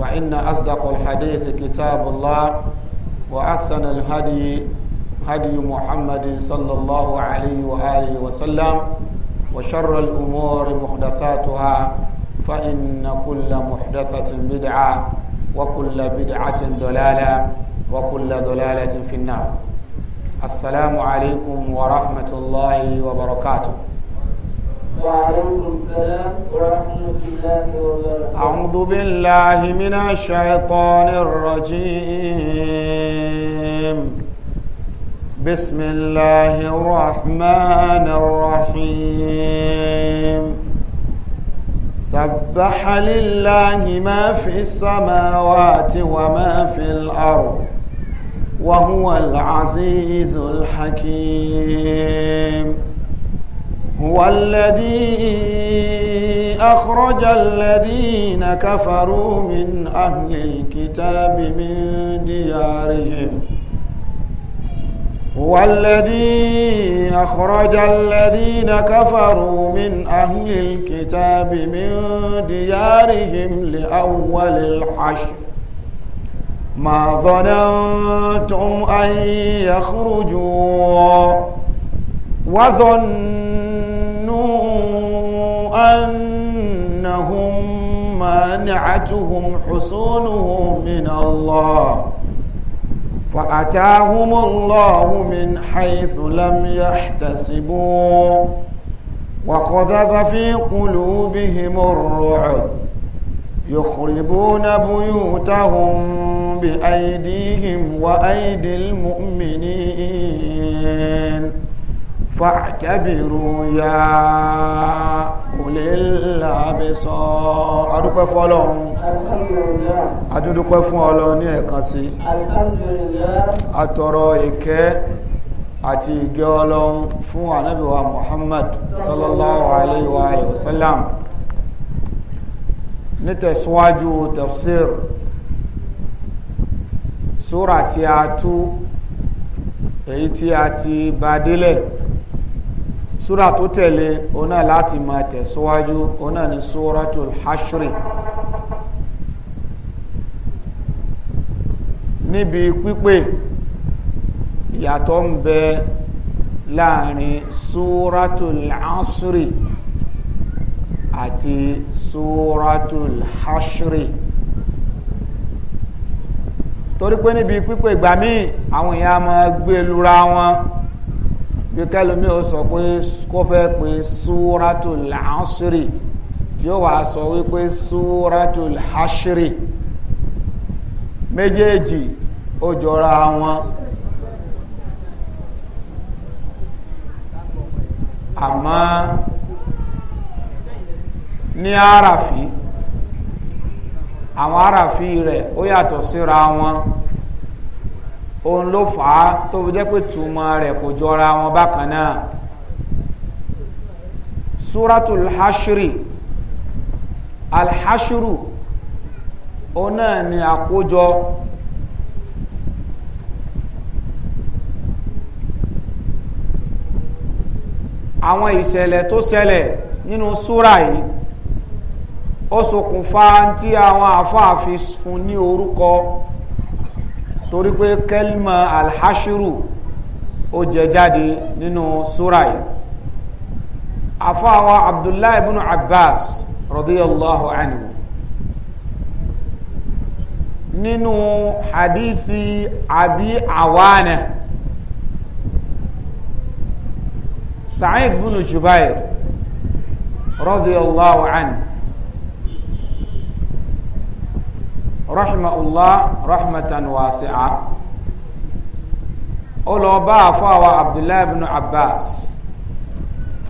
فإن أصدق الحديث كتاب الله وأحسن الهدي هدي محمد صلى الله عليه وآله وسلم وشر الأمور محدثاتها فإن كل محدثة بدعة وكل بدعة ضلالة وكل ضلالة في النار السلام عليكم ورحمة الله وبركاته وعليكم السلام ورحمة الله وبركاته أعوذ بالله من الشيطان الرجيم بسم الله الرحمن الرحيم سبح لله ما في السماوات وما في الأرض وهو العزيز الحكيم هو الذي أخرج الذين كفروا من أهل الكتاب من ديارهم هو الذي أخرج الذين كفروا من أهل الكتاب من ديارهم لأول الحشر ما ظننتم أن يخرجوا وظنوا أنهم منعتهم حصونهم من الله فأتاهم الله من حيث لم يحتسبوا وقذف في قلوبهم الرعب يخربون بيوتهم بأيديهم وأيدي المؤمنين fàtẹ́bìrú ya olè làbẹ́sọ́ adúpẹ́ fún ọlọ́run adúdúpẹ́ fún ọlọ́run ní ẹ̀kan sí àtọ̀rọ̀ ìkẹ́ àti ìgẹ́ ọlọ́run fún ànábìwà Muhammad sallallahu alaihi wa alihi wasallam nítẹ̀síwájú tafsir súra tí a tú èyí tí a ti bá súra tó tẹ̀lé ọ̀nà láti máa tẹ̀síwájú ọ̀nà ní súratul hashri níbi pípé ìyàtọ̀ ń bẹ láàrin súratul asri àti súratul hashri torí pé níbi pípé ìgbà àwọn èèyàn máa gbé lura wọn bí kẹlòmí ó sọ pé kó fẹ́ pé súratul asri tí ó wàá sọ wípé súratul hashri méjèèjì ó jọra wọn àmọ́ ní àràfí àwọn àràfí rẹ̀ ó yàtọ̀ síra wọn òun ló fà á tó fi jẹ́ pé túmọ̀ rẹ̀ kò jọra wọn bákan náà suratul hashiri alhashiru òun náà ni àkójọ àwọn ìṣẹ̀lẹ̀ tó ṣẹlẹ̀ nínú súra yìí ó ṣokùnfà tí àwọn àfáà fi fún ní orúkọ torí pé kẹlma alhashiru ó jẹ jáde nínú súra yìí afáwa abdullahi ibn abbas radiyallahu anhu nínú hadithi abi awana sa'id ibn jubair radiyallahu anhu rahimahullah rahmatan wasi'a ó lọ bá àfọwà abdullahi ibn abbas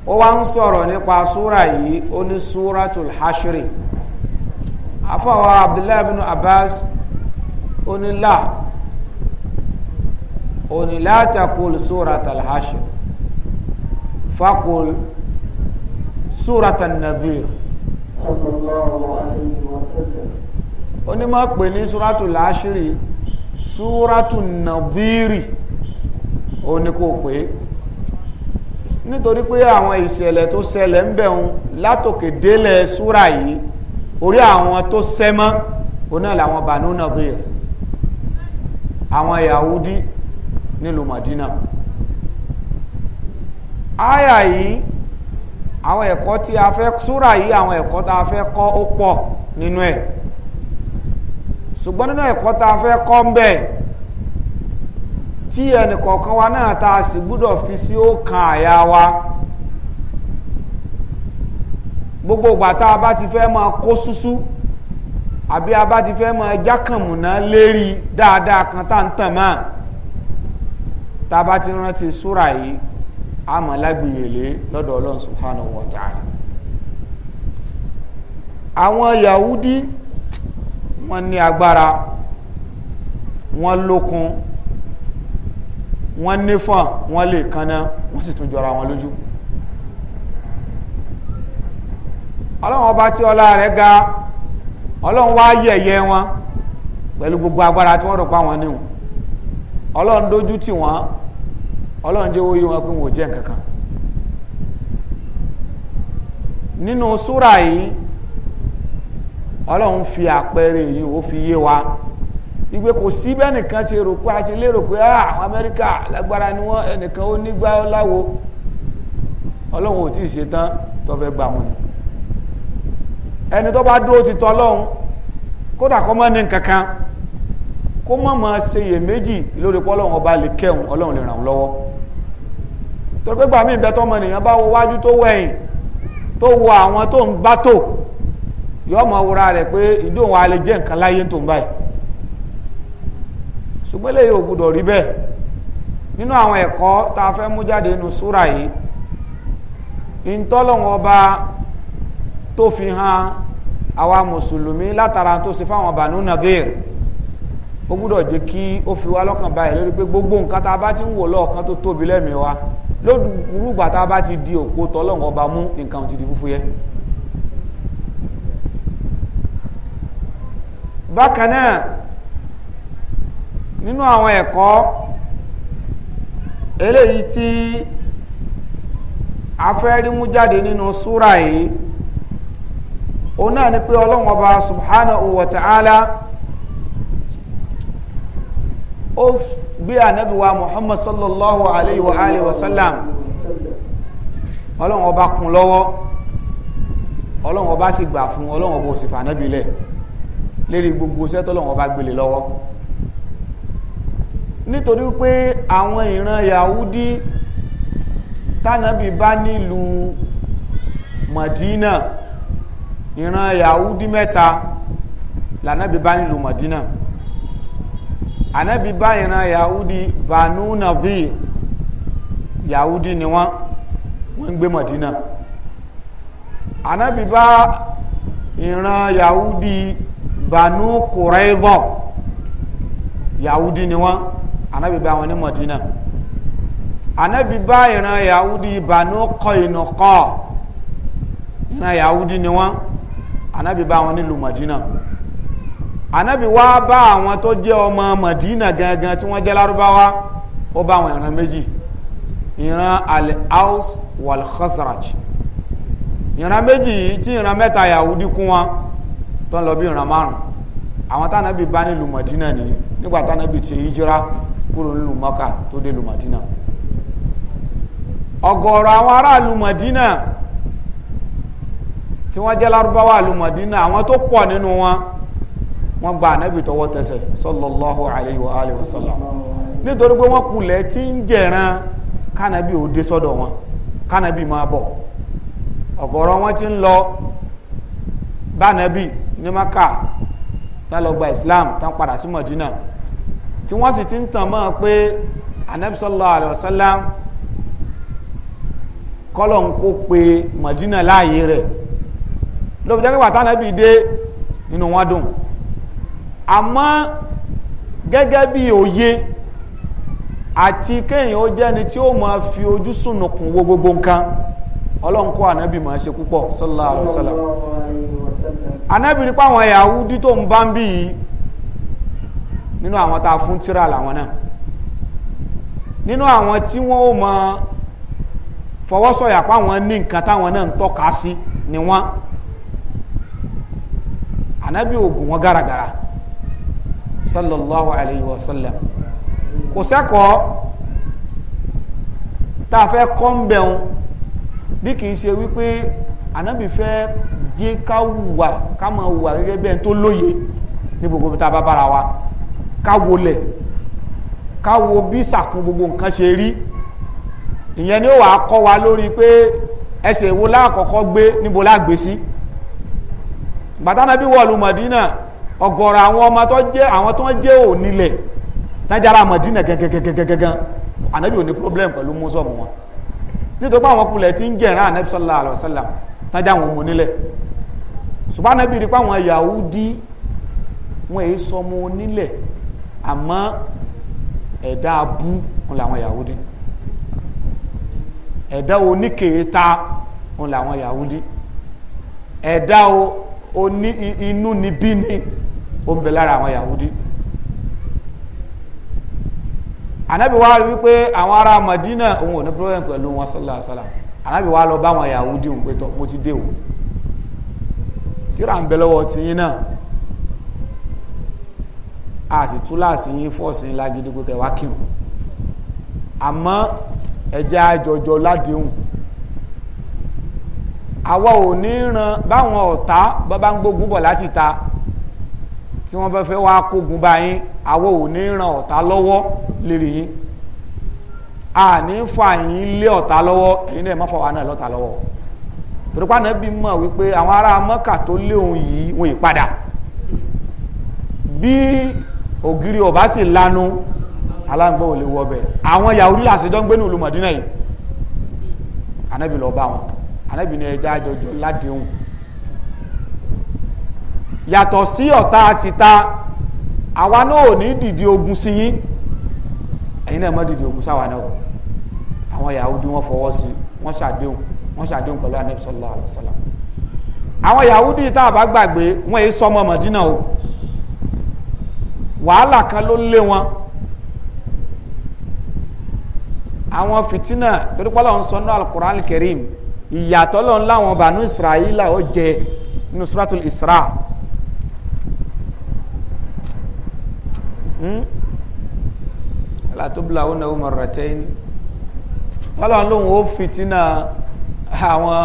ó wá ń sọ̀rọ̀ nípa súra yìí ó ní súratul hashri àfọwà abdullahi ibn abbas ó ní là ó ní látàkùl súratul hashri fakul súratul nadhir. sallallahu alayhi wa sallam onímọ̀ pè ní súrátù láṣírí súrátù nàdírì ó ní kò pé nítorí pé àwọn ìṣẹ̀lẹ̀ tó ṣẹlẹ̀ ń bẹ̀un látòkè délẹ̀ súrà yìí orí àwọn tó sẹ́mọ́ oná làwọn bànú nàdírì àwọn Yahudi nílùú Madina áyà yìí àwọn ẹ̀kọ́ tí a fẹ́ súrà yìí àwọn ẹ̀kọ́ tá a fẹ́ kọ́ ó pọ̀ nínú ẹ̀ ṣùgbọ́n nínú ẹ̀kọ́ tá a fẹ́ kọ́ ń bẹ̀ tí ẹnìkọ̀ọ̀kan wa náà tá sì gbúdọ̀ fi sí ó kan àyà wa gbogbo ìgbà tá a bá ti fẹ́ máa kó súsú àbí a bá ti fẹ́ máa jákàmùná lérí dáadáa kan tá à ń tàn máa tá a bá ti rántí súrà yìí a mọ̀ lágbìyèlé lọ́dọ̀ ọlọ́run subhanahu wa ta'ala àwọn yahudi wọ́n ní agbára wọ́n lókun wọ́n nífọ̀n wọ́n lè kanná wọ́n sì tún jọra wọn lójú Ọlọ́wọ́n ọba tí ọlá rẹ̀ ga ọlọ́run wá yẹ̀yẹ́ wọn pẹ̀lú gbogbo agbára tí wọ́n rọ̀ pa wọn níhùn Ọlọ́wọ́n dójú tì wọ́n ọlọ́run jẹ́ oyé wọn pé wọn jẹ́ nkankan. nínú súrà yìí ọlọ́run fi àpẹẹrẹ yìí ó fi yé wa ìgbé kò sí bẹ́nìkan ṣe rò pé a ṣe lérò pé ah, àwọn amẹ́ríkà lágbára ni wọ́n ẹnìkan ó nígbà láwo ọlọ́run ò tí ì ṣe tán tó fẹ́ gbà wọn ni ẹni tó bá dúró ti tọ́ ọlọ́run kódà kọ́ mọ́ ní kankan kó mọ́ mọ́ ṣe yè méjì lórí pọ́ ọlọ́run ọba lè kẹ́hùn ọlọ́run lè ràn án lọ́wọ́ torí pé gbàmí ìbẹ́tọ́ ọmọ bá wo wájú tó wẹ̀yìn tó wo àwọn tó ń bá tò yọ ọmọ wúra rẹ̀ pé ìdóhùn alẹ́ jẹ́ nǹkan láyé tó ń báyìí ṣùgbọ́n lè yóò gbúdọ̀ rí bẹ́ẹ̀ nínú àwọn ẹ̀kọ́ tá a fẹ́ mú jáde nínú súra yìí ntọ́lọ́wọ́n ọba tó fi hàn àwa mùsùlùmí látara tó ṣe fáwọn Banu Nadir ó gbúdọ̀ jẹ́ kí ó fi wá lọ́kàn báyìí lórí pé gbogbo nǹkan tá a bá ti ń wò lọ́ọ̀kan tó tóbi lẹ́mìí wa lódùrúgbà tá a bá ti di òpó tọ́lọ́wọ́n ọba mú nǹkan ti di fúfú bákan náà nínú àwọn ẹ̀kọ́ eléyìí tí a fẹ́ rí mú jáde nínú súra yìí o náà ni pé ọlọ́run ọba subhanahu wa ta'ala ó gbé ànábì wa muhammad sallallahu alayhi wa alihi wa sallam ọlọ́run ọba kún lọ́wọ́ ọlọ́run ọba sì gbà fún ọlọ́run ọba òsìfà nábìlẹ̀ lérí gbogbo iṣẹ́ tọ́lọ́wọ́n bá gbélé lọ́wọ́ nítorí pé àwọn ìran Yahudi tánàbí bá nílùú Madina ìran Yahudi mẹ́ta lànàbí bá nílùú Madina ànàbí bá ìran Yahudi Banu Nadir Yahudi ni wọ́n wọ́n gbé Madina ànàbí bá ìran Yahudi Madina banu kùrẹ́gọ̀ yahudi ni wọ́n anabi bá wọn ní madina anabi bá ìran yahudi banu kọ̀ìnùkọ̀ ìran yahudi ni wọ́n anabi bá wọn nílùú madina anabi wá bá àwọn tó jẹ́ ọmọ madina gangan tí wọ́n jẹ́ lárúbáwá ó bá àwọn ìran méjì ìran al-aus wal-khazraj ìran méjì tí ìran mẹ́ta yahudi kún wọn tó ń lọ bí ìran márùn àwọn tánàbí bá nílùú mọ̀dínà ní nígbà tánàbí ti hijira kúrò nílùú mọ́kà tó dé lù mọ̀dínà ọ̀gọ̀ọ̀rọ̀ àwọn aráàlú mọ̀dínà tí wọ́n jẹ́ lárúbáwá àlú mọ̀dínà àwọn tó pọ̀ nínú wọn wọ́n gba ànábì tọwọ́ tẹsẹ̀ sallallahu alayhi wa alihi wa sallam nítorí pé wọ́n kulẹ̀ tí ń jẹ̀ran kánàbí ò dé sọ́dọ̀ wọn kánàbí máa bọ̀ ọ̀gọ̀ọ̀rọ̀ wọn ti ń lọ bánabi ní maka tán lọ islam tán padà sí mọ̀dínà tí wọ́n sì ti ń tàn mọ́ pé anabi sallallahu alayhi sallam kọ́lọ̀ ń kó pe mọ̀dínà láàyè rẹ̀ lóbi jẹ́ pé wàtá anabi dé nínú wọn dùn àmọ́ gẹ́gẹ́ bí òye àti kéèyàn ó jẹ́ni tí ó máa fi ojú sùnùkùn wo gbogbo nǹkan ọlọ́run kọ́ ànábì máa ṣe púpọ̀ sallallahu alaihi anábìrin páwọn Yahudi tó ń bá ń bí yìí nínú àwọn tá a fún tíra làwọn náà nínú àwọn tí wọ́n ó mọ fọwọ́sọ̀yà páwọn ní nǹkan táwọn náà ń tọ́ka sí ni wọ́n anábì ogun wọn gàràgàrà sallallahu alayhi wa sallam kò sẹ́kọ̀ọ́ tá a fẹ́ kọ́ ń bẹ̀rùn bí kìí ṣe wípé ànábì fẹ́ jẹ́ ká wùwà ká máa wùwà gẹ́gẹ́ bẹ́ẹ̀ tó lóye ní gbogbo tá a bá bára wa ká wolẹ̀ ká wo bí sàkún gbogbo nǹkan ṣe rí ìyẹn ni ó wàá kọ́ wa lórí pé ẹsẹ̀ wo láàkọ́kọ́ gbé níbo láàgbé sí bàtánàbí wọ̀lú mọ̀dínà ọ̀gọ̀rọ̀ àwọn ọmọ tó jẹ́ àwọn tó jẹ́ ònílẹ̀ tájára mọ̀dínà gẹ́gẹ́gẹ́gẹ́gẹ́gẹ́ ànábì ò ní problem pẹ̀lú mú sọ̀mù wọn nítorí pé àwọn kulẹ̀ ti ń jẹ̀rán ànábì sallallahu alaihi tájá àwọn ọmọ onílẹ̀ ṣùgbọ́n anábì rí páwọn Yahudi wọn èyí sọmọ onílẹ̀ àmọ́ ẹ̀dá abú wọn làwọn Yahudi ẹ̀dá oníkèéta wọn làwọn Yahudi ẹ̀dá inú níbí ni ó lára àwọn Yahudi anábì wá rí wípé àwọn ará Madina òun ò ní problem pẹ̀lú wọn sallallahu alaihi wasallam anábì wa lọ bá àwọn Yahudi òun pé tọ́ mo ti dé o tíra ń bẹ lọ́wọ́ tiyín náà a sì túláàsì yín fọ́ọ̀sì ńlá gidi pé kẹwàá kírun àmọ́ ẹ̀jẹ̀ àjọjọ ládéhùn àwa ò ní ran báwọn ọ̀tá bábá ń gbógun bọ̀ láti ta tí wọ́n bá fẹ́ wá kógun bá yín ò ní ran ọ̀tá lọ́wọ́ lérí yín àní fa yín lé ọ̀tá lọ́wọ́ ẹ̀yin náà mọ́fà wa náà lọ́ta lọ́wọ́ torípa náà bí mọ̀ wípé àwọn ará mọ́kà tó lé òun yìí wọn ì padà bí ògiri ọ̀bá sì lanu aláǹgbọ́ ò lè wọ ọbẹ̀ àwọn Yahudi làṣẹjọ́ ń gbé ní ìlú Mọ̀dínà yìí anábì lọ bá wọn anábì ní ẹja àjọjọ ládéhùn yàtọ̀ sí ọ̀tá àti ta àwa náà ò ní dìde ogun sí yín ẹ̀yin náà má dìde òkú sáwà náà àwọn Yahudi wọ́n fọwọ́ sí wọ́n ṣàdéhùn wọ́n ṣàdéhùn pẹ̀lú anabi sallallahu alayhi wa sallam àwọn Yahudi tá a bá gbàgbé wọ́n èyí sọmọ Madina o wàhálà kan ló lé wọn àwọn fìtínà torí pé Ọlọ́hun sọ ní al-Qur'an al-Karim láwọn bànú Israẹla ó jẹ nínú suratul Isra. Hmm? látúbùlà ó náwó marratain tọ́lọ̀ lóhun ó fìtínà àwọn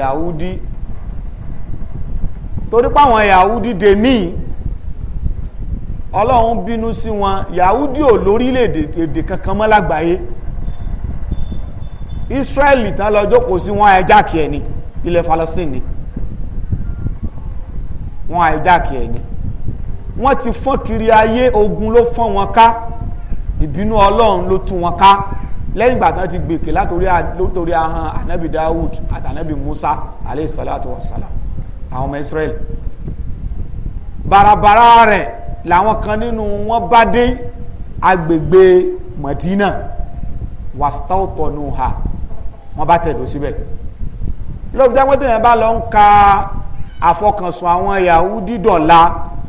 yahudi torí páwọn yahudi dè míì ọlọ́run bínú sí wọn yahudi ò lórílẹ̀-èdè kankan mọ́ lágbàáyé israeli tán lọ jókòó sí wọn àìjákì ẹni ilẹ̀ falasini ni wọn àìjákì ẹni wọ́n ti fọ́n kiri ayé ogun ló fọ́n wọn ká ìbínú ọlọ́run ló tú wọn ká lẹ́yìn ìgbà tán ti gbèkè látòrí ahọ́n anabi dawud àti anabi musa alayhi salatu wa salam àwọn ọmọ israel barabara rẹ̀ làwọn kan nínú wọn bá dé agbègbè madina wàstáwtọ̀nùhà wọn bá tẹ̀dọ̀ síbẹ̀ lóòótọ́ pé tẹ̀yẹ̀ bá lọ ń ka àfọkànsùn àwọn yahudi dọ̀la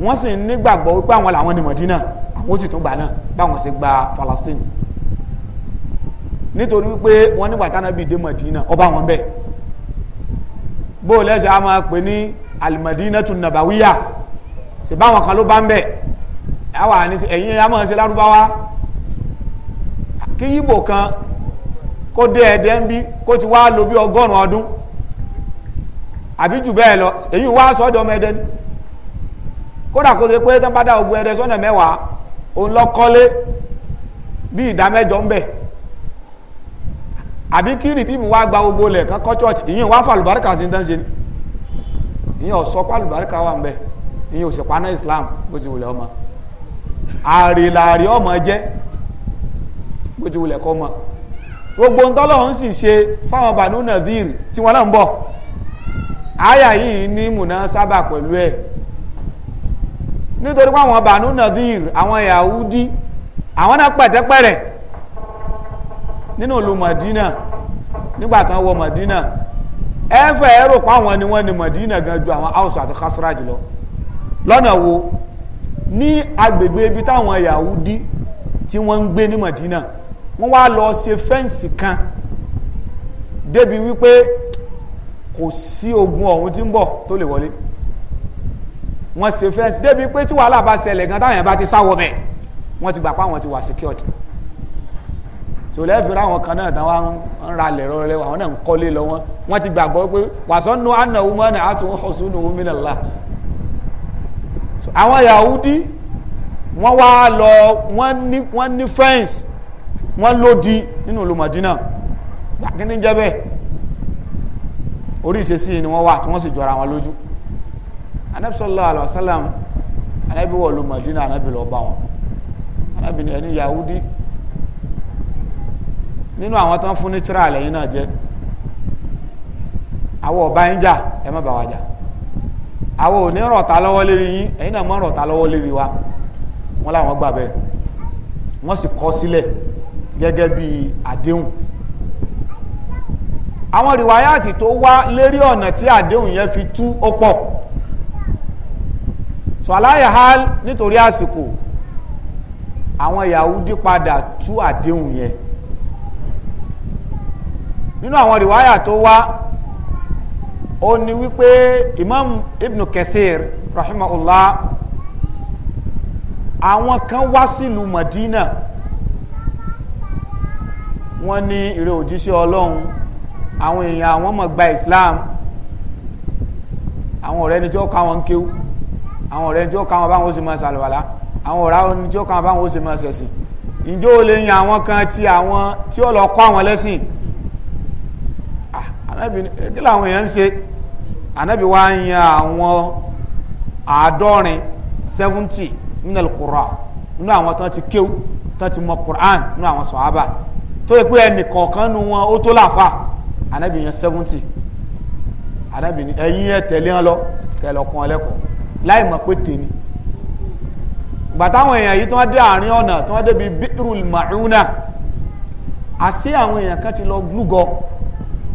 wọ́n sì nígbàgbọ́ wípé àwọn làwọn ní madina wọ́n sì tún gbà náà báwọn ṣe gba Palestine nítorí wípé wọ́n nígbà tánábì dé Madina ọba wọn bẹ́ẹ̀ bó lẹ́sẹ̀ a máa pè ní alimadina tún nàbàwíyà ṣe báwọn kan ló bá ń bẹ̀ àwa àní ẹ̀yìn a máa ṣe lárúbáwá kí yíbò kan kó dé ẹ̀dẹ́ ń bí kó ti wá lò bí ọgọ́rùn-ún ọdún àbí jù bẹ́ẹ̀ lọ èyí wá sọ́dọ̀ ọmọ ẹ̀dẹ́ ni kódà kó ṣe pé tán bá dá ogun ẹ̀dẹ́ sọ́nà mẹ́wàá òun lọ́kọ́lé bí ìdá mẹ́jọ ń bẹ̀ àbí kí rìtíìmù wá gba gbogbo lẹ̀ kan kọ́ church ìyẹn wá fàlùbáríkà sí tán ṣe ni ìyẹn ọ̀sọ́ pàlùbáríkà wà ń bẹ̀ ìyẹn òṣèpaná Islam bó ti wùlẹ̀ ọmọ àrè làrè ọmọ jẹ́ bó ti wùlẹ̀ kọ́ ọmọ gbogbo ń tọ́lọ́hún sì ṣe fáwọn bànú nàdír tí wọ́n náà ń bọ̀ àyà yìí ní mùnà sábà pẹ̀lú ẹ̀ nítorí pé àwọn bànú nadir àwọn yahudi àwọn náà pẹ̀tẹ́pẹ̀rẹ̀ nínú ìlú madina nígbàtán wọ madina ẹ̀fẹ̀ ẹ̀rọ pa àwọn ni wọ́n ni madina gan ju àwọn house àti khasraj lọ lọ́nà wo ní agbègbè ibi táwọn yahudi tí wọ́n ń gbé ní madina wọ́n wá lọ ṣe fẹ́ǹsì kan débi wípé kò sí ogun ọ̀hún tí ń bọ̀ tó lè wọlé wọ́n ṣe fẹ́ǹsì débi pé tí wàhálà bá ṣẹlẹ̀ gan táwọn yẹn bá ti sáwọ́ bẹ̀ wọ́n ti gbà pé àwọn ti wà secured sòlẹ́fì ráwọn kan náà táwọn ń ra lẹ̀ rọrẹ àwọn náà ń kọ́lé lọ wọn wọ́n ti gbàgbọ́ pé wàsánù àna umana àtún ọ̀sùnù minallah àwọn Yahudi wọ́n wá lọ wọ́n ní fẹ́ǹsì wọ́n lòdì nínú ìlú Madina gbàgídí jẹ́ bẹ́ẹ̀ orí ìṣesí ni wọ́n wà tí wọ́n sì jọra wọn lójú anabi sallallahu alaihi wasallam anabi wọ̀lú madina anabi lọ bá wọn anabi ni ẹni yahudi nínú àwọn tó ń fún ní tíra àlẹ́yìn náà jẹ́ àwọn ọba ń jà ẹ má bà wá jà àwọn ò ní rọ̀ta lọ́wọ́ lérí yín ẹ̀yin náà mọ́ rọ̀ta lọ́wọ́ lérí wa wọ́n láwọn gbà bẹ́ẹ̀ wọ́n sì kọ sílẹ̀ gẹ́gẹ́ bí àdéhùn àwọn rìwáyàtì tó wá lérí ọ̀nà tí àdéhùn yẹn fi tú ó pọ̀ so aláyàhál nítorí àsìkò àwọn Yahudi padà tú àdéhùn yẹn nínú àwọn rìwáyà tó wá ó ní wípé Imam Ibn Kathir rahimahullah àwọn kan wá sílùú Madina wọ́n ní ìrẹ òjíṣẹ́ Ọlọ́run àwọn èèyàn àwọn mọ̀ gba Islam àwọn ọ̀rẹ́ ni tí ó kéwú àwọn ọ̀rẹ́ tí ó káwọn báwọn ó sì máa ṣàlùwàlá àwọn ọ̀rá oní tí ó káwọn báwọn ó sì máa ṣẹ̀sìn ǹjẹ́ ó lè yan àwọn kan tí àwọn tí ó lọ kọ́ àwọn lẹ́sìn kí làwọn èèyàn ń ṣe ànábì wa yan àwọn àádọ́rin seventy nínú alukura nínú àwọn tán ti kéw tán ti mọ Quran nínú àwọn sọ̀hábà tó yẹ pé ẹnì nu wọn ó tó láàfà ànábì yan seventy ànábì ẹ̀yin ẹ̀ tẹ̀lé wọn lọ ẹ lọ kọ́ wọn lẹ́kọ̀ọ́ láì mọ̀ pé tèmi gbàtàwọn èèyàn yìí tí wọ́n dé àárín ọ̀nà tí wọ́n débi bitrul mauna àṣé àwọn èèyàn kan ti lọ glúgọ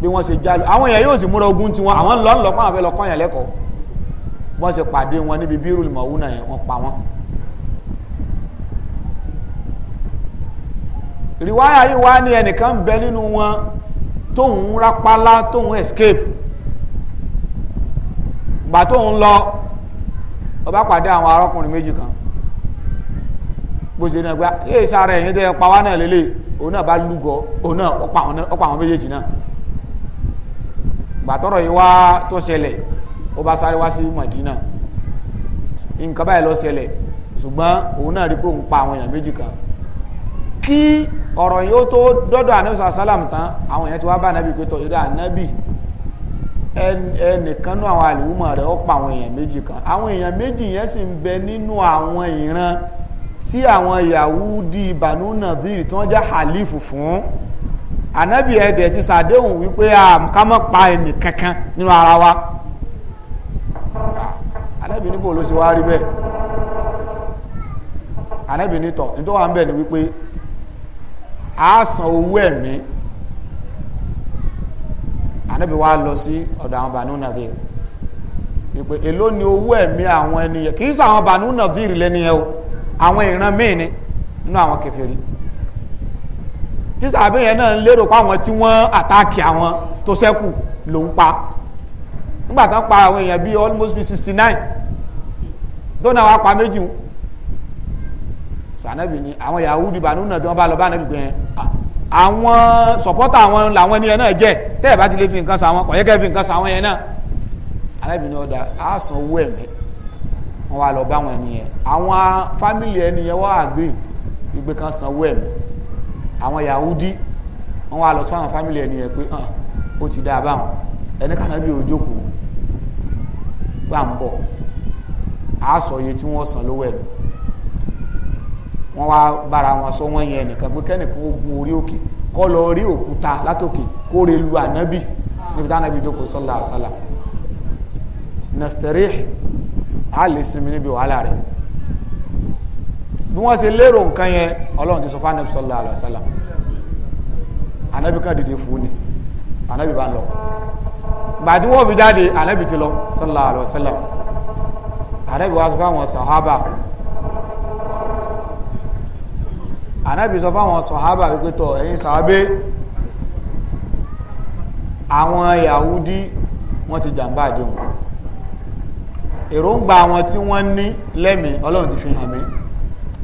bí wọ́n ṣe jálù àwọn èèyàn yóò sì múra ogun tiwọn àwọn lọ́nlọ́ pàwọn fẹ́ lọ kọ́yàn lẹ́kọ̀ọ́ wọ́n ṣe pàdé wọn níbi bitrul mauna yẹn wọ́n pa wọ́n. rìwáyà yìí wá ní ẹnìkan bẹ nínú wọn tóun rápálá tóun escape gbà tóun lọ ó bá pàdé àwọn arákùnrin méjì kan bó ṣe náà gba yéé sára ẹ̀yìn tẹ́ pa wá náà lélẹ̀ òun náà bá lúgọ òun náà ó pa àwọn méjèèjì náà gbàtọ́rọ̀ yìí wá tó ṣẹlẹ̀ ó bá sáré wá sí Madina nǹkan báyìí lọ ṣẹlẹ̀ ṣùgbọ́n òun náà rí pé òun pa àwọn èèyàn méjì kan kí ọ̀rọ̀ yìí ó tó dọ́dọ̀ ànábì sàlám tán àwọn èèyàn ti wá bá ànábì pé tọ̀ yóò dá ànábì ẹnìkan nú àwọn àlùmọ̀ rẹ̀ ó pa àwọn èèyàn méjì kan àwọn èèyàn méjì yẹn sì ń bẹ nínú àwọn ìran tí àwọn Yahudi Banu Nadhir tí wọ́n jẹ́ halifu fún anabi ẹ̀dẹ̀ ti sàdéhùn wípé ká pa ẹnì kankan nínú ara wa anabi níbo ló ṣe wá anabi nítọ̀ nítorí wà ń ni wípé a san owó ẹ̀mí anabi wa lọ sí ọ̀dọ̀ àwọn banu nadir ìpè èló ni owó ẹ̀mí àwọn ẹniyẹ kì í sọ àwọn banu nadir lẹ́ni ẹ o àwọn ìran míì ni nínú àwọn kèfèrí tí sàbẹ̀ yẹn náà lérò pa àwọn tí wọ́n àtàkì àwọn tó ṣẹ́kù ló ń pa nígbà tán pa àwọn èèyàn bíi almost bíi sixty nine tó náà wá pa méjì sànàbì ni àwọn Yahudi banu nadir wọn bá lọ bá anabi gbẹ ah àwọn sọ̀pọ́tà àwọn làwọn ẹni yẹn náà jẹ́ tẹ́ ẹ̀ bá ti lè fi nǹkan sa wọn kọ̀yẹ́kẹ́ fi nǹkan sa wọn yẹn náà arábìnrin ọ̀dà á san owó ẹ̀mí wọn wá lọ bá àwọn ẹni àwọn fámìlì ẹni yẹn wọ́n agree wípé kan san owó ẹ̀mí àwọn Yahudi wọn wá lọ sọ àwọn fámìlì ẹni yẹn pé hàn ó ti dá a báwọn ẹni kàná bí òjòkó gbà ń bọ̀ á sọ iye tí wọ́n san lówó ẹ̀mí wọ́n wá bára wọn sọ wọ́n yẹn nìkan pé kẹ́nìkan ó gun orí òkè kọ́ lọ rí òkúta látòkè kó re lu ànábì níbi tá ànábì jókòó sọ́lá ọ̀sálà nasterih a lè sinmi níbi wàhálà rẹ̀ bí wọ́n ṣe lérò nǹkan yẹn ọlọ́run ti sọ fún ànábì sọ́lá ọ̀sálà ànábì ká dìde fún ni ànábì bá ń lọ gbàtí wọ́n fi jáde ànábì ti lọ sọ́lá ọ̀sálà ànábì wá sọ fún àwọn sàhábà ànábì sọ fáwọn sọ̀hábà wípé tọ̀ ẹ̀yin sàábé àwọn yahudi wọ́n ti jàǹbá àdéhùn èròǹgbà àwọn tí wọ́n ní lẹ́mìí ọlọ́run ti fi hàn mí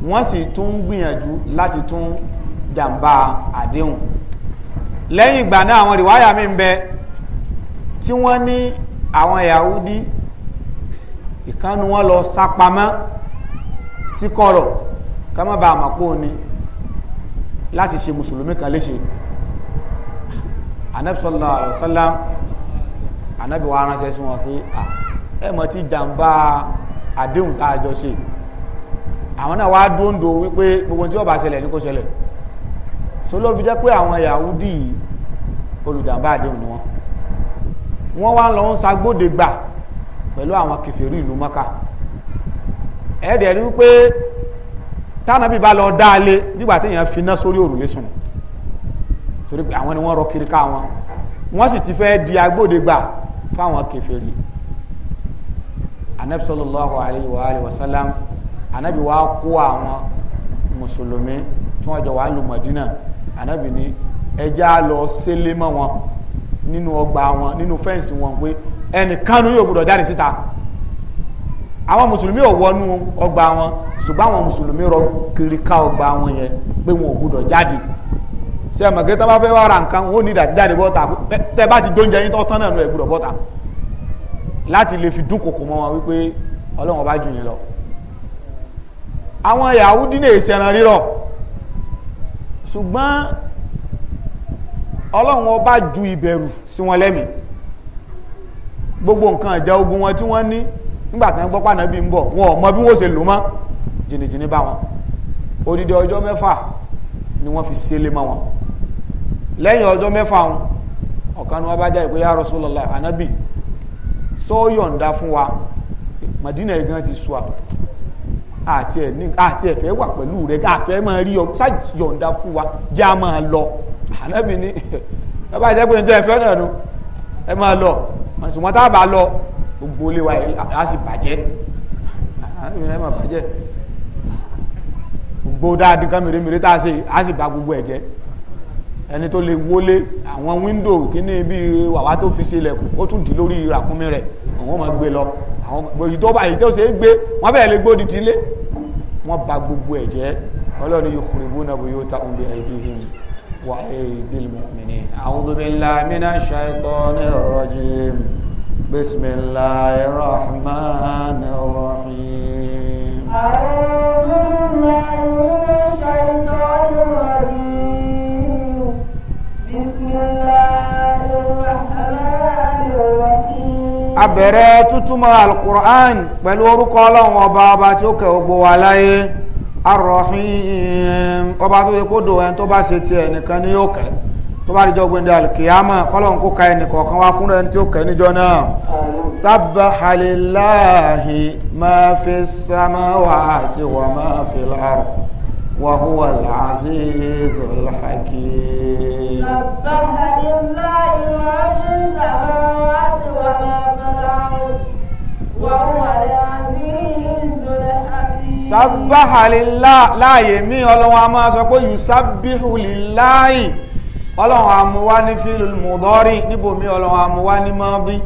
wọ́n sì tún gbìyànjú láti tún jàǹbá àdéhùn lẹ́yìn ìgbà náà àwọn rìwáyà mi ń bẹ tí wọ́n ní àwọn yahudi ìkánu wọn lọ sápamọ́ sí kọ̀rọ̀ ká má bàa mọ̀ ni láti ṣe mùsùlùmí kan léṣe anabi sallallahu alaihi wasallam anabi wa ránṣẹ́ sí wọn pé ẹ mọ̀ tí jàǹbá àdéhùn tá a jọ ṣe àwọn náà wá dóńdó wípé gbogbo tí ó bá ṣẹlẹ̀ ní kó ṣẹlẹ̀ so ló fi jẹ́ pé àwọn Yahudi olùjàmbá àdéhùn ni wọ́n wọ́n wá lọ ń sagbóde pẹ̀lú àwọn kèfèrí ìlú Mọ́kà ẹ̀ẹ́dẹ̀ wípé tánàbí bá lọ dáalé nígbà téèyàn fi ná sórí òrùlé sùn torí pé àwọn ni wọ́n rọ kiri ká wọn wọ́n sì ti fẹ́ di agbódegbà fáwọn kèfèrí anabi sallallahu alayhi wa alayhi wa sallam anabi wa kó àwọn mùsùlùmí tí wọ́n jọ wà lù Mádínà anabi ni ẹja lọ sélé mọ́ wọn nínú ọgbà wọn nínú fẹ́ǹsì wọn pé ẹnìkan ní yóò gbọdọ̀ jáde síta àwọn mùsùlùmí ò wọnú ọgbà wọn ṣùgbọ́n àwọn mùsùlùmí rọ kiri ká ọgbà wọn yẹn pé wọn ò gbúdọ̀ jáde ṣe é mọ̀gẹ́ tó bá fẹ́ wá ra nǹkan wọn ò ní ìdàtí jáde bọ́ta tẹ́ bá ti dóúnjẹ yín tó tán náà nù ẹ̀ gbúdọ̀ bọ́ta láti lè fi dúnkòkò mọ́ wọn wípé ọlọ́run ọba jù yín lọ àwọn Yahudi ní ìṣẹ̀ràn rírọ̀ ṣùgbọ́n ọlọ́run ọba ju ìbẹ̀rù sí wọn lẹ́mìí gbogbo nǹkan ìjà ogun wọn tí wọ́n ní nígbà tí wọ́n gbọ́ pàná bí ń bọ̀ wọn ò mọ bí wọ́n ṣe lò mọ́ jìnnìjìnnì bá wọn odidi ọjọ́ mẹ́fà ni wọ́n fi ṣẹlẹ̀ mọ́ wọn lẹ́yìn ọjọ́ mẹ́fà wọn ọ̀kan ni wọ́n bá jáde pé ya Rasulullah ànábì sọ yọ̀ǹda fún wa Madina gan ti sùn àti ẹ̀ ní àti ẹ̀fẹ́ wà pẹ̀lú rẹ̀ àfẹ́ máa rí ọ ṣàyọ̀ǹda fún wa jẹ́ a máa lọ ànábì ni ẹ bá jẹ́ pé ní tẹ́ ẹ fẹ́ náà nu ẹ máa lọ àṣùwọ̀n tá a bá lọ gbogbo ilé wa á sì bàjẹ́ ẹ má bàjẹ́ gbogbo dáadé kan mèremère tá a ṣe á sì bà gbogbo ẹ̀ jẹ́ ẹni tó lè wọlé àwọn wíńdò kíní bí wàwá tó fi ṣe ilẹ̀kùn ó tún dì lórí ràkúnmí rẹ̀ àwọn máa gbé lọ àwọn èyí tó bá èyí tó ṣe é gbé wọ́n bẹ̀rẹ̀ lè gbódi tilé wọ́n bà gbogbo ẹ̀ jẹ́ ọlọ́run yóò kúrìbú náà bó yóò ta òun bí aydihim wa aydil mu'minin. a'udhu billahi minash shaitonir rajim. بسم الله الرحمن الرحيم أعوذ بالله من الشيطان الرجيم بسم الله الرحمن الرحيم abẹ̀rẹ̀ tútúmọ̀ alukur'an pẹ̀lú orúkọ ọlọ́run ọba ọba tí ó kẹ́ gbogbo wa láyé arọ̀hìn ọba tó yẹ kó dò ẹni tó bá ṣe tiẹ̀ nìkan ni yóò kẹ́ tó bá dijọ́ gbẹ̀ndẹ̀ alikiyama kọ́lọ́n kó ka ẹni kọ̀ọ̀kan wá kúnlẹ̀ ẹni tí ó kẹ́ níjọ́ náà sabbaha lillahi ma fi samawati wa ma fi al-ard wa huwa al-azizul hakim. sabbaha lillahi ma fi samawati wa ma fi al-ard wa huwa al-azizul hakim. sabbaha lillahi láàyè mí ọlọ́wọ́n a máa sọ pé yusabihu ọlọ́run àmúwá ní fílù mùdọ́rì níbòmí ọlọ́run àmúwá ní mọ́dí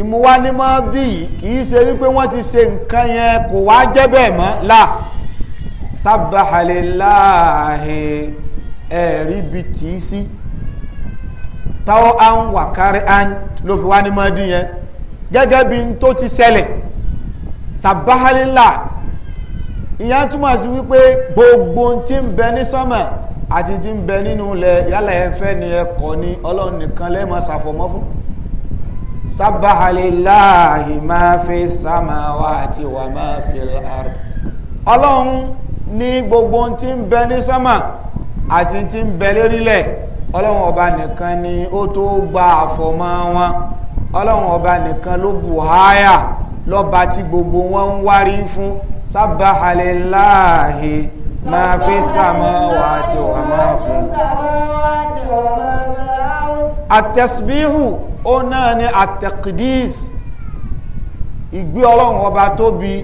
ìmúwá ní mọ́dí kìí ṣe wípé wọ́n ti ṣe nǹkan yẹn kò wá jẹ́ bẹ́ẹ̀ mọ́ là sábàhàlélàáhì ẹ̀rí bi tì í sí táwọn à ń wà kárí à ló fi wá ní mọ́dí yẹn gẹ́gẹ́ bí n tó ti ṣẹlẹ̀ sábàhàlélà ìyẹn túmọ̀ sí wípé gbogbo tí ń bẹ ní sánmà àti tí ń bẹ nínú ilẹ̀ yálà ẹ fẹ́ ni ẹ kọ́ ni ọlọ́run nìkan lẹ́mọ̀ ṣàfọ̀mọ́ fún sábàá lillahi máa fi samawati wa máa fi al-ard ọlọ́run ní gbogbo tí ń bẹ ní sámà àti tí ń bẹ lérílẹ̀ ọlọ́run ọba nìkan ni ó tó gba àfọ̀mọ́ wọn ọlọ́run ọba nìkan ló bù háyà lọ́ba tí gbogbo wọn ń wárí fún sábàá lillahi ما في السماوات وما في التسبيح ọ̀nà ni التقديس ìgbé ọlọ́run ọba tóbi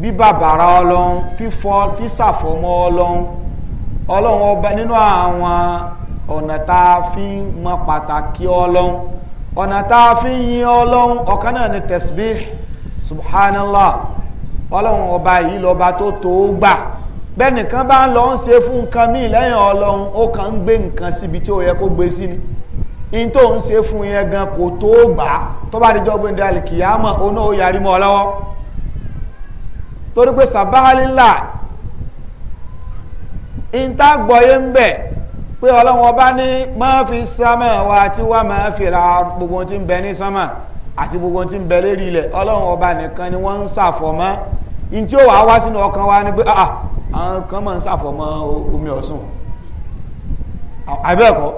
bíbàbàrà ọlọ́run fífọ́ físàfọ́mọ́ ọlọ́run ọlọ́run ọba nínú àwọn ọ̀nà tá a fi ń mọ pàtàkì ọlọ́run ọ̀nà tá a fi ń yin ọlọ́run ọ̀kan náà ni tasbih subhanallah ọlọ́run ọba yìí lọ́ba tó tó gbà bẹ́nìkan bá ń lọ ń ṣe fún nǹkan míì lẹ́yìn ọlọ́run ó kàn ń gbé nǹkan síbi tí ó yẹ kó gbé sí ni in tó ń ṣe fún yẹn gan kò tó gbà á tó bá di jọ́gbìn dalẹ̀ kìyàmọ̀ oná ó yarí mọ́ lọ́wọ́ torí pé sàbáhálílà in tá gbọ́yé ń bẹ̀ pé ọlọ́run ọba ní máa fi sámà wa tí wá máa fi ra gbogbo tí ń bẹ ní sámà àti gbogbo tí ń bẹ lérí ilẹ̀ ọlọ́run ọba nìkan ni wọ́n ń ṣàfọ̀mọ́ in tí ó wàá wá sínú ọkàn wa ni pé àwọn kan máa ń sàfọ̀mọ́ omi ọ̀sùn àbẹ́ẹ̀kọ́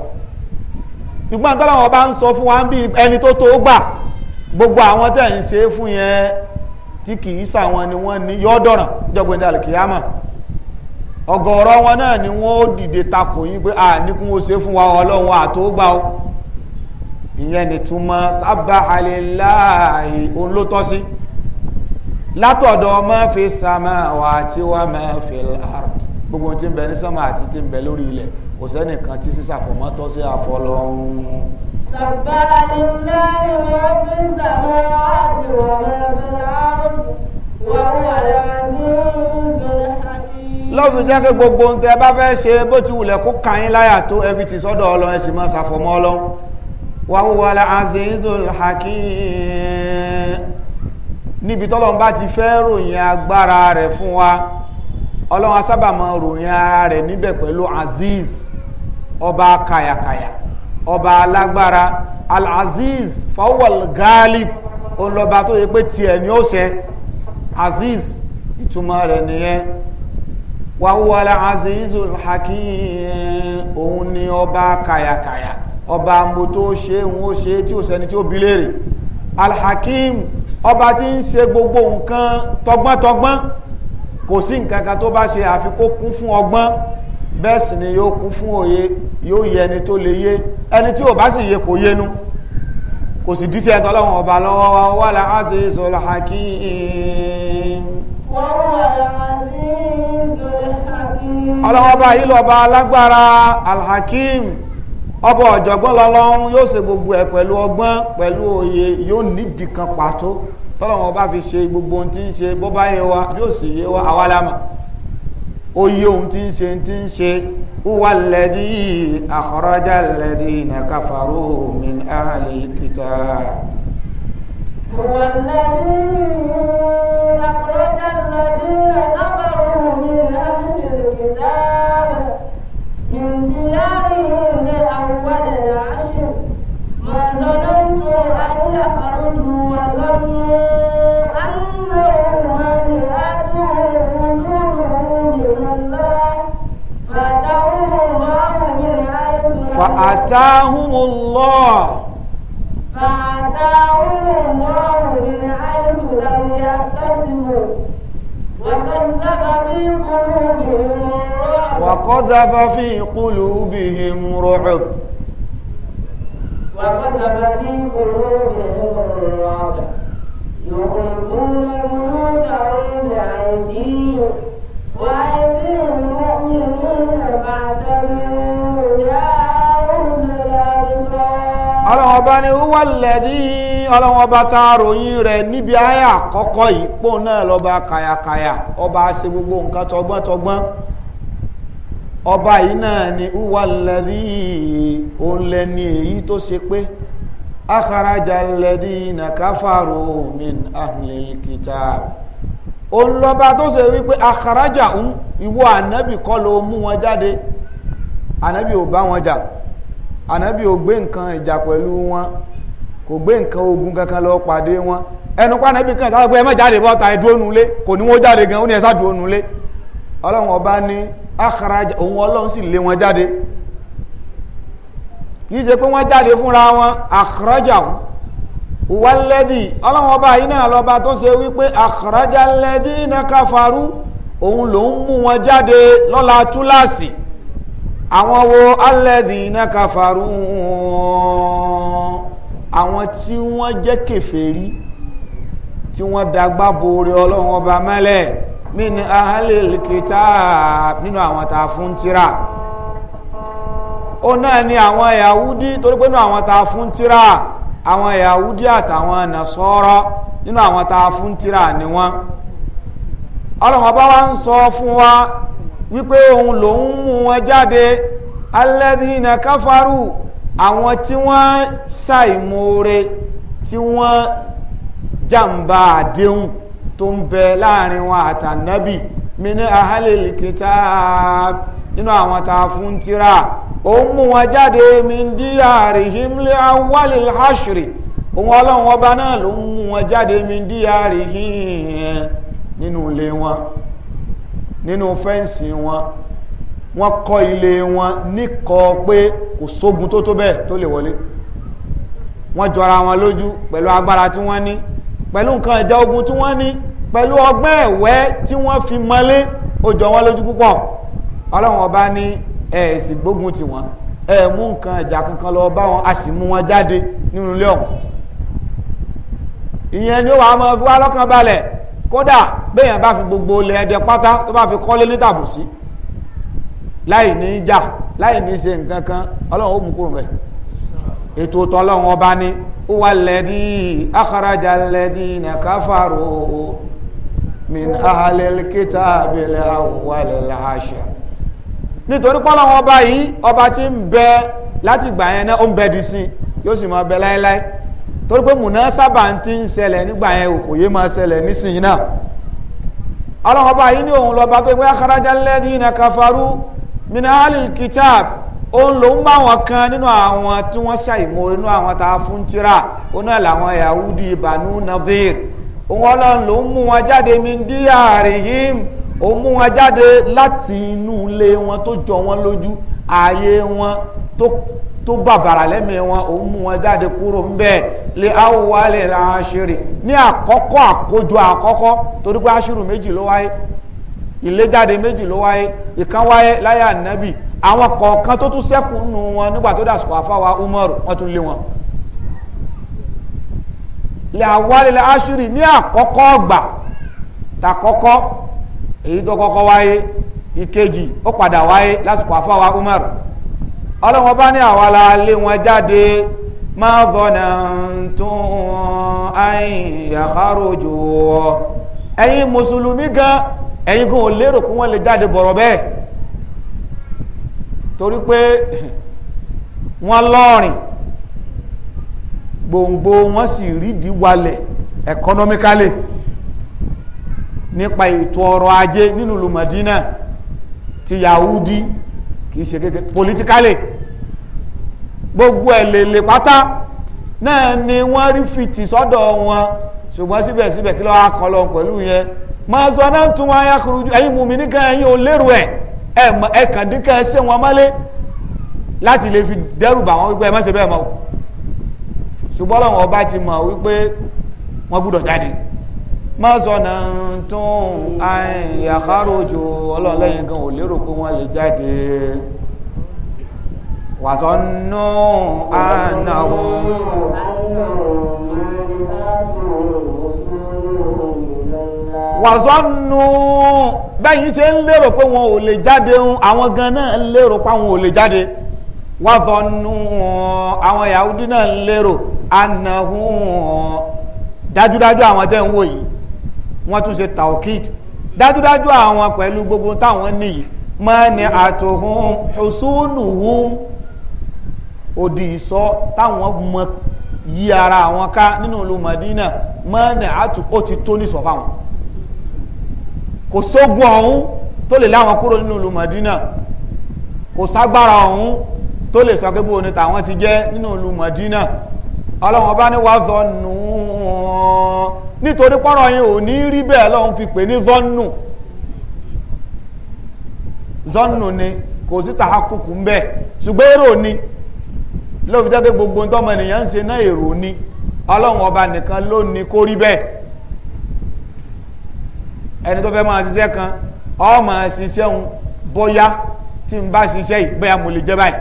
ìgbọ́n tọ́lọ́wọ́ bá ń sọ fún wa ń bí ẹni tó tó gbà gbogbo àwọn tẹ́ ń ṣe fún yẹn tí kì í sàwọn ni wọ́n ní yọ́dọ̀ràn jọgbọ́n ìdàlẹ̀ kìyàmà ọ̀gọ̀ọ̀rọ̀ wọn náà ni wọ́n ó dìde takò yín pé a níkún ó ṣe fún wa ọlọ́run àtógbà ó ìyẹn nìtumọ̀ sábà àlè láàyè òun ló tọ́ sí. Si látọ̀dọ̀ ma fi sama wa ti wa ma fi ard gbogbo tí ń bẹ ní sánmà àti tí ń bẹ lórí ilẹ̀ kò sẹ́nìkan tí sísàpọ̀ mọ́ tọ́ sí àfọlọ́hún. sàbára ni láì wá fi sama wa ti wa ma fi ard wà wà lọ́ọ̀fù jẹ́ pé gbogbo ohun tẹ́ bá fẹ́ ṣe bó ti wùlẹ̀ kó kàn láyà tó ẹbí ti sọ́dọ̀ ọlọ́run ẹ̀sìn máa ṣàfọ̀mọ́ ọlọ́run wà wà azizul hakim níbi tọ́lọ́run bá ti fẹ́ ròyìn agbára rẹ̀ fún wa ọlọ́run asábà ròyìn ara rẹ̀ níbẹ̀ pẹ̀lú aziz ọba kàyàkàyà ọba alágbára al-aziz fawal galib olọba tó yẹ pé tiẹ̀ ni ó aziz ìtumọ̀ rẹ̀ nìyẹn wàhúwàlá aziz òun ni ọba kayakaya ọba mo tó ṣe òun ó ṣe tí ó ọba tí ń ṣe gbogbo nǹkan tọgbọ́ntọgbọ́n kò sí nǹkan kan tó bá ṣe àfi kó kún fún ọgbọ́n bẹ́ẹ̀ sì ni yóò kún fún òye yóò yẹ ẹni tó lè yé ẹni tí ò bá sì yé kò yénu kò sì díṣẹ́ ẹ̀tọ́ lọ́wọ́ ọba lọ́wọ́ wà láàáṣe sọ́lá hakim ọlọ́wọ́ bá yìí lọ́ba alágbára alhakim ọba ọ̀jọ̀gbọ́n lọ́lọ́run yóò ṣe gbogbo ẹ̀ pẹ̀lú ọgbọ́n pẹ̀lú òye yóò nídìí kan pàtó tọ́lọ́wọ́n bá fi ṣe gbogbo ohun tí ń ṣe bó bá yé wa yóò sì yé wa àwa la mọ̀ òye ohun tí ń ṣe tí ń ṣe wúwa lẹ́dí àkọ́rọ́jà lẹ́dí iná káfàró min ahli kitab. wọ́n àkọ́rọ́jà lẹ́dí iná káfàró min ahli kitab. من الله فأتاهم الله من حيث فأتاهم الله من حيث لم يحتسبوا وقذف في قلوبهم رعب وقذف في قلوبهم رعب يقولون عند أيديهم وأيديهم المؤمنين بعد ọlọ́wọ́n ọba ni ó wà lẹ́dí ọlọ́wọ́n ọba tá a ròyìn rẹ̀ níbi ayé àkọ́kọ́ yìí pò náà lọ́ba kàyàkàyà ọba ṣe gbogbo nǹkan tọgbọ́ntọgbọ́n ọba yìí náà ni ó wà lẹ́dí òun lẹ́ni èyí tó ṣe pé akarajà lẹ́dí nàkàfàrò min ahlil kitab tó ṣe wípé akarajà ìwọ ànábì kọ́ ló mú wọn jáde ànábì ò bá wọn jà ànábì ò gbé nǹkan ìjà pẹ̀lú wọn kò gbé nǹkan ogun kankan lọ pàdé wọn ẹnu pa ànábì kan sáwọn pé ẹ má jáde bọ́ ta ẹdúró nulẹ̀ kò ní wọ́n jáde gan ó ní ẹ sá dúró nulẹ̀ ọlọ́run ọba ní akhraja òun ọlọ́run sì lé wọn jáde kì í ṣe pé wọ́n jáde fúnra wọn akhraja wàlẹ́dì ọlọ́run ọba yìí náà lọ́ba tó ṣe wípé akhraja alladhina kafaru òun lòún mú wọn jáde lọ́la túláàsì àwọn wo alladhina kafaru àwọn tí wọ́n jẹ́ kèfèrí tí wọ́n dagbá borí ọlọ́run bá mẹ́lẹ̀ min ahlil kitab nínú àwọn tá a fún ó náà ni àwọn yahudi torí pé nínú àwọn tá fún àwọn yahudi àtàwọn nasọ́rọ́ nínú àwọn tá fún tírà ni wọ́n ọba wa ń sọ fún wa wípé òun lòun mú wọn jáde alladhina káfárù àwọn tí wọ́n ṣàìmoore tí wọ́n jàǹbá àdéhùn tó ń bẹ láàrin wọn àtànábì mini ahalil kitab nínú àwọn tá a fún tírà ó mú wọn jáde min diyarihim li awwalil òun ọlọ́run ọba náà ló mú wọn jáde nínú ilé wọn nínú fẹ́ǹsì wọn wọ́n kọ́ ilé wọn níkọ pé kò sógun tó tó bẹ́ẹ̀ tó lè wọlé wọ́n jọra wọn lójú pẹ̀lú agbára tí wọ́n ní pẹ̀lú nǹkan ìjà ogun tí wọ́n ní pẹ̀lú ọgbẹ́ ẹ̀wẹ́ tí wọ́n fi mọ́lé ó jọ wọ́n lójú púpọ̀ ọlọ́run ọba ní ẹ̀ẹ̀sì gbógun tì wọ́n ẹ mú nǹkan ìjà kankan lọ bá wọn a sì mú wọn jáde nínú ilé ọ̀hún ìyẹn ni ó wàá mọ wá lọ́kàn balẹ̀ kódà bẹ́yàn bá fi gbogbo ilẹ̀ ẹ̀dẹ̀ pátá tó bá fi kọ́lé ní tàbùsí láì ní jà láì ní ṣe nǹkan kan ọlọ́run ó mú kúrò rẹ̀ ètò tọ́lọ́run ọba ni ó wà lẹ́dí akhraja alladina kafaru min ahlil kitabil awwalil ashar nítorí pọ́lọ́run ọba yìí ọba tí ń bẹ láti gbà yẹn náà ó ń bẹ dì sí yóò sì máa bẹ láéláé torí pé mùnà sábà ń ti ń ṣẹlẹ̀ nígbà yẹn kò yé máa ṣẹlẹ̀ nísìnyí náà ọlọ́run ọba yìí ní òun lọ́ba kafaru min ahlil òun lòun bá wọn kan nínú àwọn tí wọ́n ṣàìmọ̀ inú àwọn tá a fún yahudi banu nadir òun ọlọ́run mú wọn jáde òun mú wọn jáde wọn tó jọ wọn lójú ààyè wọn tó tó bàbàrà lẹ́mìí wọn òun mú wọn jáde kúrò ń bẹ́ẹ̀ lè awwalil ashiri ní àkọ́kọ́ àkójọ àkọ́kọ́ torí pé aṣírù méjì ló wáyé ìléjáde méjì ló wáyé ìkan wáyé láyé ànábì àwọn kọ̀ọ̀kan tó tún sẹ́kù nù wọn nígbà tó umaru wọn tún lé wọn lè ní àkọ́kọ́ ọgbà èyí tó kọ́kọ́ wáyé ìkejì ó padà wáyé lásìkò umaru ọlọ́wọ́n bá ní àwa la wọn jáde máa gbọ́nà tún àyìn àkárò jù ọ ẹ̀yìn mùsùlùmí gan ẹ̀yin kò lérò kí wọ́n lè jáde bọ̀rọ̀ bẹ́ẹ̀ torí pé wọ́n lọ́rìn gbòǹgbò wọ́n sì walẹ̀ ajé nínú ti Yahudi gbogbo ẹ̀lẹ́lẹ́ pátá náà ni wọ́n rí fìtì sọ́dọ̀ wọn ṣùgbọ́n síbẹ̀síbẹ̀ kí ló wá kọ́ lọ́n pẹ̀lú yẹn máa sọ náà tún wọn ayá kúrú ẹ̀yin mú mi nìkan ẹ̀yin ò lérò ẹ̀ ẹ̀ kàn dín kan ṣé wọn mọ́lé láti lè fi dẹ́rù bà wọ́n wípé ẹ má bẹ́ẹ̀ mọ́ ṣùgbọ́n lọ́wọ́n ọba ti mọ̀ wípé wọ́n gbúdọ̀ jáde máa sọ náà tún àyàkárò jù ọlọ́ọ̀lẹ́yìn kan ò lérò pé wọ́n lè jáde. وظنوا أنهم wàzọ́nù bẹ́yìn ṣe ń lérò pé wọn ò lè jáde ń àwọn gan náà ń lérò pé àwọn ò lè jáde wàzọ́nù àwọn Yahudi náà ń lérò anahun dájúdájú àwọn tẹ́ ń wò yìí wọ́n tún ṣe taokid dájúdájú àwọn pẹ̀lú gbogbo táwọn nìyí mọ́ ni àtòhun ṣùsùnùhùn odi ìsọ́ táwọn mọ yí ara àwọn ká nínú ìlú Madina mọ́nà àtúkò ti tó ní sọ́fà wọn kò sógun ọ̀hún tó lè láwọn kúrò nínú ìlú Madina kò ságbára tó lè sọ pé bóun ni tàwọn ti jẹ́ nínú ìlú Madina ọlọ́wọ́n bá ní wá zọ́nù nítorí pọ́rọ̀ yìí ò ní rí bẹ́ẹ̀ fi pè ni kò sí tàhákùkù ń bẹ́ẹ̀ ṣùgbọ́n lóòbí jẹ́ pé gbogbo tọ́mọ ènìyàn ń ṣe náà èrò ni ọlọ́run ọba nìkan ló ní kó rí bẹ́ẹ̀ ẹni tó fẹ́ máa ṣiṣẹ́ kan ọ máa ṣiṣẹ́ ń bóyá tí n bá ṣiṣẹ́ yìí bóyá mo lè jẹ́ báyìí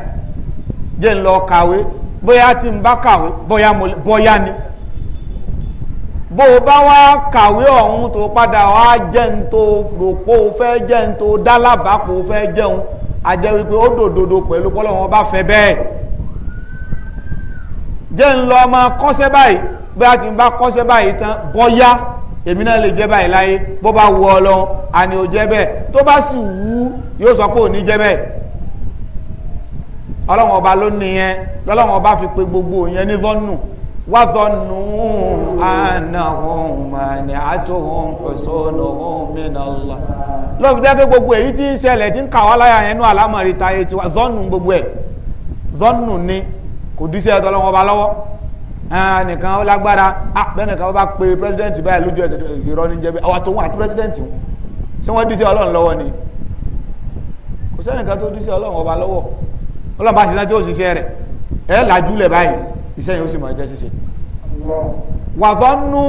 jẹ́ ń lọ kàwé bóyá tí n bá kàwé bóyá ni bó o bá wá kàwé ọ̀hún tó padà wá jẹ́ ń tó ròpó fẹ́ jẹ́ ń tó dálábàápò fẹ́ jẹun àjẹ́ wípé ó dòdòdò pẹ̀lú pọ́lọ́wọ́n bá fẹ́ bẹ́ẹ̀ jẹ́ ń lọ ọmọ kọ́sẹ́ báyìí bí a ti ń bá kọ́sẹ́ báyìí tán bọ́yá èmi náà lè jẹ́ báyìí láyé bó bá wù ọ lọ àní ò jẹ́ bẹ́ẹ̀ tó bá sì wù yóò sọ pé ò ní gbogbo yẹn ní zọ́nù wá zọ́nù ànàhùn màní jẹ́ gbogbo èyí gbogbo ẹ̀ zọ́nù ni. kò díṣẹ́ ẹ̀tọ́ lọ́wọ́ ọba lọ́wọ́ nìkan ó lágbára bẹ́ẹ̀ nìkan ó bá pe president báyìí lójú ẹsẹ̀ ìrọ́ ní jẹ́bi àwọn àtòun àti president wọn ṣé wọ́n díṣẹ́ ọlọ́run lọ́wọ́ ni kò sẹ́nìkan tó díṣẹ́ ọlọ́run ọba lọ́wọ́ ọlọ́run bá ṣiṣẹ́ tí ó ṣiṣẹ́ rẹ̀ ẹ̀ làjúlẹ̀ báyìí iṣẹ́ yìí ó sì mọ̀ ẹ̀jẹ̀ ṣiṣẹ́ wàzọ́nú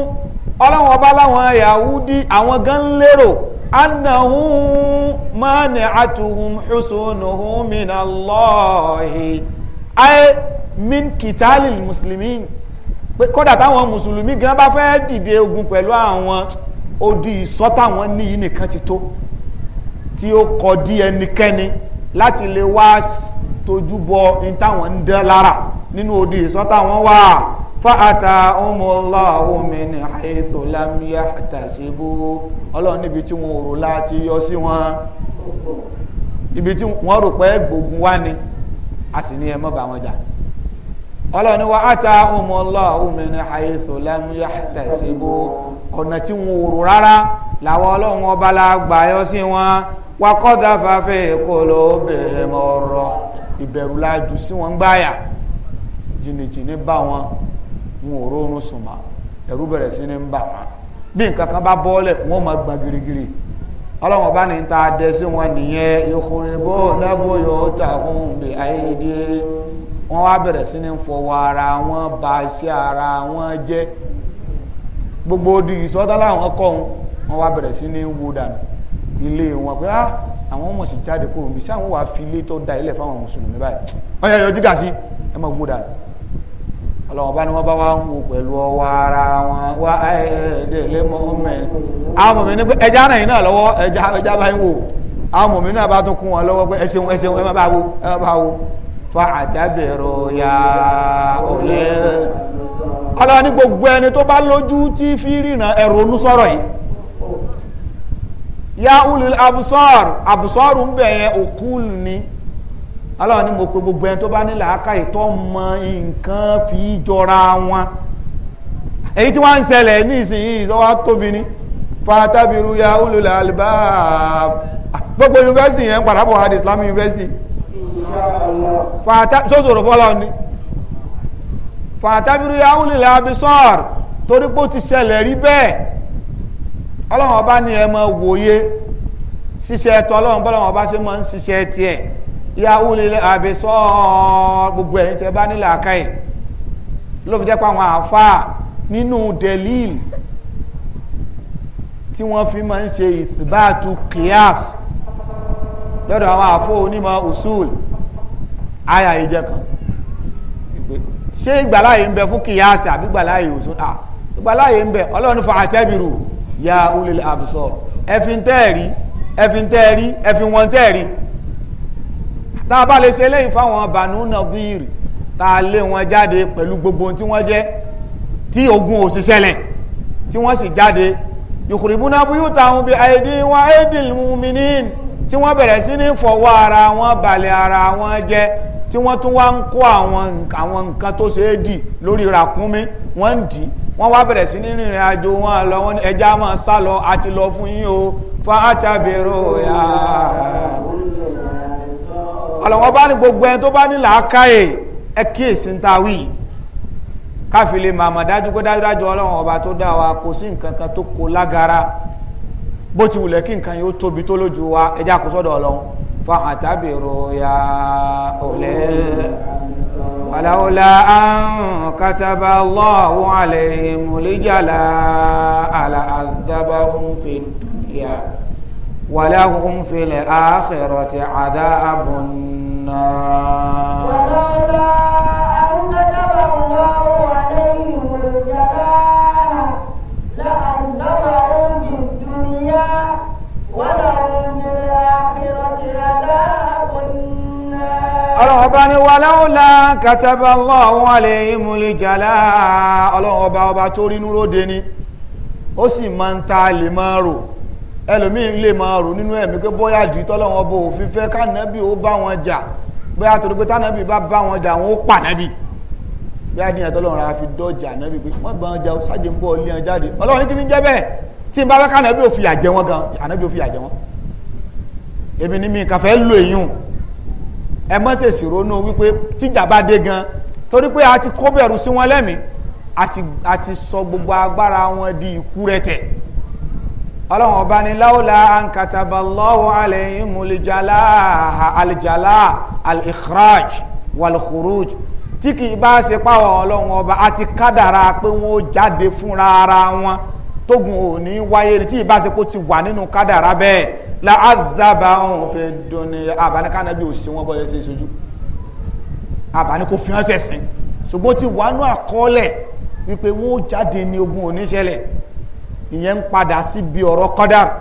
ọlọ́run ọba láwọn yahudi àwọn gan lérò annahum mani atuhum husunuhum minallahi ayé min kitalil muslimin pé kódà táwọn mùsùlùmí gan bá fẹ́ dìde ogun pẹ̀lú àwọn odi ìsọ́ táwọn níyì nìkan ti tó tí ó kọ dí ẹnikẹ́ni láti lè wá tójú bọ ní táwọn ń dán lára nínú odi ìsọ́ táwọn wà fa'ata umullahu min haythu lam yahtasibu ọlọ́run níbi tí wọ́n rò láti yọ sí wọn ibi tí wọ́n rò pé gbógun wá ni a sì ní ẹ má bá wọn jà ọlọ́ni wa ata umullahu min haythu lam yahtasibu ọ̀nà tí rò rárá làwọn ọlọ́run ọba la gbà yọ sí wọn wa qadhafa fi qulubihim ọ̀rọ̀ ìbẹ̀rù la jù sí wọn gbáyà jìnnìjìnnì bá wọn wọn ò rórun sùnmọ́ ẹ̀rú bẹ̀rẹ̀ sí ń bà wọn bí nǹkan kan bá bọ́ọ̀lẹ̀ wọn girigiri ọlọ́run ọba ní ta dẹ sí wọn nìyẹn yòkùnrin bó ta wọ́n wá bẹ̀rẹ̀ sí ní fọwọ́ ara wọn ba iṣẹ́ ara wọn jẹ́ gbogbo odi ìsọdá làwọn kọ́ wọn wọ́n wá bẹ̀rẹ̀ sí ní wo dànù ilé wọn pé ah àwọn ọmọ sì jáde kó omi sáwọn wà fi ilé tó da ilẹ̀ fáwọn mùsùlùmí báyìí ọyọ yọjú gà sí ẹ mọ̀ gbódà ọlọ́wọ́n bá ní wọ́n bá wá ń wo pẹ̀lú ọwọ́ ara wọn wá ẹ̀ẹ́dẹ̀ lẹ́mọ mẹ́rin àwọn mọ̀mí ní pé ẹja náà yìí náà lọ́wọ́ ẹja ẹja báyìí wò àwọn mọ̀mí náà bá tún kún wọn lọ́wọ́ pé ẹsẹ̀wọ̀n ẹsẹ̀wọ̀n ẹ má bá wo ẹ má bá wo fàtàbẹ̀rọ ya olè ọlọ́ni gbogbo ẹni tó bá lójú tí fi ríran ẹ̀rọ olúsọ́rọ̀ yìí ya ulul abusor abusor ń bẹ̀ yẹn ni ọlọ́ni mo gbogbo ẹni tó bá ní làákà ìtọ́ mọ nǹkan fi jọra wọn èyí tí wọ́n ń ṣẹlẹ̀ ní ìsinyìí ìsọwọ́ tóbi ni fàtàbẹ̀rọ ya ulul albab gbogbo yunifásitì yẹn padà bọ̀ hadi islamic university sóṣòro fọ́lọ́ ni fàtàbírú yahoo lè abisọ́r torí pé ó ti ṣẹlẹ̀ rí bẹ́ẹ̀ ọlọ́run ọba ni ẹ máa wòye ṣiṣẹ́ tọ́ ọlọ́run bọ́lọ́run ọba ṣe máa ń ṣiṣẹ́ tiẹ̀ yahoo lè abisọ́r gbogbo ẹ̀yin tẹ́ bá nílẹ̀ àkáyè ló fi jẹ́ pé àwọn àáfàá nínú delil tí wọ́n fi máa ń ṣe ìtìbáàtú kíyàs lọ́dọ̀ àwọn àfọ́ onímọ̀ usul àyà yìí jẹ́ kan ṣé ìgbàláyé ń bẹ fún kìyàsí àbí ìgbàláyé òsùn à ìgbàláyé ń bẹ ọlọ́run fa àtẹ́bìrù ya ulil absar ẹfin tẹ́ẹ̀rí ẹfin tẹ́ẹ̀rí ẹfin wọn tẹ́ẹ̀rí tá a bá lè ṣe eléyìí fáwọn bànú nàbírì tá a lé wọn jáde pẹ̀lú gbogbo tí wọ́n jẹ́ tí ogun ò sì ṣẹlẹ̀ tí wọ́n sì jáde yukhribuna buyutahum bi aidi wa aidil mu'minin tí wọ́n bẹ̀rẹ̀ sí ní fọwọ́ ara wọn balẹ̀ ara wọn jẹ́ tí wọ́n tún wá ń kó àwọn nǹkan tó ṣe é dì lórí ràkúnmí wọ́n ń dì wọ́n wá bẹ̀rẹ̀ sí ní rìnrìn àjò wọn lọ wọ́n ẹja máa sá lọ àti lọ fún yín o fa àtàbẹ̀rọ ya ọ̀lọ́wọ́ bá ní gbogbo ẹni tó bá ní làákàyè ẹ kíyèsí ń ta wí káfí lè màmá dájú pé dájúdájú ọlọ́run ọba tó dá wa kò sí nǹkan kan tó kó lágara bó ti wùlẹ̀ kí nǹkan yóò tóbi tó lójú wa ẹja kò sọ́dọ̀ ọlọ́run فاعتبروا يا أولي ولولا أن كتب الله عليهم الجلاء لعذبهم في الدنيا ولهم في الآخرة عذاب النار ọlọ́run ọba ní wàláwùlá kàtàbà lọ́wọ́ alẹ́ ìmúlẹ̀jàlá ọlọ́run ọba ọba tó rínú lóde ni ó sì máa ń ta lè máa rò ẹlòmíì lè máa rò nínú ẹ̀mí pé bóyá dìtọ́ lọ́wọ́ ọba òfin fẹ́ kánẹ́bì ó bá wọn jà bóyá torí pé tánẹ́bì bá bá wọn jà wọn ó pa nẹ́bì bóyá ní ẹ̀tọ́ lọ́run fi dọ́jà nẹ́bì pé wọ́n bá wọn jà sáàjì ń bọ́ lé wọn jáde ọlọ́run ní kí ni jẹ́ tí n bá fẹ́ kánẹ́bì ò fìyà jẹ wọn gan ànẹ́bì ẹ má ṣe sì ronú wípé tíjà bá dé gan torí pé a ti kó bẹ̀rù sí wọn lẹ́mìí a ti sọ gbogbo agbára wọn di ikú rẹ̀tẹ̀ ọlọ́run ọba ni láwùlá ankataba Allahu alayhim alìjàlá alìjàlá alìkhraj wàlùkùrùj tí kì í bá ṣe páwọ̀ ọlọ́run ọba a ti kádàrá pé wọ́n jáde fúnra ara wọn tógun ò ní wáyé tí ìbáṣepọ̀ ti wà nínú kádàrá bẹ́ẹ̀ la azaba ọ̀hún fẹ́ dọ́ni àbáníkánábí ò sí wọn bọ́ ẹsẹ̀ ìṣojú àbáni kò fi hàn sẹ̀sìn ṣùgbọ́n ti wà nú àkọọ́lẹ̀ wípé wọ́n ó jáde ní ogun oníṣẹ́lẹ̀ ìyẹn ń padà síbi ọ̀rọ̀ kádàrá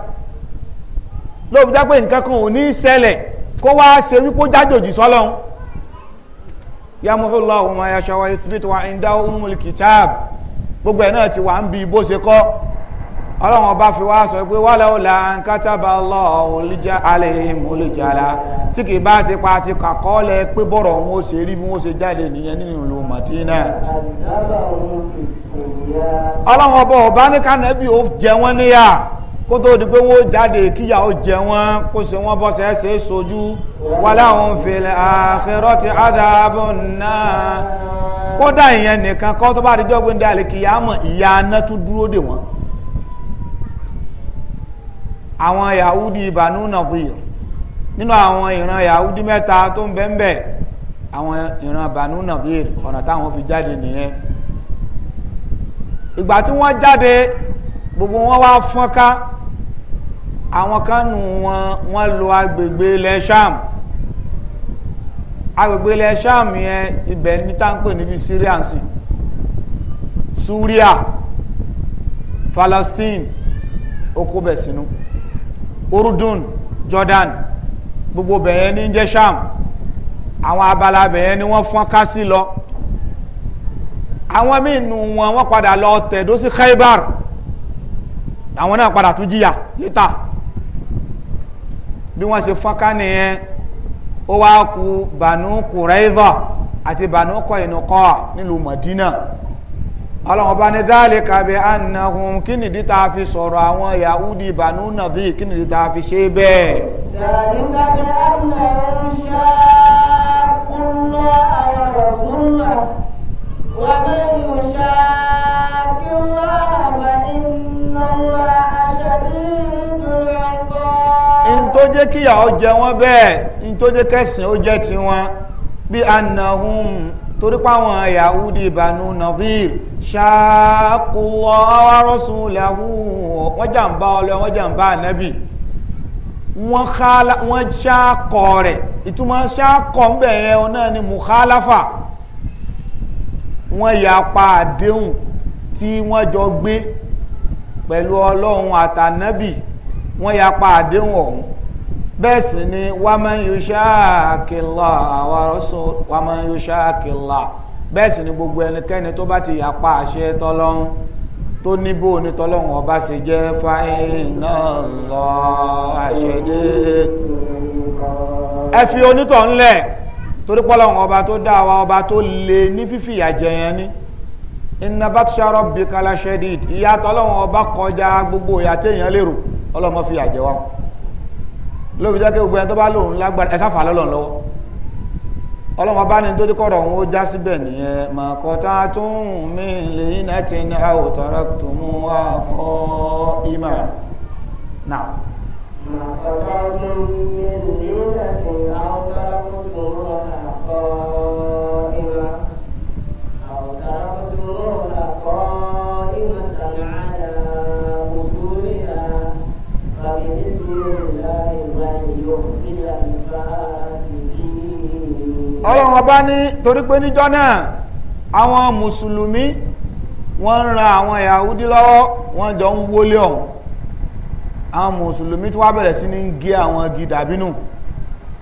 lóòbí dápé nǹkan kan ò ní ṣẹlẹ̀ kó wá ṣe wípé ó jájòjì sọ́lọ́hún yamhullahu ma yasha wa yuthbitu wa indahu ummul gbogbo ẹ̀ náà ti wà ń bi bó ṣe kọ́ ọlọ́run ọba fi wá sọ pé wálé ọ̀la kátàbà Allahu alaihim olùjàlá tí kì bá ṣe pa ti kàkọ́ọ́lẹ̀ pé bọ́rọ̀ wọn ó ṣe rí bí wọ́n ṣe jáde nìyẹn nínú ìlú Mádínà ọlọ́run ọba ọba ní kánẹ́bì ó jẹ wọ́n kó tó di pé wọ́n jáde kíyà ó jẹ wọ́n kó se wọ́n bọ́sẹ̀ ṣe é sojú wà láwọn fil akhirati adhabun nar kódà ìyẹn nìkan kọ́ tó bá di jọ́gbìn dalẹ̀ kíyà mọ̀ ìyà aná tún dúró dè wọ́n àwọn Yahudi Banu Nadir nínú àwọn ìran Yahudi mẹ́ta tó ń bẹ́ńbẹ́ àwọn ìran Banu Nadir ọ̀nà táwọn fi jáde nìyẹn ìgbà tí wọ́n jáde gbogbo wọn wá fọ́nká àwọn kánù wọn wọ́n lo agbègbè ilẹ̀ sham agbègbè ilẹ̀ sham yẹn ibẹ̀ ní táǹpẹ̀ níbi syria sí palestine okobẹ̀ sínú urudun jordan gbogbo bẹ̀yẹn ní jẹ́ sham àwọn abala bẹ̀yẹn ni wọ́n fọ́n ká sí lọ àwọn mínú wọn wọ́n padà lọ tẹ̀dó sí khaybar àwọn náà padà tún jìyà níta bí wọ́n ṣe fọ́nká nìyẹn ó wá ku bànú kùrẹ́ìdọ̀ àti bànú kọ̀ìnùkọ́ nílùú mọ̀dínà ọlọ́run bá ní dhalika bi annahum kí nìdí tá fi sọ̀rọ̀ àwọn yahudi bànú nàdí kí nìdí tá fi ṣe bẹ́ẹ̀. dhalika bi annahum shaqqu Allaha wa rasulahu wa man yushaqqi Allaha tó jẹ́ kíyà ó jẹ wọ́n bẹ́ẹ̀ ní tó jẹ́ kẹsìn ó jẹ́ ti wọn bí anahum torí páwọn yahudi banu nadir ṣàkùlọ arọ́sùnláhù wọ́n jàǹbá ọlọ́ wọ́n jàǹbá ànábì wọ́n ṣàkọ rẹ̀ ìtumọ̀ ṣàkọ ń bẹ̀yẹ náà ni muhalafa wọ́n yapa àdéhùn tí wọ́n jọ gbé pẹ̀lú ọlọ́run àtànábì wọ́n yapa àdéhùn ọ̀hún bẹ́ẹ̀ sì ni waman yushaqillaha wa rasul waman yushaqillaha bẹ́ẹ̀ sì ni gbogbo ẹnikẹ́ni tó bá ti yàpa àṣẹ tọ́lọ́hún tó níbò ní tọ́lọ́hún ọba ṣe jẹ́ fáyínà lọ àṣẹdé ẹ fi onítọ̀ ńlẹ̀ torí pọ́lọ́hún ọba tó dá wa ọba tó le ní fífìyà jẹyàn ni inna batsha rabbika lashadid ìyà tọ́lọ́hún ọba kọjá gbogbo ìyà lérò ọlọ́mọ fìyà jẹ wa lóbi jẹ́ kí gbogbo ẹni tó bá lòun lágbára ẹ sáfà lọ́lọ́ lọ́wọ́ ọlọ́mọ bá ní tó dé kọ́rọ̀ òun ó já síbẹ̀ nìyẹn mà kọ́tà tún mí lè iná ti ní àwòtọ́rọ́ tó mú wa kọ́ ìmọ̀ náà. mà kọ́tà tún mí lè iná ti ní àwòtọ́rọ́ tó mú wa kọ́ ìmọ̀ àwòtọ́rọ́ tó mú wa kọ́ ìmọ̀ tàn ọlọ́run ọba ní torí pé níjọ́ náà àwọn mùsùlùmí wọ́n ran àwọn yahudi lọ́wọ́ wọ́n jọ ń wólé ọ̀hún àwọn mùsùlùmí tí wọ́n bẹ̀rẹ̀ sí ní ń gé àwọn igi dàbínù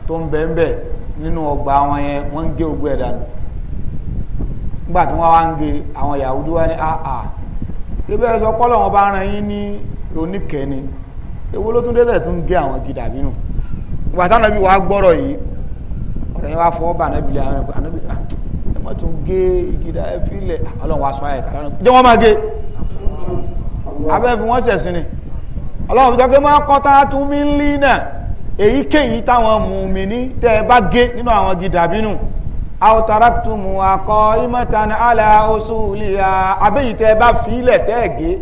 tó ń bẹ̀ ń bẹ̀ nínú ọgbà àwọn yẹn wọ́n ń gé ogun ẹ̀ dànù nígbà wọ́n wá ń gé àwọn yahudi wá ní àà ebe ẹ̀ sọ pé ọlọ́run ọba ran yín ní oníkẹ́ni èwo ló tún dẹ́sẹ̀ tún gé àwọn igi dàbí nù ìgbà táwọn ẹbí wa gbọ́rọ̀ yìí ọ̀rọ̀ yẹn wá fọwọ́ bá anábì lé àwọn anábì ah, ẹ má tún gé igi dàbí fílẹ̀ ah, ọlọ́run wa sọ ayẹ kàrọ̀ jẹ́ wọ́n máa gé abẹ́ fi wọ́n sẹ̀sìn ni ọlọ́run fi jẹ́ pé má kọ́ta tún mí ń lí náà èyíkéyìí táwọn mùmíní tẹ́ ẹ bá gé nínú àwọn igi dàbí nù aw taraktumu akọ imatan ala usuliya abẹ́yìí tẹ́ ẹ bá fi ilẹ̀ tẹ́ ẹ gé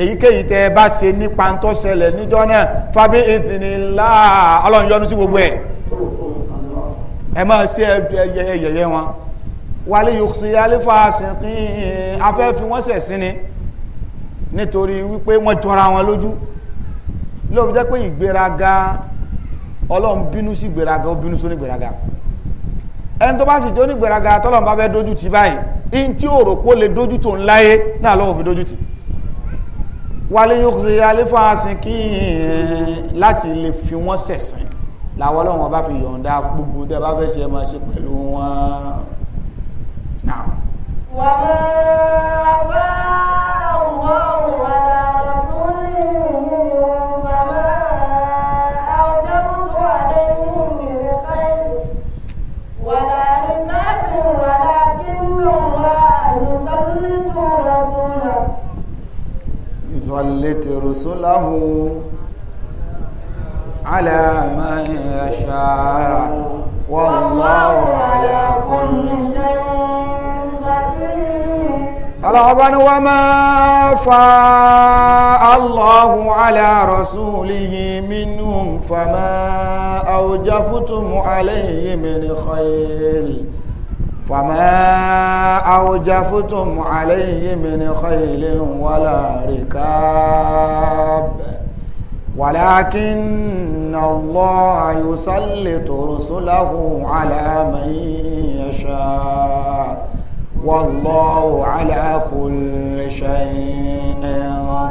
èyíkéyìí tẹ́ bá ṣe nípa tó ṣẹlẹ̀ níjọ́ náà fábí ìdìnnìlá ọlọ́run yọ́nú sí gbogbo ẹ̀ ẹ máa ṣe ẹyẹyẹ wọn wálé yóò sí alifa sìnkín afẹ́ fi wọ́n ṣẹ̀sìn ni nítorí wípé wọ́n jọra wọn lójú lóòbí jẹ́ pé ìgbéraga ọlọ́run bínú sí ìgbéraga ó bínú sóní ìgbéraga ẹni tó bá sì jó ní ìgbéraga tọ́lọ́run bá fẹ́ dójú tì báyìí in tí òròpó lè dójú tó ńláyé náà lọ́wọ́ fi dójú tì í wálé yóò ṣe aléfà sin láti lè fi wọ́n sẹ̀sìn làwọn ọlọ́run ọba fi yọ̀ǹda gbogbo tẹ́ bá fẹ́ ṣe máa ṣe pẹ̀lú wọn náà. wàá wá àwọn ọ̀rọ̀ يسلط رسله على من يشاء والله على كل شيء قدير وما فاء الله على رسوله منهم فما أوجفتم عليه من خيل فما أوجفتم عليه من خيل ولا ركاب ولكن الله يسلط رسله على من يشاء والله على كل شيء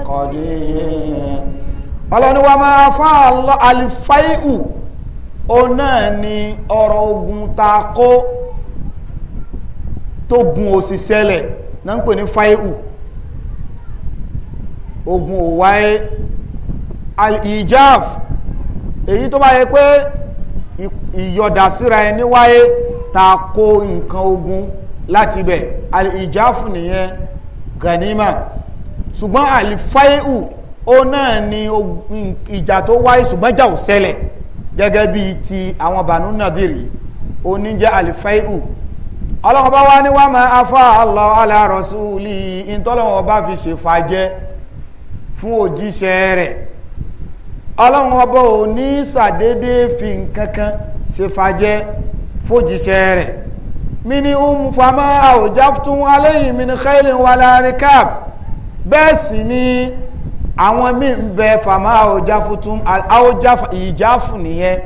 قدير ọlọ́ni wa máa fá alifáìhù ó náà ni ọ̀rọ̀ ogun ta kó tó gun òsì sẹ́lẹ̀ náà ń pè ní fáìhù ogun òwáyé al-ijaf èyí tó bá yẹ pé ìyọ̀dà síra ẹni wáyé tako nǹkan ogun láti bẹ̀ al ni nìyẹn ganima ṣùgbọ́n al-fáìhù ó náà ni ìjà tó wáyé ṣùgbọ́n jà ò ṣẹlẹ̀ gẹ́gẹ́ bí ti àwọn bànú nàdìrí oníjẹ́ al-fáìhù ọlọ́wọ́n bá wá ní wá máa afá àlọ́ alárọ̀súlì ìntọ́lọ́wọ́n bá fi ṣe fàjẹ́ fún òjíṣẹ́ rẹ̀ ọlọ́wọ́n ọba ò ní sàdédé fi nkankan ṣe fàjẹ́ fòjíṣẹ́ rẹ̀ mi ni ó mú famá àwòjá tún aléyìn mi ni kẹ́lì wà láàrin káàb bẹ́ẹ̀ sì ni àwọn míì bẹ famá àwòjá fún ìjáfù nìyẹn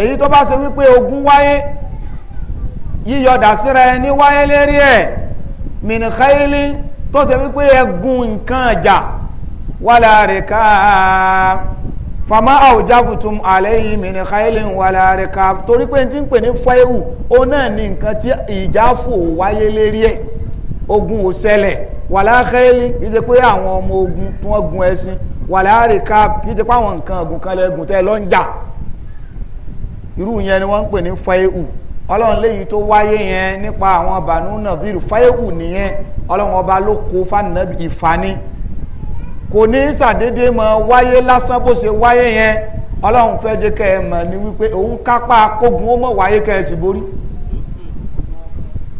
èyí tó bá ṣe wípé ogun wáyé yíyọ̀dà síra ẹni wáyé lérí ẹ̀ mìnìkáìlì tó ṣe wípé ẹgùn nǹkan ọjà wàlá fama àwùjáfùtùm àlẹ́yìn mìnìkáìlì wàlá rẹ̀ ká torí pé tí ń pè ní fáìwù ó náà ní nǹkan tí ìjáfò wáyé lérí ẹ̀ ogun ò ṣẹlẹ̀ wàlá kẹ́lì kì í ṣe pé àwọn ọmọ ogun tí wọ́n gun ẹṣin wàlá kì í ṣe pé àwọn nǹkan ọ̀gùn kan lẹ́gùn tẹ́ lọ́njà irú yẹn ni wọ́n ń pè ní fáìwù ọlọ́run léyìí tó wáyé yẹn nípa àwọn bànú nàdírù fáyéwù nìyẹn ọlọ́run ọba ló kó fánàbí ìfani kò ní sàdédé mọ wáyé lásán bó ṣe wáyé yẹn ọlọ́run fẹ́ jẹ́ kẹ́ ẹ mọ̀ ní wípé òun kápá kógun ó mọ̀ wáyé kẹ́ ẹ sì borí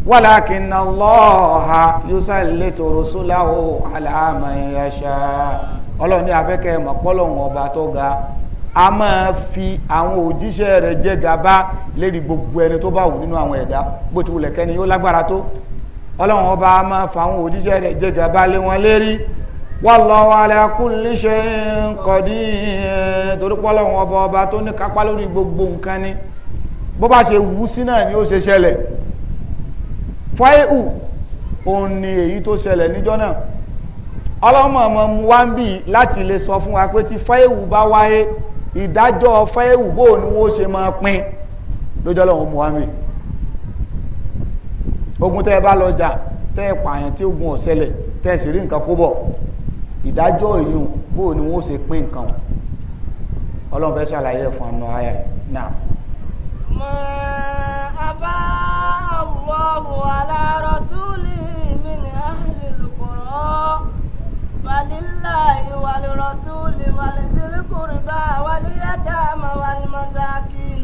walakin Allaha yusallitu rusulahu ala man yasha ọlọ́run ní afẹ́kẹ́ ẹ mọ̀ pọ́lọ́run ọba tó ga a máa fi àwọn òjíṣẹ́ rẹ̀ jẹ gàba lérí gbogbo ẹni tó bá wù nínú àwọn ẹ̀dá bó ti wulẹ̀ kẹ́ni yóò lágbára tó ọlọ́run ọba a máa fa àwọn òjíṣẹ́ rẹ̀ jẹ gàba lé wọn lérí wallahu ala kulli shay'in qadir torí pọ́lọ́run ọba ọba tó ní kápá lórí gbogbo nǹkan ni bó bá ṣe wù sí náà ni ó ṣe ṣẹlẹ̀ fáìhù òun ni èyí tó ṣẹlẹ̀ níjọ́ náà ọlọ́mọ̀ọ́mọ́ mu wá ń bì láti lè sọ fún wa pé tí fáìhù bá wáyé ìdájọ́ fẹ́ẹ̀wù bó ni wọ́n ṣe máa pín lójọ́ lọ́wọ́ muhammed ogun tẹ́ ẹ bá lọ jà tẹ́ ẹ pààyàn tí ogun ọ̀sẹ̀lẹ̀ tẹ́ ẹ sì rí nǹkan kó ìdájọ́ èyàn bó ni wọ́n ṣe pín nǹkan ọlọ́run ṣàlàyé fún ọ̀nà ayà ala rasuli min ahlil qura. ولله وللرسول ولذي القربى واليتامى والمساكين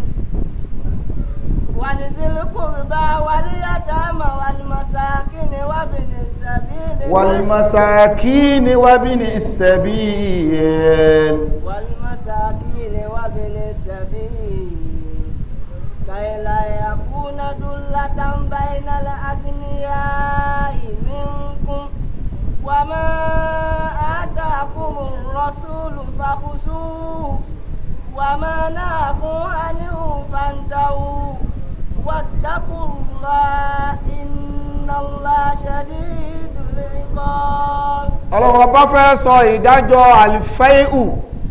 ولذي القربى واليتامى والمساكين وابن السبيل والمساكين وابن السبيل والمساكين وابن السبيل كي لا يكون دلة بين الأغنياء منكم وما فخذوه وما نهكم عنه فانتهوا واتقوا الله إن الله شديد fẹ́ sọ ìdájọ́ àlìfẹ́ìhù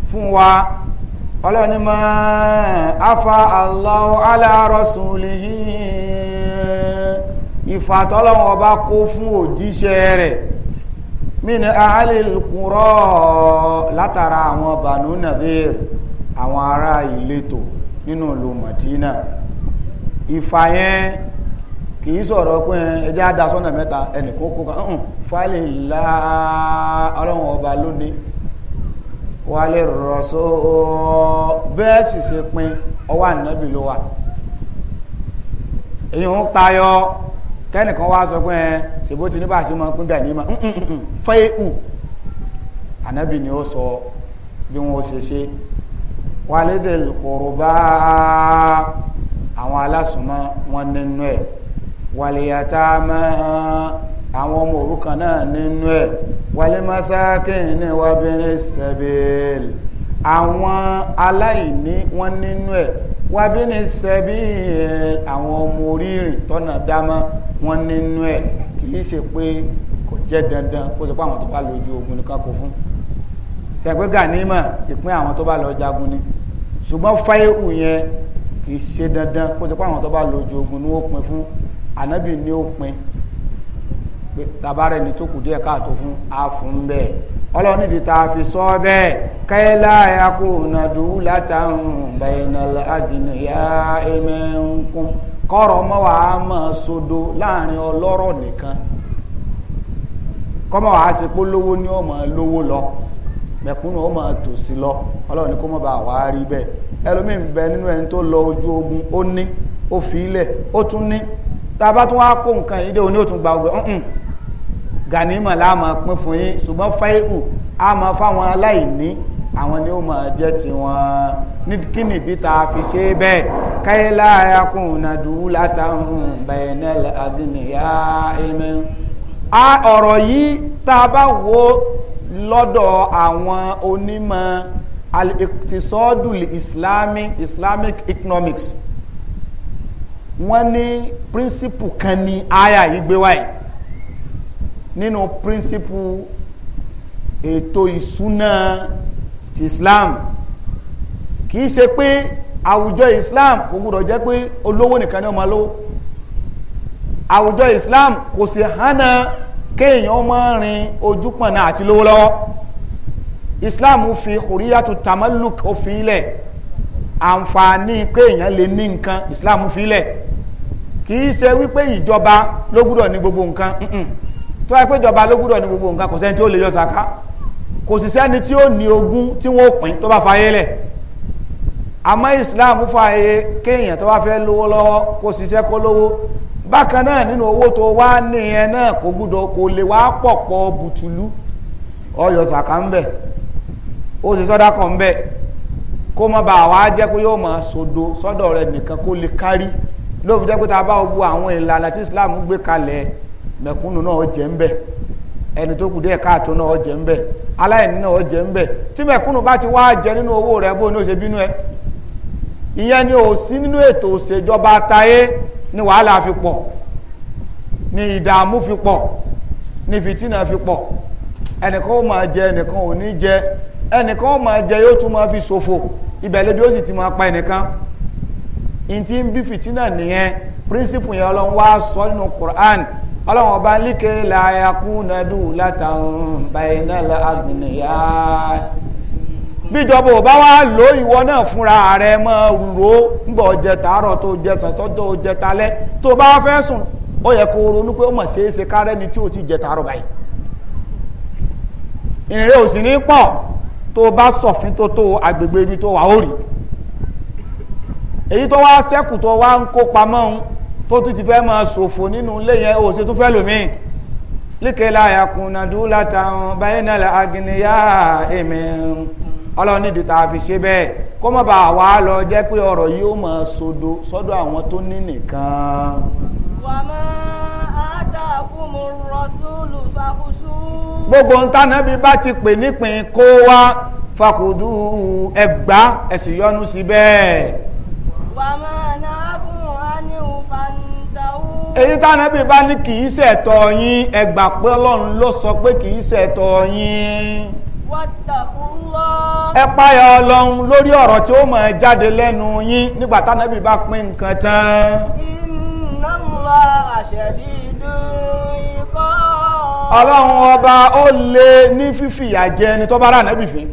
fún wa ọlọ́run ni mọ́ afa Allahu ala rasulihi ìfàtọ́lọ́run ọba kó fún òjíṣẹ́ rẹ̀ min ahalil qura látara àwọn banu nadir àwọn ará ìletò nínú ìlú Madina ìfàyẹn kìí sọ̀rọ̀ pé ẹjẹ́ àdásọ́nà mẹ́ta ẹnìkan kan ọ̀hún fálẹ̀ ọba lónìí wálé rọ̀sọ́ bẹ́ẹ̀ sì ṣe tẹ́nìkan wá sọ pé ẹ ṣèbó ti ní bá ṣe máa pín gànímà fẹ́ hù ànábì ni ó sọ bí wọn ó ṣe ṣe walidil qurba àwọn alásùnmọ́ wọn nínú ẹ̀ waliyatama àwọn ọmọ òrukàn náà nínú ẹ̀ walimasakini wabini sabil àwọn aláìní wọn nínú ẹ̀ wà bí ní sẹ́bí àwọn ọmọ orírìn tọ́nà dámọ́ wọn nínú ẹ̀ kìí ṣe pé kò jẹ́ dandan kó sọ pé àwọn tó bá lójú ogun nìkan kò fún sẹ́pẹ́ gànímọ̀ ìpín àwọn tó bá lọ jagun ni ṣùgbọ́n fáìhù yẹn kìí ṣe dandan kó sọ pé àwọn tó bá lójú ogun ni ó pin fún ànábì ni ó pin tabarẹ́ni tó kù díẹ̀ káàtó fún àfún bẹ́ẹ̀ ọlọ́run ìdí tá a fi sọ bẹ́ẹ̀ kẹ́lá ẹ̀kọ́ ònàdù látàrún bẹ̀yìnàlá àgbìnìyà ẹ̀mẹ̀ǹkún kọ́rọ̀ mọ́wà á mọ̀ sodo láàrin ọlọ́rọ̀ nìkan kọ́mọ̀ wàá ṣe pé lówó ni ó mọ̀ lówó lọ mẹ̀kúnnù ó mọ̀ tòsí lọ ọlọ́run ní kó mọ̀ bá wà á rí bẹ́ẹ̀ ẹlòmíì ń bẹ nínú ẹni tó lọ ojú ogun ó ní ó fi ilẹ̀ ó tún ní tá a bá tún wá kó nǹkan yìí dé òní ó tún gba ọgbẹ́ ganima la máa pín fún yín ṣùgbọ́n fáìhù a máa fáwọn aláìní àwọn ni ó máa jẹ́ tiwọn ní kí nìdí tá a fi ṣe bẹ́ẹ̀ káyé láàyà kùn nàdú látàrún bẹ̀ẹ̀nẹ́lì àgbìnìyà ẹ̀mí. a yìí tá bá wo lọ́dọ̀ àwọn onímọ̀ al islamic islamic economics wọ́n ní príncipù kan ní aya yìí gbé wáyé nínú príncipù ètò ìsúná ti Islam kìí ṣe pé àwùjọ Islam kò gbúdọ̀ jẹ́ pé olówó nìkan ni ó lówó àwùjọ Islam kò sì hánà kéèyàn máa rin ojúpọ̀nà àti lówó lọ́wọ́ Islam fi kòríyàtú tamaluk ó fi ilẹ̀ àǹfààní kéèyàn lè ní nǹkan Islam fi ilẹ̀ kìí ṣe wípé ìjọba ló gbúdọ̀ ní gbogbo nǹkan mm -mm. tó wáyé pé ìjọba ló ní gbogbo nǹkan kò sẹ́ni tí ó lè yọ sàká kò sì sẹ́ni tí ó ní ogún tí wọ́n pín tó bá fayé lẹ̀ àmọ́ Islam fààyè kéèyàn tó bá fẹ́ lówó lọ́wọ́ kó ṣiṣẹ́ kó lówó bákan náà nínú owó tó wá nìyẹn náà kò gbúdọ̀ kò lè wá pọ̀ pọ̀ wa jẹ́ pé sodo sọ́dọ̀ rẹ̀ nìkan kó lè kárí jẹ́ pé ta bá àwọn ìlànà tí Islam Mekunu náà ó jẹ ń bẹ̀ ẹni tó kù díẹ̀ káàtó náà mbe jẹ ń bẹ̀ aláìní náà jẹ ń tí bá ti wá jẹ nínú owó ni ò sí nínú ètò òṣèjọba tayé ni wàhálà fi ni ìdààmú fi ni fìtínà fi pọ̀ ẹnìkan ó máa jẹ ẹnìkan ò ní jẹ ẹnìkan ó máa fi ṣòfò ibẹ̀ ó sì ti máa pa ẹnìkan ìtì ń bí fìtínà nìyẹn yẹn sọ nínú ọlọ́run ọba líke làyàkú nàdú látàrún bàyìnà àgbìnìyà bíjọba ò bá wá lo ìwọ náà fúnra rẹ mọ ro ńgbọ jẹ tàárọ̀ tó jẹ sọtọ tó jẹ talẹ́ tó bá fẹ́ sùn ó yẹ kó ronú pé ó ni tí ò ti jẹ tàárọ̀ báyìí ìrìnrìn ní tó bá tó tó agbègbè ibi tó wà ó tó tún ti fẹ́ máa ṣòfò nínú ilé yẹn ó ṣe tún fẹ́ lòmíì líkèlá yakunadu látàwọn bayinala agniya èmi ọlọ́ni dìtà fi ṣe bẹ́ẹ̀ kó má bàa wá lọ jẹ́ pé ọ̀rọ̀ yìí ó máa sodo sọ́dọ̀ àwọn tó ní nìkan. wàmọ́ àtàkùnmù rọ́ṣúlù fàkùsù. gbogbo ń tánàbí bá ti pè nípìn kó wá fàkùdù ẹgbàá ẹ̀sìn yọnu sí bẹ́ẹ̀. wàmọ́ náà. èyí tánàbí bá ní kìí í ṣẹ̀tọ́ yín ẹ pé ọlọ́run ló sọ pé kìí í yín ọlọ́run lórí ọ̀rọ̀ tí ó mọ̀ ẹ jáde lẹ́nu yín nígbà tánàbí bá pín nǹkan tán ọlọ́run ọba ó lé ní fífìyà jẹ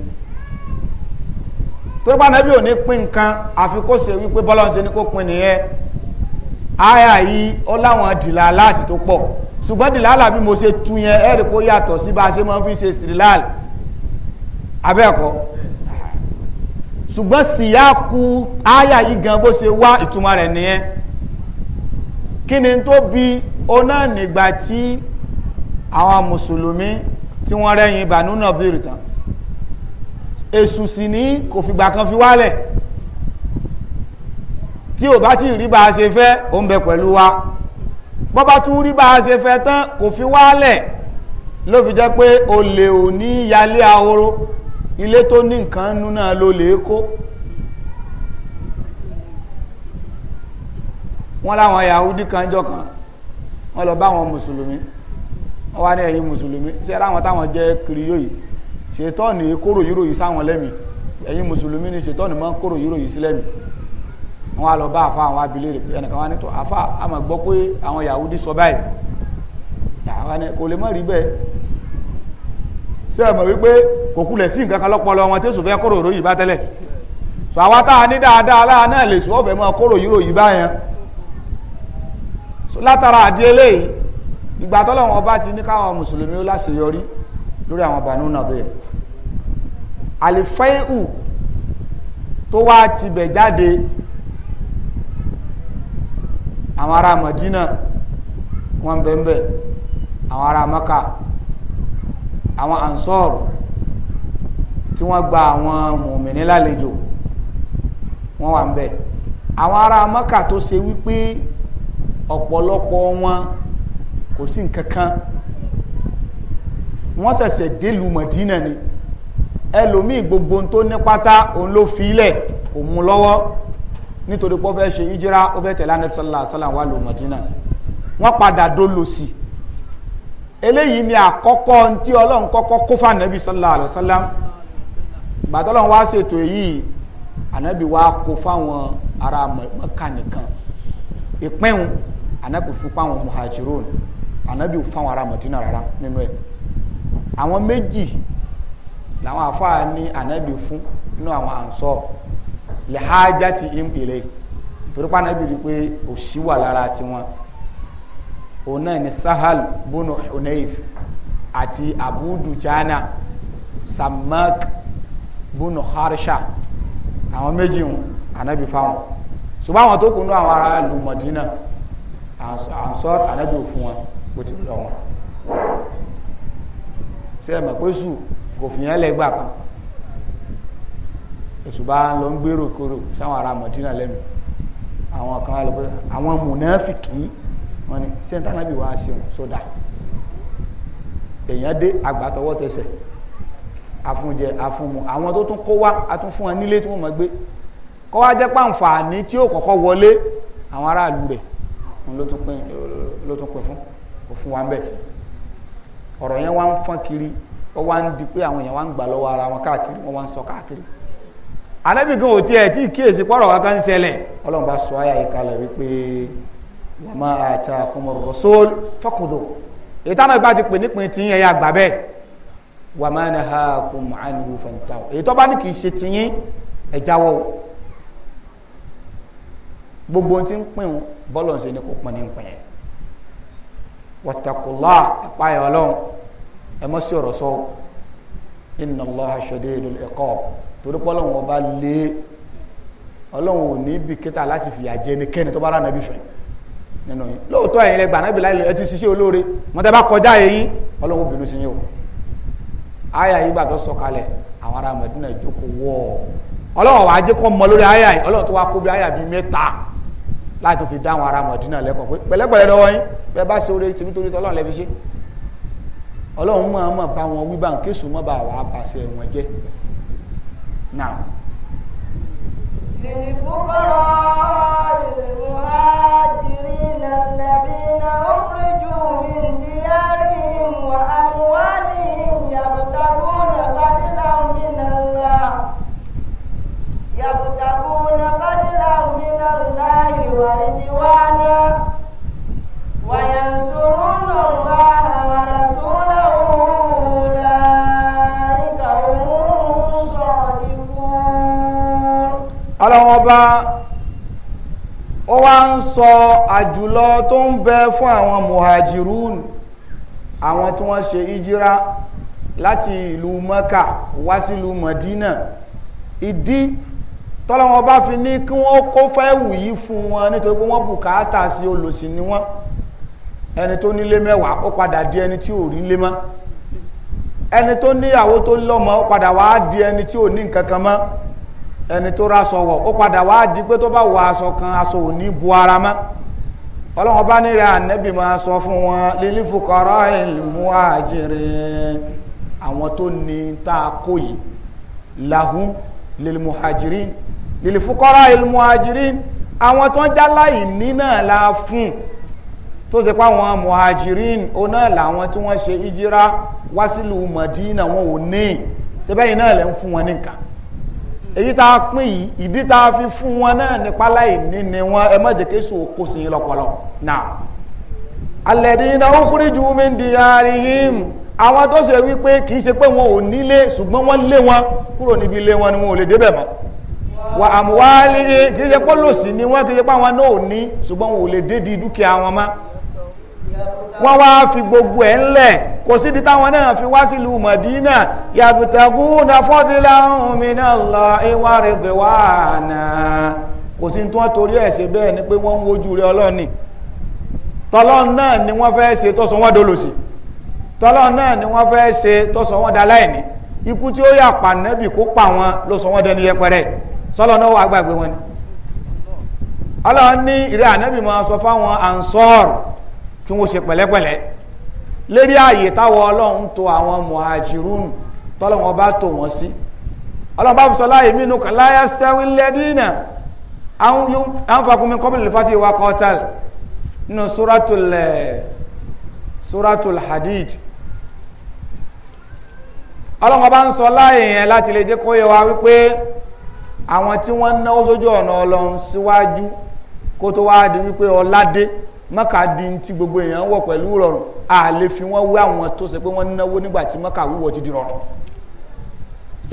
àyà yìí ó láwọn dìlà láti tó pọ̀ ṣùgbọ́n dìlà àlà bí mo ṣe tu yẹn ẹ̀rì kó yàtọ̀ sí bá a ṣe máa fi ṣe sílìláàlì abẹ́ẹ̀kọ́ ṣùgbọ́n síyáku àyà yìí gan bó ṣe wá ìtumọ̀ rẹ̀ nìyẹn kí ni tó bi ọ̀nà nígbà tí àwọn mùsùlùmí tí wọ́n rẹ́yìn Banu Nadir tán èṣù sì ní kò fìgbà kan fi wálẹ̀ tí ò bá tí rí bá a ṣe fẹ́ ó ń bẹ pẹ̀lú wa bọ́ bá tún rí bá a ṣe fẹ́ tán kò fi wálẹ̀ ló fi jẹ́ pé olè ò ní yalé ahoro ilé tó ní nǹkan nú náà ló lè kó wọ́n láwọn yahudi kan jọ kan wọ́n lọ bá àwọn mùsùlùmí wọ́n wá ní ẹ̀yin mùsùlùmí ṣe ráwọn táwọn jẹ́ kìrìyó yìí ṣètọ́ọ̀nì kóró yúrò sáwọn lẹ́mìí ẹ̀yin mùsùlùmí ni ṣètọ́ọ̀nì mọ́ kóró sí lẹ́mìí wọn á lọ bá àfa àwọn abilé rẹ̀ ẹnìkan wọn á ní tó àfa àmọ̀ gbọ́ pé àwọn Yahudi sọ báyìí àwọn ni kò lè má rí bẹ́ẹ̀ ṣé ẹ mọ̀ wípé kò kulẹ̀ sí nǹkan kan lọ́pọlọ wọn tẹ́sùn fẹ́ kóró òró yìí bá tẹ́lẹ̀ sọ àwa tá a ní dáadáa láà náà lè sọ ọ̀fẹ́ mọ́ kóró yìí ròyìn báyẹn látara àdí eléyìí ìgbà tọ́lọ́wọ́n ọba ti ní káwọn mùsùlùmí ó láṣeyọrí lórí àwọn Banu Nadir àlìfẹ́hù tó wá tibẹ̀ jáde àwọn ará Madina wọn bẹ̀m̀bẹ̀ àwọn ará Maka àwọn Ansar tí wọ́n gba àwọn mùmìnì lálejò wọ́n wà ń bẹ̀ àwọn ará Maka tó ṣe wípé ọ̀pọ̀lọpọ̀ wọn kò sí nǹkan wọ́n ṣẹ̀ṣẹ̀ délùú Madina ni ẹlòmíì gbogbo tó ní pátá òun ló fi ilẹ̀ kò mú lọ́wọ́ nítorí pé ó fẹ́ ṣe ìjírá ó fẹ́ tẹ̀lé anabi sallallahu wa sallam wà lù Madina wọ́n padà dolo sí i eléyìí ni àkọ́kọ́ tí ọlọ́run kọ́kọ́ kó fún anabi sallallahu alayhi wa sallam gbàtọ́lọ́run wá ṣètò èyí anabi wá kó fáwọn ará Mẹ́kà nìkan ìpínwó anabi fún fáwọn muhajirun anabi fáwọn ará Madina rárá nínú ẹ̀ àwọn méjì làwọn àfáà ní anabi fún nínú àwọn ansọ́ọ̀ lihajati im ilay torí pa Ànábì rí pé òṣì wà lára tiwọn òun náà ni Sahal bunu Hunayf àti Abu Dujana Samak bunu Harsha àwọn méjì wọn Ànábì fáwọn ṣùgbọ́n àwọn tó kù ní àwọn ará ìlú Madina Ansar Ànábì ò fún wọn bó ti lọ wọn ṣe é mọ̀ pé sùn kò fìyàn lẹ́gbàá kan èṣù bá ń lọ ń gbèrò kúrò sáwọn ará mọ̀dínà lẹ́mí àwọn kan á lọ pé àwọn mùnáfìkì wọn ni sẹ́ńtánàbì wá sí wọn sódà èèyàn dé àgbàtọwọ́ tẹsẹ̀ àfúnjẹ àfúnmu àwọn tó tún kó wá a tún fún wọn nílé tí wọ́n mọ̀ gbé kọ́ wá jẹ́ pàǹfààní tí ó kọ́kọ́ wọlé àwọn aráàlú rẹ̀ ló tún pín fún òfin wa ń bẹ̀ ọ̀rọ̀ yẹn wá ń fọ́n kiri ó wá ń di pé àwọn èèyàn wá ń gbà lọ́wọ́ ara wọn káàkiri wọ́n wá ń sọ káàkiri anabi gan ò tiẹ̀ tí kíyèsí pọ̀rọ̀ wa kan ṣẹlẹ̀ ọlọ́run bá sọ ayà yìí kalẹ̀ wípé wa ma atakumur rasul fakhudhu ìtànà ìgbà ti pè nípìn tí ẹ̀yà àgbà bẹ́ẹ̀ wa ma nahakum anhu fantahu èyí tó bá ní kì í ṣe tiyín ẹ jáwọ́ gbogbo ohun tí ń pín bọ́lọ̀ ṣe ni kò pọ̀ ní pín yẹn wàtàkùlá ìpayà ọlọ́run ẹ mọ́ sí ọ̀rọ̀ sọ inna Allaha torí pé ọlọ́run ọba lé ọlọ́run ò ní bìkítà láti fìyà jẹ ẹnikẹ́ni tó bá rà nàbí fẹ́ nínú yín lóòótọ́ ẹ̀yin lẹ́gbà náà bìláì ẹ ti ṣiṣẹ́ olóore wọn tẹ bá kọjá ẹ̀yin ọlọ́run obìnrin sí yín o àyà yìí gbà tó sọ̀kalẹ̀ àwọn ará Mẹdínà ìjókòó wọ ọlọ́run wàá jẹ́ kó mọ lórí àyà yìí ọlọ́run tó wá kó bí àyà bíi mẹ́ta láti tó fi dá àwọn ará Mẹdínà lẹ́kọ̀ọ́ pé نعم للفقراء المهاجرين الذين أخرجوا من ديارهم وأموالهم يبتغون فضلا من الله يبتغون فضلا من وينصرون الله ọlọ́wọ́n ọba ó wá ń sọ àjùlọ tó ń bẹ fún àwọn muhajirun àwọn tí wọ́n ṣe ìjírá láti ìlú mọ́kà wá sílùú mọ̀dínà ìdí tọ́lọ́wọ́n bá fi ní kí wọ́n kó fẹ́wù yìí fún wọn nítorí pé wọ́n bùkátà sí olùsìn ni wọ́n ẹni tó nílé mẹ́wàá ó padà di ẹni tí ò rí lé mọ́ ẹni tó níyàwó tó lọ́mọ ó padà wá di ẹni tí ò ní nǹkan kan mọ́ ẹni tó ra aṣọ wọ̀ ó padà wá di pé tó bá wọ aṣọ kan aṣọ ò ní bu ara mọ́ ọlọ́run bá ní rẹ̀ ànẹ́bì máa sọ fún wọn lílí fukọrọ ìlú àjèrè àwọn tó ní tá a kó yìí làhún lílí muhajirin lílí ìlú muhajirin àwọn tó ń jáláì ní náà la fún tó ṣe pé muhajirin ó náà làwọn tí wọ́n ṣe ìjírá wá sílùú Madina wọn ò ní ṣe bẹ́yìn náà lẹ́ ń fún wọn ní èyí tá a pín yìí ìdí tá a fi fún wọn náà nípa láì ní ni wọn ẹ má jẹ́ kéṣù kó sí yín lọ́pọlọ náà alladhina ukhriju min diyarihim àwọn tó ṣe wípé kì í ṣe pé wọn ò nílé ṣùgbọ́n wọ́n lé wọn kúrò níbi ilé wọn ni wọn ò lè débẹ̀ mọ́ wà àmúwálé kì í ṣe pé lòsì ni wọ́n kì í ṣe pé àwọn náà ò ní ṣùgbọ́n wọn ò lè dé di dúkìá wọn mọ́ wọ́n wá fi gbogbo ẹ̀ ńlẹ̀ kò sídi táwọn náà fi wá sílùú mọ̀dínà yabtaguna fadlan minallahi wa ridwana kò sí tí torí ẹ̀ ṣe bẹ́ẹ̀ ni pé wọ́n ń wojú rẹ ọlọ́ni tọ́lọ́n náà ni wọ́n fẹ́ ṣe tó sọ wọ́n dolòṣì ni wọ́n fẹ́ ṣe tó sọ wọ́n daláìní ikú tí ó yà pa nẹ́bì kó pa wọn ló sọ wọ́n dẹni yẹpẹrẹ tọ́lọ́n náà wà gbàgbé wọn ni ọlọ́run ìrẹ́ ànẹ́bì máa sọ fáwọn ansọ́ọ̀rù kí wọ́n ṣe pẹ̀lẹ́pẹ̀lẹ́ lérí ààyè táwọn ọlọ́run tó àwọn muhajirun tọ́lọ́wọ́n bá tò wọ́n sí ọlọ́run bá fìsọ láàyè mínú àwọn wa kọ́tàl nínú eh, suratul hadid ọlọ́run bá ń sọ láàyè yẹn láti lè yẹ wa wípé àwọn tí wọ́n náwó sójú ọ̀nà ọlọ́run síwájú kó tó wá di mọ́kà di ti gbogbo èèyàn wọ̀ pẹ̀lú rọrùn a lè fi wọ́n wé àwọn tó ṣe pé wọ́n náwó nígbà tí mọ́kà wíwọ̀ ti di rọrùn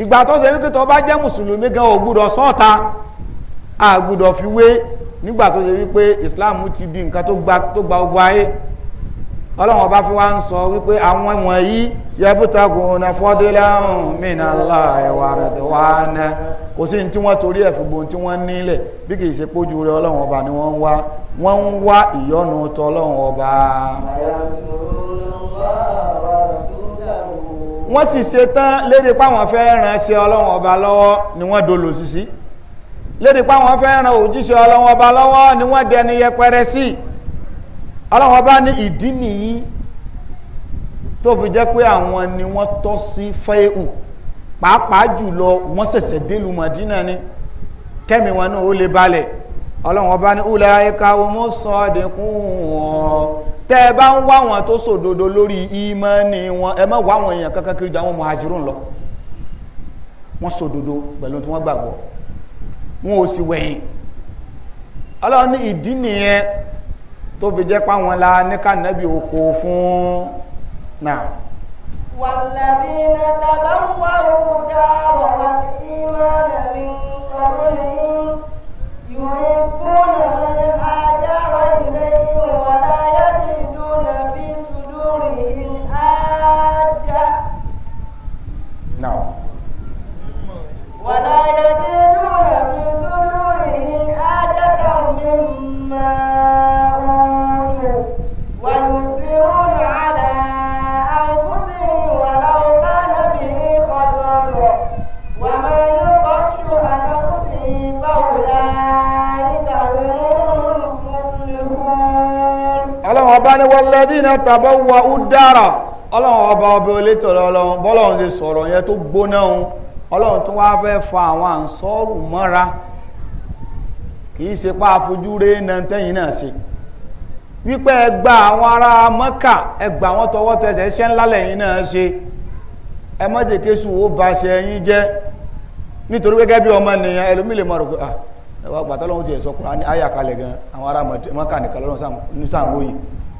ìgbà tó ṣe wípé tó bá jẹ́ mùsùlùmí gan ò sọ́ọ̀ta a gbúdọ̀ fi wé nígbà tó ṣe wípé Islam ti di nǹkan tó gba gbogbo ayé ọlọ́run ọba fi wá ń sọ wípé àwọn wọ̀nyí yẹbútagun na fọ́díláhùn mìnàlá ẹ̀wà rẹ̀ wà ná kò sí tí wọ́n torí ẹ̀fùgbò tí wọ́n nílẹ̀ bí kìí ṣe pójú rẹ̀ ọlọ́run ọba ni wọ́n ń wá wọ́n ń wá ìyọ́nú tọ́lọ́run ọba wọ́n sì ṣe tán lédè páwọn fẹ́ ránṣẹ́ ọlọ́run ọba lọ́wọ́ ni wọ́n dolo sísí lédè páwọn fẹ́ ràn òjíṣẹ́ ọlọ́run ọba lọ́wọ́ ni wọ́n dẹni yẹpẹrẹ sí i ọlọ́wọ́n bá ní ìdí nìyí tó fi jẹ́ pé àwọn ni wọ́n tọ́ pàápàá jùlọ wọ́n Mọ̀dínà ni kẹ́mi wọn náà ó lè balẹ̀ ọlọ́wọ́n bá ní ulaika omo sọ́ọ̀dínkùn wọn tẹ́ ẹ bá ń wá wọn tó sòdodo lórí wọn ẹ wá wọn èèyàn kankan kiri ju àwọn lọ sòdodo pẹ̀lú tí wọ́n gbàgbọ́ tó fi jẹ́ páwọn la níkà nẹ́bí oko fún náà. والذين تبوأوا الدار والإيمان من قبلهم يحبون من هاجر إليهم ولا يجدون في صدورهم حاجة نعم ولا ọba ní walladhina tabawwa'u ad ọlọ́run ọba ọba olétò lọ́lọ́run bọ́lọ́run ṣe sọ̀rọ̀ yẹn tó gbóná òun ọlọ́run tó wáá fẹ́ fa àwọn mọ́ra pa àfojú rẹ̀ àwọn ará mọ́kà tọwọ́ tẹsẹ̀ ṣẹ́ ńlá lẹ́yìn náà ẹ mọ́jèké sùn ó ba ṣe ẹyin jẹ́ nítorí gẹ́gẹ́ bí ọmọ nìyẹn ah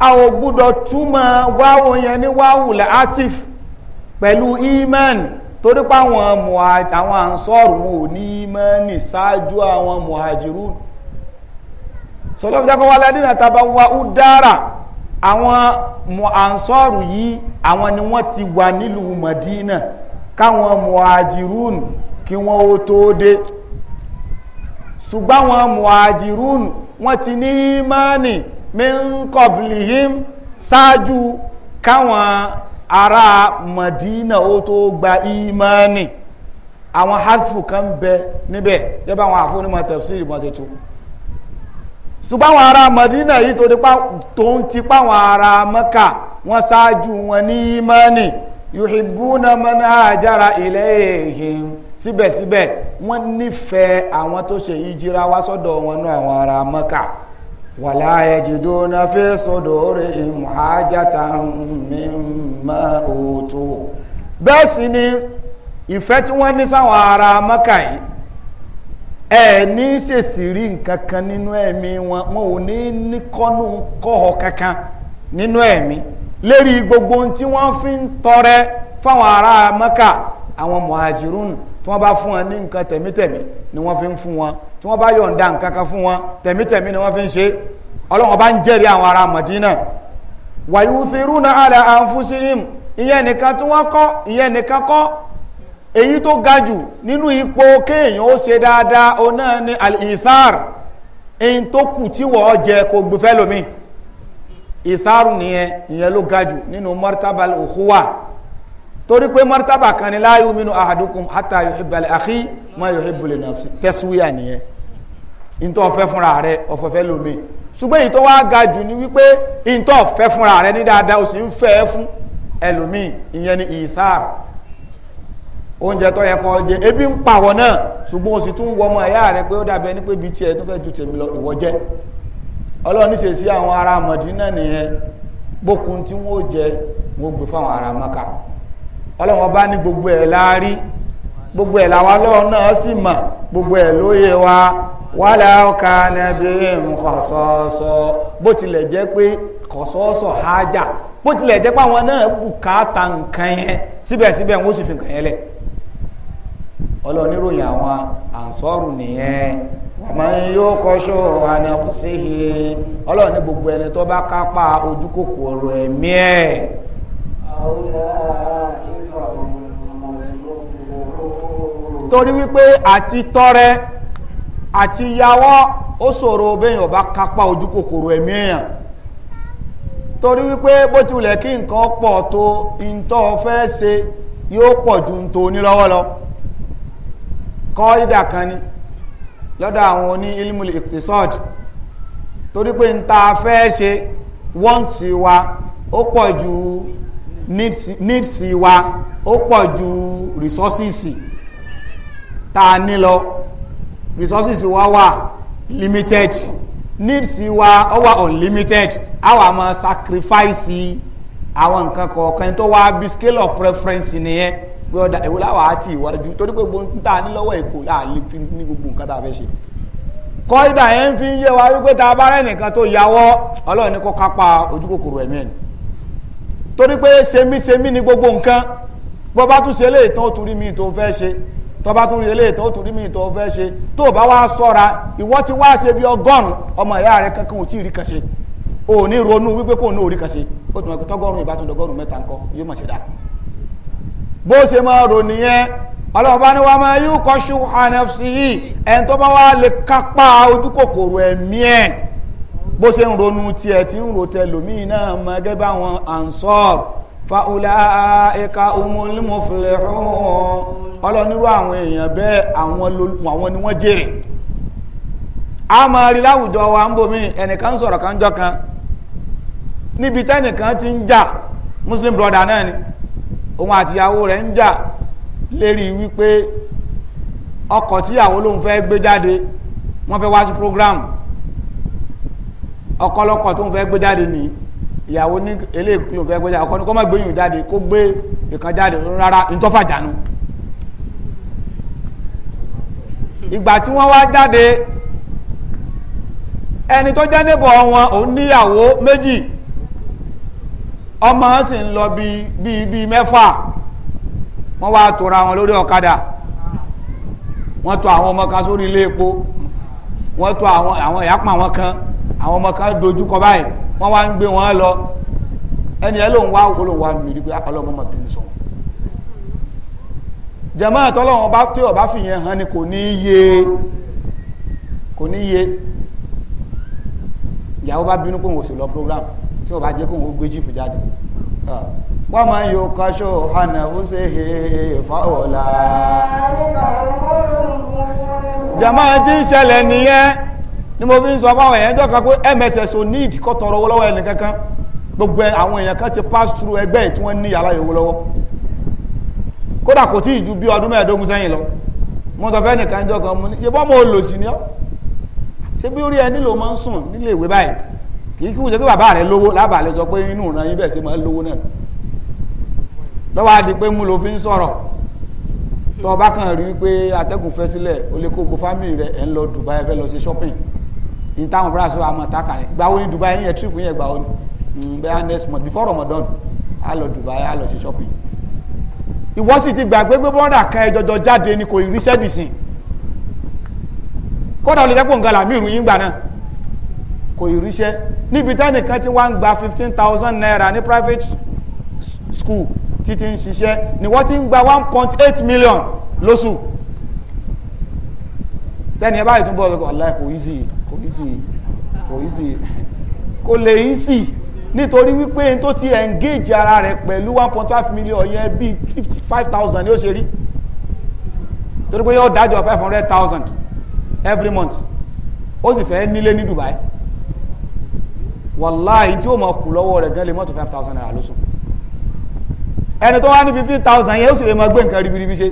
a ò gbúdọ̀ túmọ̀ wáwò yẹn ní wáwùlẹ̀ atif pẹ̀lú iman torí pé àwọn ànsọ́rù wọn ò ní imani ṣáájú àwọn muhajiru sọlọ́fíjákọ́ wà ládínà tàbá wa ó dára àwọn ànsọ́rù yìí àwọn ni wọ́n ti wà nílùú Madina káwọn muhajiru kí wọ́n ó tó dé ṣùgbọ́n àwọn muhajiru wọ́n ti ní imani minkọblihim saju káwọn ara Madina ó tó gba imani awọn hafifu kan bẹ níbẹ̀ yẹ́bà àwọn àfúnimọ̀ tafsiri siri sí tún ṣùgbọ́n àwọn ará Madina yìí tó ń ti páwọn ará Mẹ́kà wọ́n ṣáájú wọn ní imani yuhibbuna man hajara ilayhim síbẹ̀síbẹ̀ wọ́n nífẹ̀ẹ́ àwọn tó ṣe ìjira wá sọ́dọ̀ wọn náà àwọn ará Mẹ́kà ولا يجدون في صدورهم حاجة مما أوتوا bẹ́ẹ̀ sì ni ìfẹ́ tí wọ́n ní sáwọn ará Mẹ́kà ẹ̀ ní ṣèṣì rí nǹkan kan nínú ẹ̀mí wọn wọn ò ní níkọ́nú kọ́họ kankan nínú ẹ̀mí lérí gbogbo ohun tí wọ́n fi ń tọrẹ fáwọn ará Mẹ́kà àwọn mọ̀hajirun tí wọ́n bá fún wọn ní nǹkan tẹ̀mítẹ̀mí ni wọ́n fi ń fún wọn tí wọ́n bá yọ̀ǹda nǹkan kan fún wọn tẹ̀mítẹ̀mí ni wọ́n fi ń ṣe ọlọ́run bá ń jẹ́rìí àwọn ará Madina wa yuthiruna ala anfusihim ìyẹn nìkan tí wọ́n kọ́ ìyẹn nìkan kọ́ èyí tó ga jù nínú ipò kéèyàn ó ṣe dáadáa òun náà ni al-ithar èyí tó kù tí wọ́n jẹ kó gbé fẹ́ lómi ìtharù nìyẹn ìyẹn ló ga jù nínú martabal ukhuwa torí pé martaba kan ni la ahadukum hatta yuhibba li ma yuhibbu nafsi tẹ́síwíyà nìyẹn ìntọ́ ọ̀fẹ́ fúnra rẹ̀ ọ̀fẹ́fẹ́ lómi ṣùgbọ́n tó wá ga jù ni wípé ìntọ́ ọ̀fẹ́ fúnra ní dáadáa ó sì ń fẹ́ fún ẹlòmíì ìyẹn ni ìthaar oúnjẹ tó yẹ kó jẹ ebi ń ṣùgbọ́n o sì tún ọmọ ẹ̀yà rẹ pé ó dàbí pé bíi tiẹ̀ tó ọlọ́run ni ní gbogbo ẹ̀ láàrí gbogbo ẹ̀ làwọn ọlọ́run náà sì mọ̀ gbogbo ẹ̀ lóye wa wàhálà ọkà nàbí nkọ̀sọ́ọ̀sọ́ bó tilẹ̀ jẹ́ pé kọ̀sọ́ọ̀sọ́ hájà bó tilẹ̀ jẹ́ pé àwọn náà bùkátà nǹkan yẹn síbẹ̀síbẹ̀ wọ́n sì fi nǹkan yẹn lẹ̀ àwọn ànsọ́rù nìyẹn gbogbo ẹni tó bá kápá torí wípé àti tọrẹ àti yàwọ́ ó ṣòro béèyàn bá kápá ojú kòkòrò ẹ̀mí èèyàn torí wípé bó tilẹ̀ kí nǹkan pọ̀ tó ìntọ́ fẹ́ ṣe yóò pọ̀ ju ń tó ní lọ́wọ́ lọ kọ́ ìdà kan ni lọ́dọ̀ àwọn oní ilmul iqtisad torí pé ń ta fẹ́ ṣe wọ́n ti wa ó pọ̀ ju needs wa ó pọ̀ ju resources tá a ní lọ resources wa wà limited needs wa ó wà unlimited a wà máa sacrifice àwọn nǹkan kọ̀ọ̀kan tó wá bí scale of preference nìyẹn pé ọ̀dà èwo láwà á ti ìwájú torí pé gbogbo tá a ní lọ́wọ́ èkó láàlè fi ní gbogbo nǹkan tá a fẹ́ ṣe kọ́ ìdà yẹn ń fi yé wa wípé tá bá rẹ̀ nìkan tó yàwọ́ ọlọ́run ní kápá ojúkòkòrò ẹ̀mí ẹ̀ ni torí pé gbogbo nǹkan bó bá tún ṣe eléyìí tán ó tún rí mi tó fẹ́ ṣe tó bá tún rí eléyìí tán ó tún rí mi tó fẹ́ ṣe tó bá wá sọ́ra ti wá ṣe bí ọgọ́rùn ọmọ ìyá rẹ kankan ò tí ì rí kan ṣe o ò ní ronú wípé kò ní orí kan ṣe ó tún tọ́gọ́rùn ìbátan dọ́gọ́rùn mẹ́ta yóò mọ̀ ṣe bó ṣe máa bó ṣe ń ronú tiẹ̀ tí ń ro tẹlòmíì náà mọ gẹ́gẹ́ báwọn ansor faula ẹ̀ka omolumọ̀fẹ́lẹ́hún ọlọ́nirú àwọn èèyàn bẹ́ẹ̀ àwọn ni wọ́n jèrè a máa rí láwùjọ wa ń bomi ẹnìkan sọ̀rọ̀ kan kan ti ń muslim brother náà ni òun àtìyàwó rẹ̀ ń jà lérí wípé ọkọ̀ tíyàwó program ọkọlọkọ tó ń fẹ́ gbé jáde ní ìyàwó ní eléyìí ló fẹ́ gbé jáde ọkọ ní kó má gbéyìn jáde kó gbé ìkan jáde rárá ntọ́fà dànù ìgbà tí wọ́n wá jáde ẹni tó jẹ́ níbọ̀ wọn òun níyàwó méjì ọmọ sì ń lọ bíi bíi bíi mẹ́fà wọ́n wá tora wọn lórí ọ̀kadà wọ́n tò àwọn ọmọ kan sórí ilé epo wọ́n tò àwọn àwọn ìyápa wọn kan àwọn ọmọ kan dojú kọ báyìí wọ́n wá ń gbé wọn lọ ẹni ẹ lóun wá òun wá mìírí pé akọlọ ọmọ bínú sọ jẹmọ́ àtọ́lọ́wọ́n bá tí ọba fìyẹn hàn ni kò ní yé kò ní yé ìyàwó bá bínú kóhùn òsè lọ program tí ọba jẹ́ kóhùn ó gbé jíìpù jáde ah, wọ́n máa yóò kọ́ṣọ́ hànà ó ṣe é fáwọ̀lá jẹmọ́ tí ń ṣẹlẹ̀ nìyẹn ni mo fi ń sọ fáwọn èèyàn dọ́kan pé mss ò ní ìdíkọ́ tọrọ owó lọ́wọ́ ẹnì kankan gbogbo àwọn èèyàn kan ti pass through ẹgbẹ́ tí wọ́n ní aláyọ̀ owó lọ́wọ́ kódà kò tí ì ju bí ọdún mẹ́ẹ̀ẹ́dógún sẹ́yìn lọ mo tọ́ fẹ́ nìkan jọ kan mo ní ṣe bọ́ mo lò sí ni ọ́ ṣé bí orí ẹni ló máa ń sùn nílé ìwé báyìí kì í kí wọ́n jẹ́ pé bàbá rẹ̀ lówó lábàlẹ̀ sọ pé inú ìran yín bẹ́ẹ̀ ṣe máa ń lówó náà lọ́wọ́ adi pé mú ló fi ń sọ̀rọ̀ tọ́ ọba kan rí i pé atẹ́kùn fẹ́ sílẹ̀ o lè kó gbogbo fámìlì rẹ̀ ẹ̀ ń lọ Dubai ẹ fẹ́ lọ ṣe shopping In town of wa mọ̀ táka rẹ̀ gbawo ní Dubai yẹn trip yẹn gbawo ní hmm, bẹ́ẹ̀ next month before Ramadan a lọ Dubai a lọ sí shopping ìwọ sì ti gbàgbé pé bọ́ọ̀dà kan ẹjọjọ jáde ni kò ríṣẹ́ dìsìn kódà olè jẹ́pọ̀ nǹkan làmì ìròyìn gbà náà kò ríṣẹ́ níbi tẹ́nìkan tí wọ́n ń gba fifteen thousand naira ní private school tí ti ń ṣiṣẹ́ ni wọ́n ti ń gba one point eight million lóṣù tẹ́ni ẹ báyìí tún bọ̀ ọ̀la ẹ̀kọ́ easy kò yí sí kò yí sí kò lè yí sí nítorí wípé n tó ti engage ara rẹ̀ pẹ̀lú one point five million yẹn bíi five thousand ni ó ṣe rí torí pé yóò dájọ́ five hundred thousand every month ó sì fẹ́ nílé ní Dubai wàláì tí ó mọ̀ kù lọ́wọ́ rẹ̀ gan mọ́tò five thousand naira lóṣù ẹni tó wá ní fifteen thousand yẹn ó sì lè máa gbé nǹkan ribiribi ṣe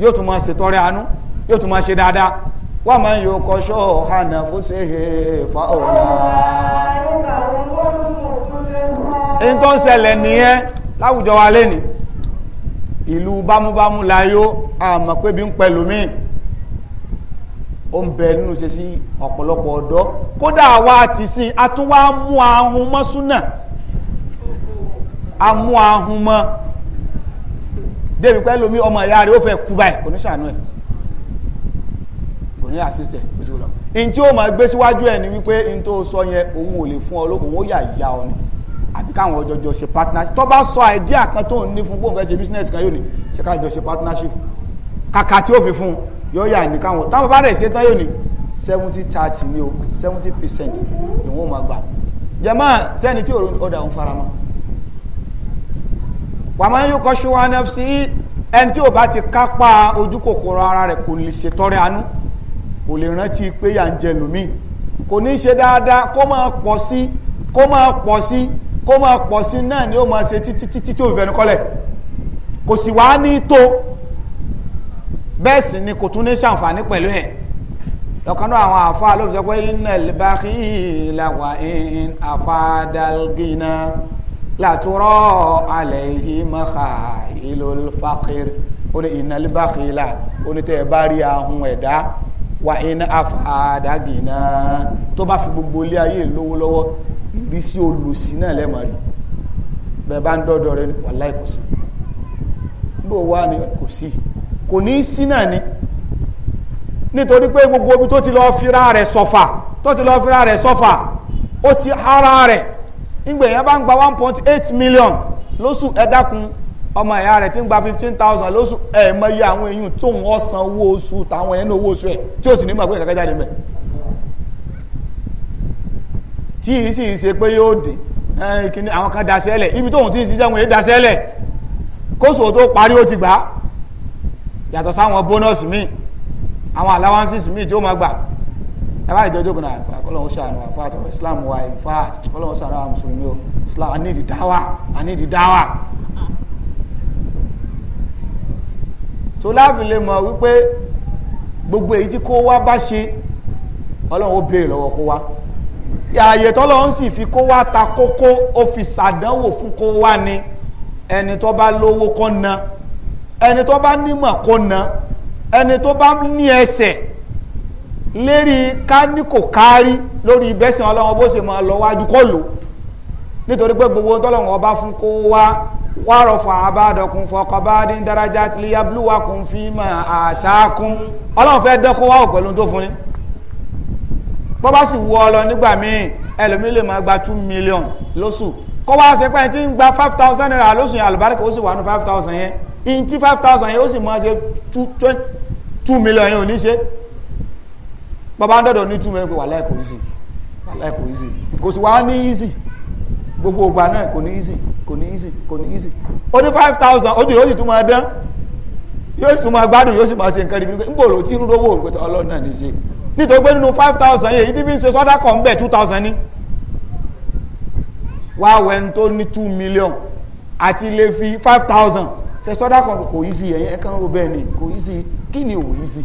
yóò tún máa ṣètọrẹ àánú yóò tún máa ṣe dáadáa wọ́n máa ń yóò kọ́ṣọ́ ọ̀hánà fúnṣehe fáwọ̀lá èyí tó ń ṣẹlẹ̀ nìyẹn láwùjọ wa lẹ́ni ìlú bámúbámú láyó àmọ́ pé bí ń pẹ̀lú mí ó ń bẹ nínú ṣe sí ọ̀pọ̀lọpọ̀ ọ̀dọ́ kódà wa ti sí a tún wá mú ahun mọ́ súnà a mú ahun mọ́ débi pẹ́lú mi ọmọ ìyá rẹ̀ ó fẹ́ kú báyìí kò ní ṣàánú ẹ̀ ní assist ẹ bó ti lọ. n tí ó máa gbé síwájú ẹ ni wípé n tó sọ yẹn òun ò lè fún ọ lókun ó yà ya ọ ni àbí káwọn ọjọjọ ṣe partnership tó bá sọ idea kan tó ń ní fún bóun fẹ́ business kan yóò ní ṣe ká jọ ṣe partnership kàkà tí ó fi fún yóò yà ní káwọn táwọn bá rẹ̀ ṣe tán yóò ní seventy thirty ni o seventy percent ni wọ́n máa gbà jẹ́mọ́ sẹ́ni tí ọ̀dà ń faramọ́ wàmọ́ yóò kọ́ ṣùwọ́n nfc ẹni tí ò bá ti kápá ojú kòkòrò ara rẹ̀ kò lè ṣètọ́rẹ́ àánú kò lè rántí pé yà ń jẹ lómi kò ní ṣe dáadáa kó máa pọ̀ sí kó máa pọ̀ sí kó máa pọ̀ sí náà ni ó máa ṣe títí títí tí ó fẹnu kọ́lẹ̀ kò sì wá ní tó bẹ́ẹ̀ sì ni kò tún ní ṣàǹfààní pẹ̀lú ẹ̀ lọ́kànnà àwọn àfáà ló fi sọ pé innal bakhila wa in afadal ghina látúrọ̀ alayhi makhailul faqir ó ní innal bakhila ó ní tẹ́ ẹ bá rí ahun ẹ̀dá wà iná àfàdàgìnà tó bá fi gbogbo ilé ayé lówó lọ́wọ́ ìrísí olùsí náà lẹ́mọ̀ rí bẹ́ẹ̀ ń dọ́dọ̀ rẹ wàláì kò sí bó wà ní kò sí ni nítorí gbogbo omi tó ti lọ fira rẹ̀ sọ̀fà tó ti lọ fira rẹ̀ sọ̀fà ó ti hara rẹ̀ ìgbẹ̀yàn bá ń gba one point eight million lóṣù ẹ̀dákun ọmọ ìyá rẹ̀ ti ń gba fifteen thousand lóṣù ẹ̀ mọ iye àwọn èèyàn tó ń ọ̀sán owó oṣù tàwọn ẹ̀ ní owó oṣù ẹ̀ tí ó sì ní mọ̀ pé kẹ̀kẹ́ jáde mẹ́ tí ì sì ṣe pé yóò dé kíni àwọn kan daṣẹ́lẹ̀ ibi tóun ti ń ṣiṣẹ́ wọn èé daṣẹ́lẹ̀ kóṣù tó parí ó ti gbà á yàtọ̀ sáwọn bónọ́ọ̀sì míì àwọn allowances míì tí ó máa gbà ẹ bá ìjọjọ́ kan náà kọ́lọ́hún ṣàánú àfa àtọ̀rọ̀ Islam wa in fact kọ́lọ́hún ṣàánú àwọn mùsùlùmí o Islam I need dáwà I need dáwà so láàfin lè mọ̀ wípé gbogbo èyí tí kó wá bá ṣe ọlọ́run ó béèrè lọ́wọ́ kó wá ààyè tọ́lọ́run sì fi kó wá ta kókó ó fi ṣàdánwò fún kó wá ni ẹni tó bá lówó kó na ẹni tó bá nímọ̀ kó na ẹni tó bá ní ẹsẹ̀ lérí ká ní kò kárí lórí ìbẹ́sìn ọlọ́run bó ṣe máa lọ wájú kó lò nítorí pé gbogbo tọ́lọ́run ọba fún kó wá wárọ̀fọ̀ àbádọ́kun fọkọ̀ bá dín dárájá tí liyabluwa kún fi mọ̀ àtàkùn ọlọ́run fẹ́ dẹ́kun wá pẹ̀lú tó fún ni bọ́ bá sì wọ ọlọ nígbà míì ẹlòmí lè máa gba two million lóṣù kó wá ṣe pé ẹni tí ń gba five thousand naira lóṣù yẹn àlùbáríkà ó sì wà ní five thousand yẹn in tí five thousand yẹn ó sì máa ṣe two million yẹn ò ní ṣe bọ́ bá ń dọ̀dọ̀ ní two million pé wà láìkò easy wà láìkò easy kò sì wá ní easy gbogbo ìgbà náà kò ní easy kò ní easy kò ní easy ó ní five thousand ó dì yóò sì tún máa dán yóò sì tún máa gbádùn yóò sì máa ṣe nǹkan rí bí nbò ló ti rú lówó òpètè ọlọ́run náà ní í ṣe nítorí pé nínú five thousand yẹn èyí tí fi ń ṣe sọ́dá kan ń two thousand ní wá wẹ́n tó ní two million àti lè fi five thousand ṣe sọ́dá kan kò easy ẹ̀yẹ ẹ̀ kan ro bẹ́ẹ̀ ni kò easy kí ni ò easy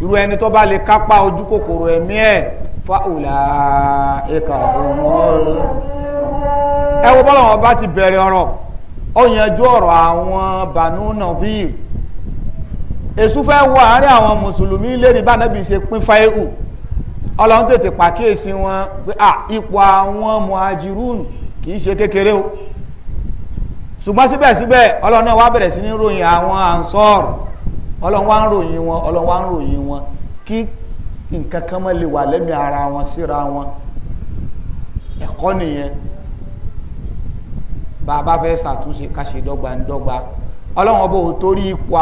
irú ẹni tó bá lè kápá ojú kòkòrò ẹ̀mí ẹ̀ fáwùlà ẹ̀ka ọ̀hún ẹ wo bọ́lá wọn bá ti bẹ̀rẹ̀ ọ̀rọ̀ ó yanjú ọ̀rọ̀ àwọn bànú nàvír èṣù fẹ́ wọ àárín àwọn mùsùlùmí lérí bá nàbì ṣe pín fáìhù ọlọ́run tètè pàkíyèsí wọn pé à ipò àwọn muhajirun kì í ṣe kékeré o ṣùgbọ́n síbẹ̀síbẹ̀ ọlọ́run náà wá bẹ̀rẹ̀ sí ní ròyìn àwọn ansọ́ọ̀rù ọlọ́wọ́ wá ń ròyìn wọn ọlọ́run ń ròyìn wọn kí nǹkan lè wà lẹ́mí ara wọn síra wọn ẹ̀kọ́ nìyẹn bá a bá fẹ́ ṣàtúnṣe ká ṣe dọ́gba ń dọ́gba ọlọ́run ọba torí ipò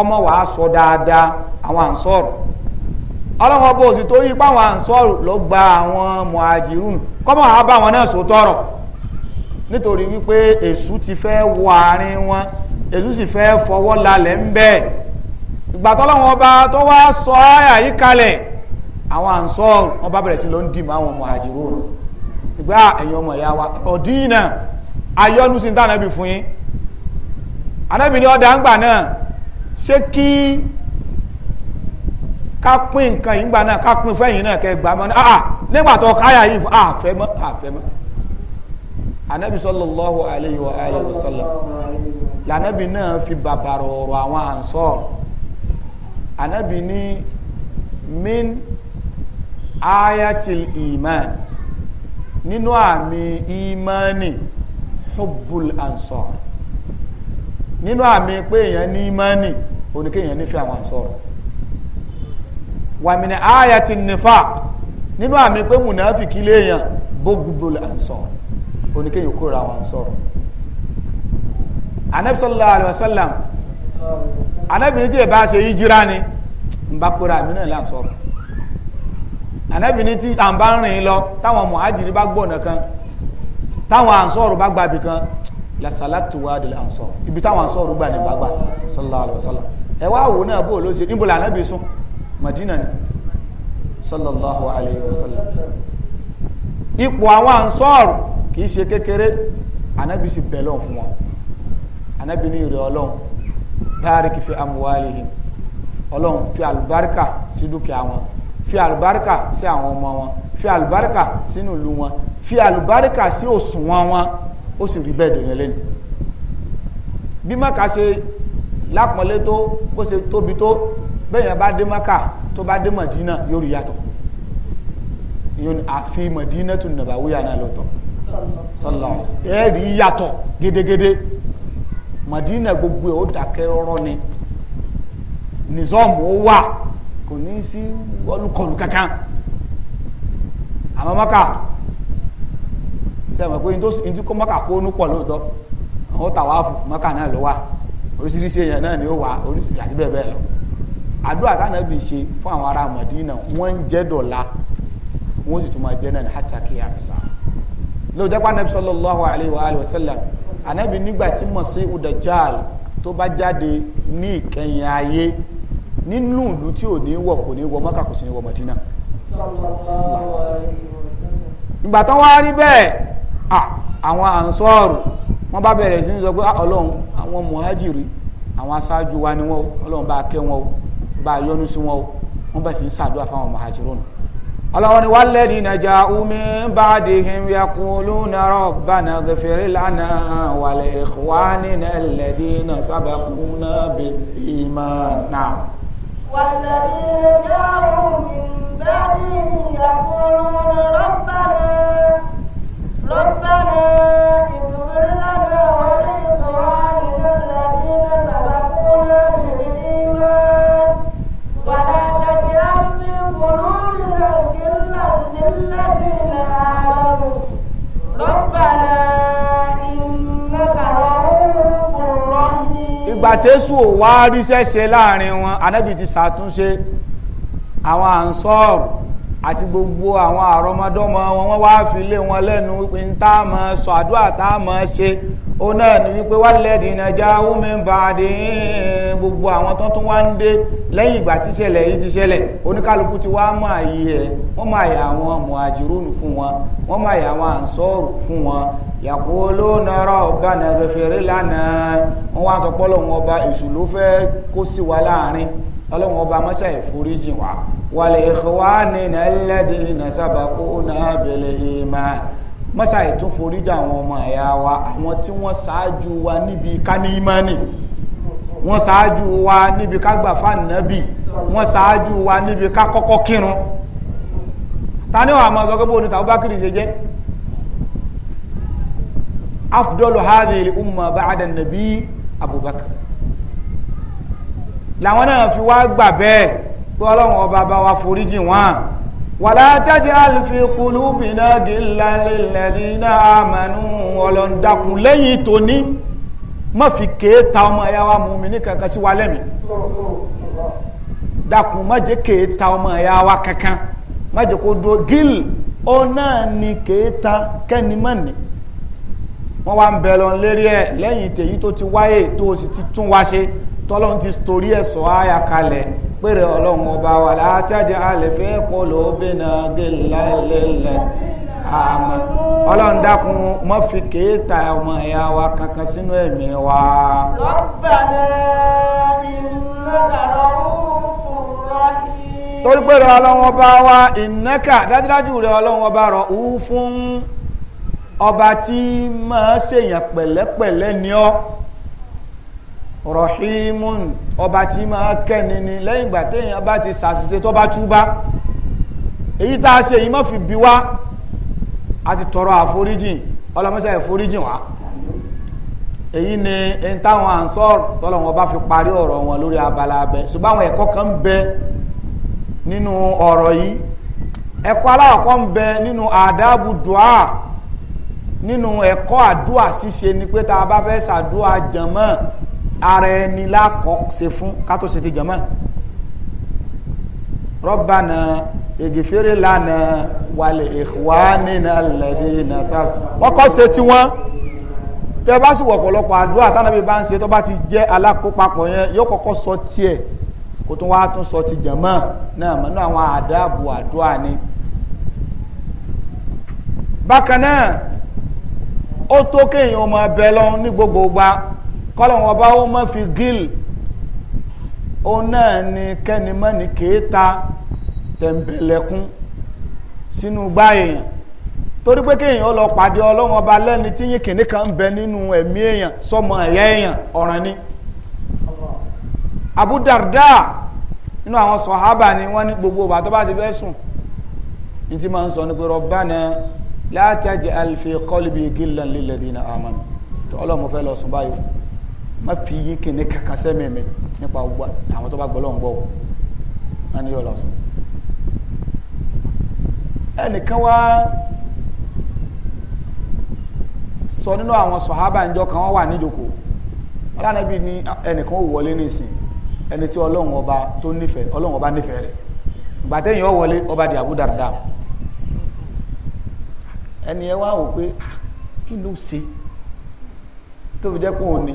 àwọn wàá sọ dáadáa àwọn sì torí ipò àwọn ló gba àwọn wàá bá wípé èṣù ti fẹ́ wọn èsù sì fẹ́ fọwọ́ ń bẹ́ ìgbà tọ́lọ́wọ́n ọba tó wá sọ ayà kalẹ̀ àwọn àǹsọ́ wọn bá bẹ̀rẹ̀ sí lọ ń dì máa ọmọ mọ̀ ìgbà ẹ̀yìn ọmọ ìyá wa ayọ́nu sí fún yín anábì ní ọ̀dà ńgbà náà ṣé kí ká pín nǹkan náà ká pín fẹ́yìn náà mọ́ nígbà tó káyà yìí fún anabi sallallahu alayhi wa alayhi wa sallam lànàbì náà fi bàbàrọ̀ ọ̀rọ̀ àwọn ansọ́ọ̀rù anabi ní min ayatil iman nínú àmì imani hubbul ansọ́ọ̀rù nínú àmì pé èèyàn ní imani oníkéèyàn nífẹ̀ẹ́ àwọn ansọ́ọ̀rù wàmìnà ayatil nifaq nínú àmì pé mùnàfìkì léèyàn bógúdó ansọ́ọ̀rù oníkéyìn kóra wọn sọ̀rọ̀ anabi sallallahu alayhi wa sallam anabi ní tí ẹ bá ṣe yí jíra ni n bá kóra mi náà là ń sọ̀rọ̀ anabi ní tí à ń bá rìn lọ táwọn muhajiri bá gbọ̀nà kan táwọn ansọ́ọ̀rù bá gbàbì kan lasalatu wa adìlẹ̀ ansọ́ọ̀rù ibi táwọn ansọ́ọ̀rù gbà ní gbàgbà sallallahu alayhi ẹ wá wò náà bó ló ṣe níbo lànà madina ni sallallahu alayhi ipò àwọn ansọ́ọ̀rù kì í ṣe kékeré anábì sì bẹ̀ lọ́n fún wọn anábì ní ìrẹ̀ ọlọ́run báríkì fi amúwálìhìn ọlọ́run fi àlùbáríkà sí dúkìá wọn fi àlùbáríkà sí àwọn ọmọ wọn fi àlùbáríkà sínú ìlú wọn fi àlùbáríkà sí òṣùwọ̀n wọn ó sì rí bẹ́ẹ̀ dèrè lẹ́nu bí mọ́ka ṣe lápọ̀nlé tó bó ṣe tóbi tó bẹ́ẹ̀ yẹn bá dé mọ́ka tó bá dé mọ̀dínà yóò rí yàtọ̀ yóò àfi mọ̀dínẹ́tù nàbàwíyà náà lọ́tọ̀ sallallahu ẹ̀rí yàtọ̀ gédégédé mọ̀dínà gbogbo ẹ̀ ó dákẹ́ rọ́rọ́ ni nìzọ́ọ̀mù ó wà kò ní sí olùkọlù kankan àmọ́ mọ́kà sẹ́wọ̀n pé ní tí kó mọ́kà kó nú pọ̀ lóòótọ́ àwọn tàwáàfù mọ́kà náà ló wà oríṣiríṣi èèyàn náà ni ó wà oríṣiríṣi àti bẹ́ẹ̀ bẹ́ẹ̀ lọ àdúrà tánàbì ṣe fún àwọn ará mọ̀dínà wọ́n ń dọ̀la wọ́n sì tún máa jẹ́ náà hàtà kí àmìsà lóòjẹ́ pa anabi sallallahu alayhi wa alayhi wa sallam anabi nígbà tí Masihu Dajjal tó bá jáde ní ìkẹyìn ayé nínú ìlú tí ò ní wọ̀ kò ní wọ Mọ́kà kò sí ní wọ Mọ̀dínà ìgbà tán wá rí bẹ́ẹ̀ àwọn ànsọ́ọ̀rù wọ́n bá bẹ̀rẹ̀ sí sọ pé ah, ọlọ́run àwọn mùhájìrí àwọn aṣáájú wa ni wọ́n ọlọ́run bá kẹ́ wọn bá yọ́nú sí wọn wọ́n bá sì ń ṣàdúrà fáwọn mùhájìrún ọlọ́wọ́ ni walladhina ja'u min ba'dihim yaquluna rabbana ighfir lana wa li ikhwanina alladhina sabaquna bil iman náà. والذين جاءوا من بعدهم يقولون ربنا ربنا اغفر لنا ولنا الذين آمنوا ربنا إنك رؤوف رحيم ìgbà tẹ́sù ò wá ríṣẹ́ ṣe láàrin wọn anábì ti ṣàtúnṣe àwọn ansor àti gbogbo àwọn àrọmọdọ́mọ wọn wọ́n wá fi lé wọn lẹ́nu wípé ń tá a máa sọ àdúrà tá a máa ṣe ó náà ní wípé wà lẹ́dìí nàjà omi bàdé gbogbo àwọn tó tún wá ń dé lẹ́yìn ìgbà tí ṣẹlẹ̀ yìí ti ṣẹlẹ̀ oníkálukú ti wá mọ àyè ẹ̀ wọ́n máa yà àwọn mọ̀hàjírùnù fún wọn wọ́n máa yà àwọn ànsọ́ọ̀rù fún wọn yaquluna rabbana ighfir lana wọ́n wá sọ pọ́lọ́ wọn ọba èṣù ló fẹ́ kó sí wa láàrin ọlọ́run ọba mọ́ṣá ìforíjì wá wal ikhwanina alladhina sabaquna bil iman mọ́sá ìtún foríjà àwọn ọmọ ẹ̀yà wa àwọn tí wọ́n ṣáájú wa níbi kání imani wọ́n ṣáájú wa níbi kágbà fáànàbì wọ́n ṣáájú wa níbi ká kọ́kọ́ kírun ta ní wàá máa sọ pé bóni tàbí bákìrì ṣe jẹ́ afdọ́lù hadhihi umma ba'da nàbí abubakar làwọn náà fi wá gbà bẹ́ẹ̀ pé ọlọ́run ọba bá wa foríjì wọn wàlá taj'al fi qulubina gillan lilladina amanu ọlọ́ndàkùn lẹ́yìn tóní má fi kéèta ọmọ ẹ̀yà wa mùmínì kankan sí wa lẹ́mìí dàkùn má jẹ́ kéèta ọmọ ẹ̀yà wa kankan má jẹ́ kó dúró gil ó náà ni kéèta kẹ́ni mọ́ ni wọ́n wá ń bẹ̀ lọ lérí ẹ̀ lẹ́yìn tèyí tó ti wáyé tó sì ti tún wá ṣe tọ́lọ́run ti torí ẹ̀ sọ áyà kalẹ̀ pèrè ọlọ́run ọba wà látàjà àlẹ́fẹ́ kọlọ̀ obìnrin gẹ̀lá lẹ́lẹ̀ àmọ́ ọlọ́run dákun mọ́ fi kéèta ọmọ ẹ̀yà wa kankan sínú ẹ̀mí wa. torí pèrè ọlọ́run ọba wa ìnáka dájúdájú fún ọba tí máa ṣèyàn pẹ̀lẹ́pẹ̀lẹ́ ni ọ́. rahimun ọba tí máa kẹ́ni ni lẹ́yìn ìgbà téèyàn bá ti ṣàṣìṣe tó bá túbá èyí tá a ṣe yìí má fi bí wá a ti tọrọ àforíjìn ọlọmọṣẹ́ ìforíjìn wá èyí ni ẹni táwọn ansọ́r tọ́lọ̀ wọn bá fi parí ọ̀rọ̀ wọn lórí abala abẹ ṣùgbọ́n àwọn ẹ̀kọ́ kan ń bẹ nínú ọ̀rọ̀ yìí ẹ̀kọ́ aláwọ̀kọ́ ń bẹ nínú àdábù dùá nínú ẹ̀kọ́ àdúà ṣíṣe ni pé tá a bá fẹ́ ṣàdúà jànmọ́ ara ẹni lákọ̀ ṣe fún kátó ṣe ti jọmọ́ rọ́bànà ègìfèrè lánà wàlẹ̀ ikhwanina alladina sáà wọ́n kọ́ ṣe tí wọ́n tẹ́ bá sì wọ̀pọ̀lọpọ̀ àdúrà tánàbí bá ń ṣe tó bá ti jẹ́ alákópapọ̀ yẹn yóò kọ́kọ́ sọ tiẹ̀ kó tún wá tún sọ ti jẹ̀mọ́ náà mọ́nú àwọn àdáàbò àdúrà ni bákan náà ó tó kéèyàn ọmọ ẹbẹ lọ ní gbogbo gba kọ́lọ̀ wọn bá ó mọ́ fi gíl òun náà ni kẹ́ni mọ́ ni kéèta tẹ̀m̀bẹ̀lẹ̀kún sínú gbá èèyàn torí pé lọ pàdé ọlọ́wọ́n ọba lẹ́ni tí yín kìnní kan ń bẹ nínú ẹ̀mí èèyàn ni Abu nínú àwọn sọ̀hábà ni wọ́n ní gbogbo ọba tó bá ti fẹ́ sùn ní máa ń la má fi yí kìnní kankan sẹ́mi mi nípa àwọn tó bá gbọ́ lọ́wọ́ gbọ́ wọn ni yóò lọ sùn ẹnìkan wá sọ nínú àwọn sọ̀hábà ìjọ kan wọ́n wà níjókòó ọlọ́nàbí ni ẹnìkan ó wọlé nísìn ẹni tí ọlọ́run ọba tó nífẹ̀ẹ́ ọlọ́run ọba nífẹ̀ẹ́ rẹ̀ ìgbà téèyàn ó wọlé ọba di Abu Darda ẹni ẹ wá wò pé ah, kí ló ṣe tóbi jẹ́ kó o ní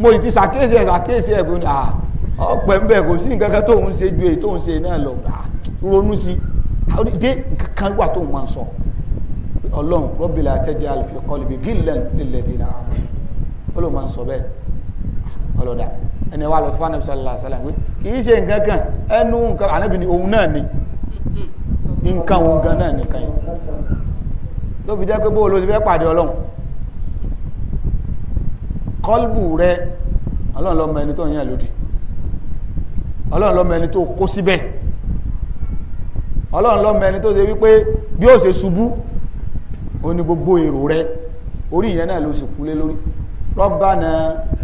mo ti ṣàkíyèsí ẹ̀ ṣàkíyèsí ẹ̀ kò ní à ọ̀pẹ̀ ń bẹ̀ kò sí nǹkan kan tóun ṣe ju èyí tóun ṣe náà lọ ronú sí dé nǹkan kan wà tóun máa ń sọ ọlọ́run rọ́bìlà àtẹ́jẹ́ àlùfẹ́ kọ́lùbí gílẹ̀ nílẹ̀ dínà àmọ́ ọlọ́run máa ń sọ bẹ́ẹ̀ ọlọ́dà ẹni wa lọ sí fánàbí sọlá sọlá pé kì í ṣe nǹkan kan ẹnu nǹkan ànábì ni òun náà ni nǹkan òun gan náà nìkan yẹn tó fi jẹ́ pé bó o lo ti fẹ́ pàdé ọlọ́run kọlbù rẹ ọlọ́run ló mọ ẹni tó ń yàn lódì ọlọ́run ló mọ ẹni tó kó síbẹ̀ ọlọ́run ló mọ ẹni tó ṣe wípé bí ó ṣe ṣubú ó ní gbogbo èrò rẹ orí ìyẹn náà ló sì kú lórí rọ́bànà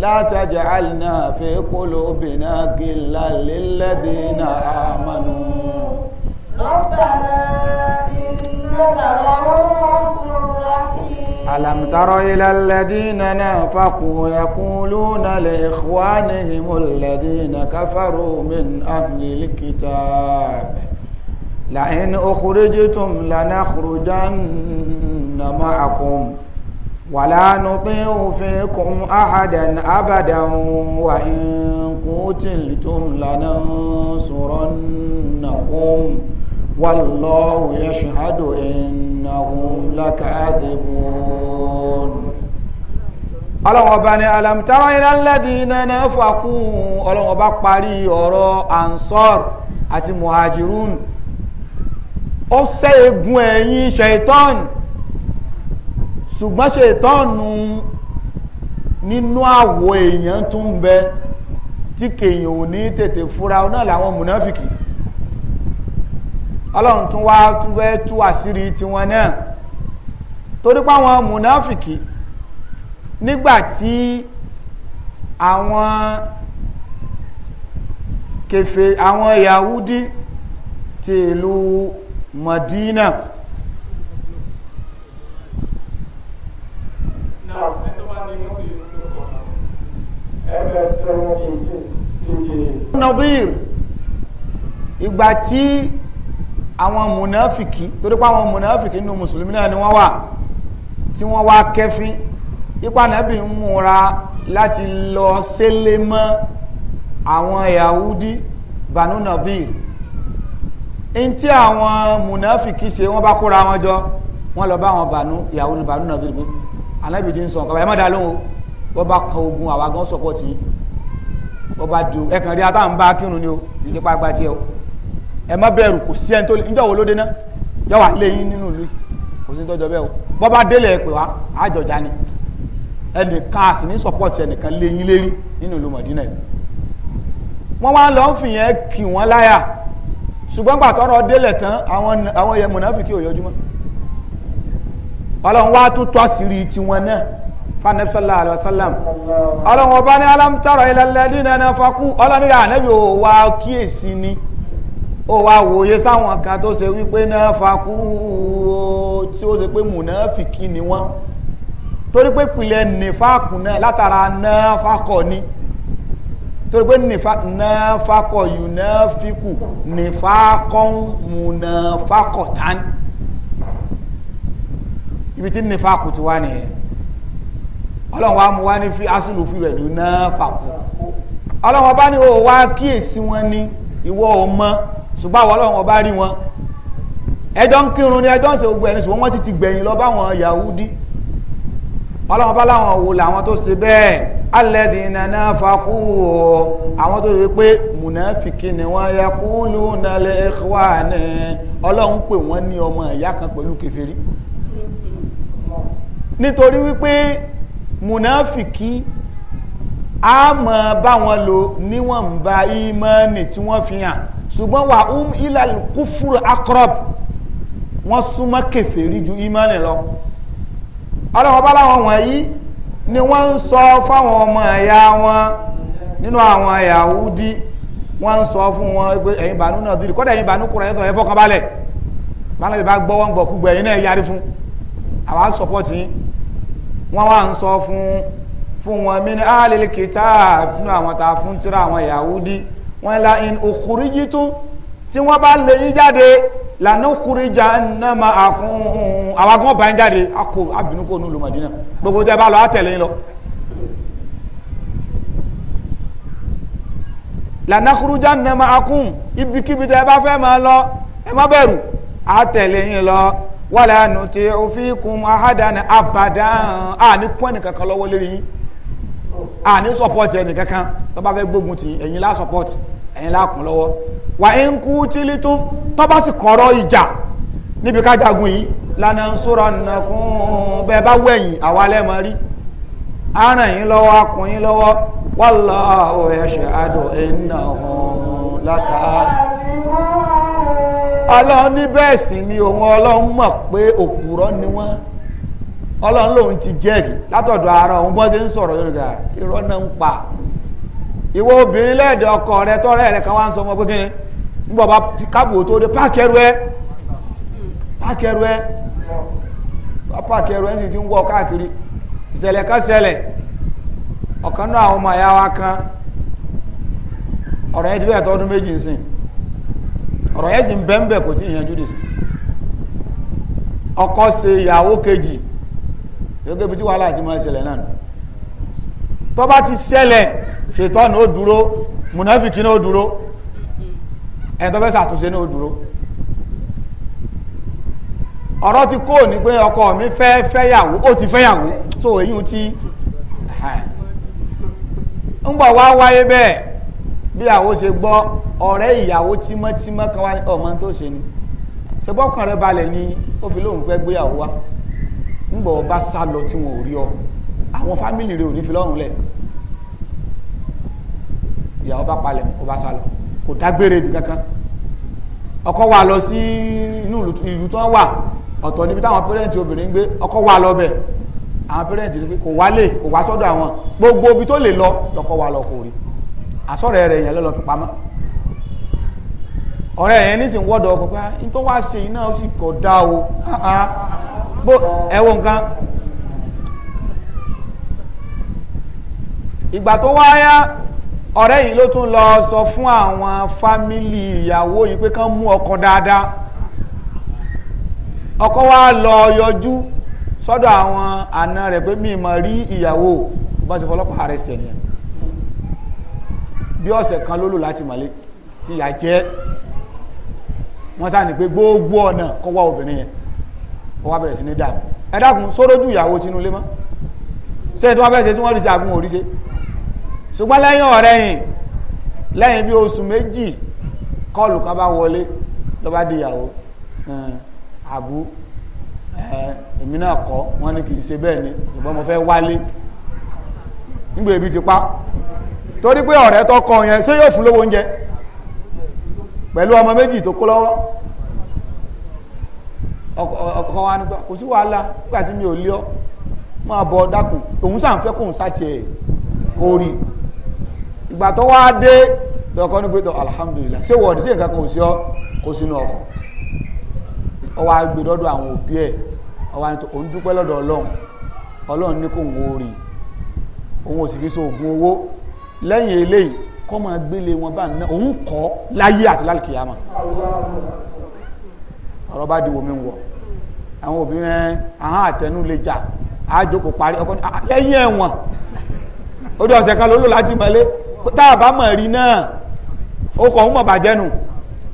látàjà àlìnà fẹ́ kó ألم تر إلى الذين نافقوا يقولون لإخوانهم الذين كفروا من أهل الكتاب لئن أخرجتم لنخرجن معكم ولا نطيع فيكم أحدا أبدا وإن قتلتم لننصرنكم والله يشهد إنهم لكاذبون ọlọ́run ọba ni alamtara ilẹ̀lẹ́dì nẹ́nẹ́ fàkún ọlọ́run ọba parí ọ̀rọ̀ ansor àti muhajirun ó sẹ́ egun ẹ̀yìn ṣaitan ṣùgbọ́n ṣaitan nínú àwọ̀ èèyàn tún bẹ tí kèèyàn ò ní tètè fura náà làwọn mùnáfìkì ọlọ́run tún wá tún fẹ́ tú àṣírí tiwọn náà torí pé àwọn mùnáfìkì nígbà tí àwọn kèfè àwọn Yahudi ti ìlú Madina Nadir ìgbà àwọn mùnàfìkì torí pé àwọn mùnàfìkì nínú mùsùlùmí náà ni wọ́n wà tí wọ́n wá kẹfín ipa nàbì ń múra láti lọ sílé mọ́ àwọn yahudi banu nadir in tí àwọn mùnàfìkì ṣe wọ́n bá kóra wọn jọ wọ́n lọ bá àwọn banu yahudi banu nadir bí anábì ti ń sọ nǹkan báyìí mọ́dà wọ́n bá kan ogun àwa gan sọ́pọ̀ tì wọ́n bá dùn ẹ̀kàn rí atáwọn bá kírun ni o ìjọba àgbà o ẹ má bẹ̀rù kò sí ẹni tó lè níjọ́ wo ló dé náà yọ wà lé yín nínú ìlú kò sí tọ́jọ́ bẹ́ẹ̀ o bọ́ bá délẹ̀ pè wá àjọjá ni ẹnìkan àsì ní sọ́pọ̀tì ẹnìkan lé yín lérí nínú ìlú Mọ̀dínà yìí wọ́n wá lọ ń fìyẹn kì wọ́n láyà ṣùgbọ́n gbà tọ́rọ̀ délẹ̀ tán àwọn yẹn mùnáfíkì ò yọjú mọ́ ọlọ́run wá tún tọ́ sí tiwọn náà fanabi sallallahu sallam ọlọ́run ọba ní alámútọ́rọ̀ ilẹ̀ lẹ́dínà náà fakú ọlọ́run rẹ̀ ànábì ò wá kíyèsí ni. Wa, ó wá wòye sáwọn kan tó ṣe wípé náà fakú tí ó ṣe pé mùnáfìkì ni wọ́n torí pé pìlẹ̀ nífàkù náà látara náà fakọ̀ ni torí pé náà fakọ̀ yù náà fikù nífàkọ̀ mùnáfàkọ̀ tán ibi tí nífàkù ti wá nìyẹn ọlọ́run wa mú wá ní fi asìlù fi rẹ̀ lónà fàkù ọlọ́run ọba ní o wá kíyèsí wọn ní ìwọ ọmọ ṣùgbọ́n àwọn ọlọ́run ọba rí wọn ẹjọ́ ń kírun ní ẹjọ́ ń ṣe gbogbo ẹni ṣùgbọ́n wọ́n ti ti gbẹ̀yìn lọ báwọn Yahudi ọlọ́run ọba láwọn wo làwọn tó ṣe bẹ́ẹ̀ alladhina nafaqu àwọn tó ṣe pé mùnàfìkì ni wọ́n yaquluna li ikhwani ọlọ́run pè wọ́n ní ọmọ ìyá kan pẹ̀lú kèfèrí nítorí wípé mùnàfìkì á máa bá lò níwọ̀nba ìmánì tí wọ́n fi hàn ṣùgbọ́n wà um ilà kúfúrú akọrọb wọ́n súnmọ́ kèfèrí ju imani lọ ọlọ́wọ́ bá láwọn wọ̀nyí ni wọ́n ń sọ fáwọn ọmọ ẹ̀yà wọn nínú àwọn Yahudi wọ́n ń sọ fún wọn pé ẹ̀yin bànú náà kọ́dà ẹ̀yin bànú kúrò balẹ̀ gbọ́ wọn gbọ́ ẹ̀yin náà yarí fún àwa ń wọ́n wá ń sọ fún fún wọn mí ní alìlì kìtà nínú àwọn wọn la in òkúríjì tún tí wọ́n bá lè yín jáde lànà òkúríjà náà ma àkún àwọn agbọ́n bá yín jáde akọ abìnúkọ ní olùmọ̀dínà gbogbo tẹ́ bá lọ àtẹ̀lé lọ lànà òkúríjà náà ma àkún ibikíbi tẹ́ bá fẹ́ máa lọ ẹ má bẹ̀rù àtẹ̀lé yín lọ wàlẹ́ ànú tí òfin kún ahádàn abàdàn àníkún ẹnìkankan lọ́wọ́ lérí yín à ní support ẹnì kankan tó bá fẹ́ gbógun ti ẹ̀yin lá support ẹ̀yin lá kún lọ́wọ́ wà ń kú tílí tún tó bá sì kọ̀rọ̀ ìjà níbi ká jagun yìí lánà ń sọ̀rọ̀ nàkún bẹ́ẹ̀ bá wẹ̀yìn àwa lẹ́mọ rí á ràn yín lọ́wọ́ á kún yín lọ́wọ́ wallahu yashhadu innahum lakadhibun ọlọ́run ní bẹ́ẹ̀ sì ni òun ọlọ́run mọ̀ pé òpùrọ́ ni wọ́n ọlọ́run lòun ti jẹ́rìí látọ̀dọ̀ ara òun bọ́ sí ń sọ̀rọ̀ yorùbá ah, irọ́ náà ń pa ìwọ obìnrin lẹ́ẹ̀dẹ̀ ọkọ rẹ tọ́rẹ́ kan wá ń sọ ọmọ pé kíni nígbà bá tó dé páàkì ẹ páàkì ẹ páàkì ẹrù ẹ sì ti ń wọ káàkiri ìṣẹ̀lẹ̀ kan ṣẹlẹ̀ ọ̀kan náà àwọn ọmọ kan ọ̀rọ̀ yẹn ti méjì nsìn ọ̀rọ̀ yẹn sì gẹ́gẹ́ bí tí wàhálà ti máa ṣẹlẹ̀ náà tó bá ti ṣẹlẹ̀ ṣètọ́nù ó dúró náà ó dúró ẹni fẹ́ náà ó dúró ọ̀rọ̀ ti kó ní pé ọkọ mi fẹ́ fẹ́yàwó ó ti fẹ́yàwó tó èyí ti ń bọ̀ wá wáyé bẹ́ẹ̀ bí ṣe gbọ́ ọ̀rẹ́ ìyàwó tímọ́tímọ́ kan wá ọmọ ni ṣe rẹ ni ó fi fẹ́ gbéyàwó nígbà ọba sá lọ tí wọn ò rí ọ àwọn fámìlì rẹ ò ní fi lọ́rùn lẹ̀ ìyàwó bá palẹ̀ ọba sá lọ kò dágbére ibi kankan ọkọ wa lọ sí inú ìlú tó ń wà ọ̀tọ̀ níbi táwọn pẹ́rẹ́ǹtì obìnrin ń gbé ọkọ wa lọ bẹ̀ àwọn pẹ́rẹ́ǹtì ní pé kò wálé kò wá sọ́dọ̀ àwọn gbogbo ibi tó lè lọ lọ́kọ wa lọ kò rí àsọ̀rọ̀ rẹ̀ yẹn lọ́lọ́ fi pamọ́ ọ̀rẹ́ yẹn nísìn wọ́dọ̀ ọkọ̀ pé ah, n tó wá ṣe iná ó sì kọ̀ dá o bó ẹwọ nǹkan ìgbà tó wá yá ọ̀rẹ́ yìí ló tún lọ sọ fún àwọn fámílì ìyàwó yìí pé kán mú ọkọ dáadáa ọkọ wá lọ yọjú sọ́dọ̀ àwọn àna rẹ̀ pé mi mọ̀ rí ìyàwó bọ́n ṣe fọlọ́pàá arrest ẹ̀ bí ọ̀sẹ̀ kan ló láti mọ̀lé ti yà jẹ́ wọ́n sáà ní pé gbogbo ọ̀nà kọ́ wá obìnrin yẹn ó wá bẹ̀rẹ̀ sí ní dààmú ẹ dákun sórójú ìyàwó tinúlé mọ́ ṣé tí wọ́n fẹ́ ṣe tí wọ́n rí ṣe àgùn òríṣe ṣùgbọ́n lẹ́yìn ọ̀rẹ́yìn lẹ́yìn bí oṣù méjì kọ́ọ̀lù kan bá wọlé ló di ìyàwó àbú èmi náà kọ́ wọ́n ní kì í ṣe bẹ́ẹ̀ ni ṣùgbọ́n mo fẹ́ wálé nígbà ebi ti pa torí pé ọ̀rẹ́ tó kọ yẹn ṣé yóò fún lówó oúnjẹ pẹ̀lú ọmọ méjì tó kó lọ́wọ́ ọkọ̀ wa nípa kò sí wàhálà nígbà tí mi ò lé ọ máa bọ dákun òun sàn fẹ́ kóun sáti ẹ̀ kó rí ìgbà tó wá dé tọkọ ní pé tọ alhamdulillah ṣé wọ́n ní sí nǹkan kan ò sí ọ kó sínú ọkọ̀ ọ wá gbé lọ́dọ̀ àwọn òbí ẹ̀ ọ wá ní tó òun dúpẹ́ lọ́dọ̀ ọlọ́run ọlọ́run ní kóun ó òun ò fi so ògùn owó lẹ́yìn eléyìí kọ́ máa gbélé wọn bá ná òun kọ́ láyé àti lálùkìyàmà ọ̀rọ̀ bá di omi wọ̀ àwọn obìnrin ahọ́n àtẹnu lè jà àjòkò parí ọkọ ní ah, lẹ́yìn ẹ̀wọ̀n ó dé ọ̀sẹ̀ kan ló lò láti mọ̀lé tá a bá mọ̀ rí náà ó kọ̀ ń mọ̀ bàjẹ́ nù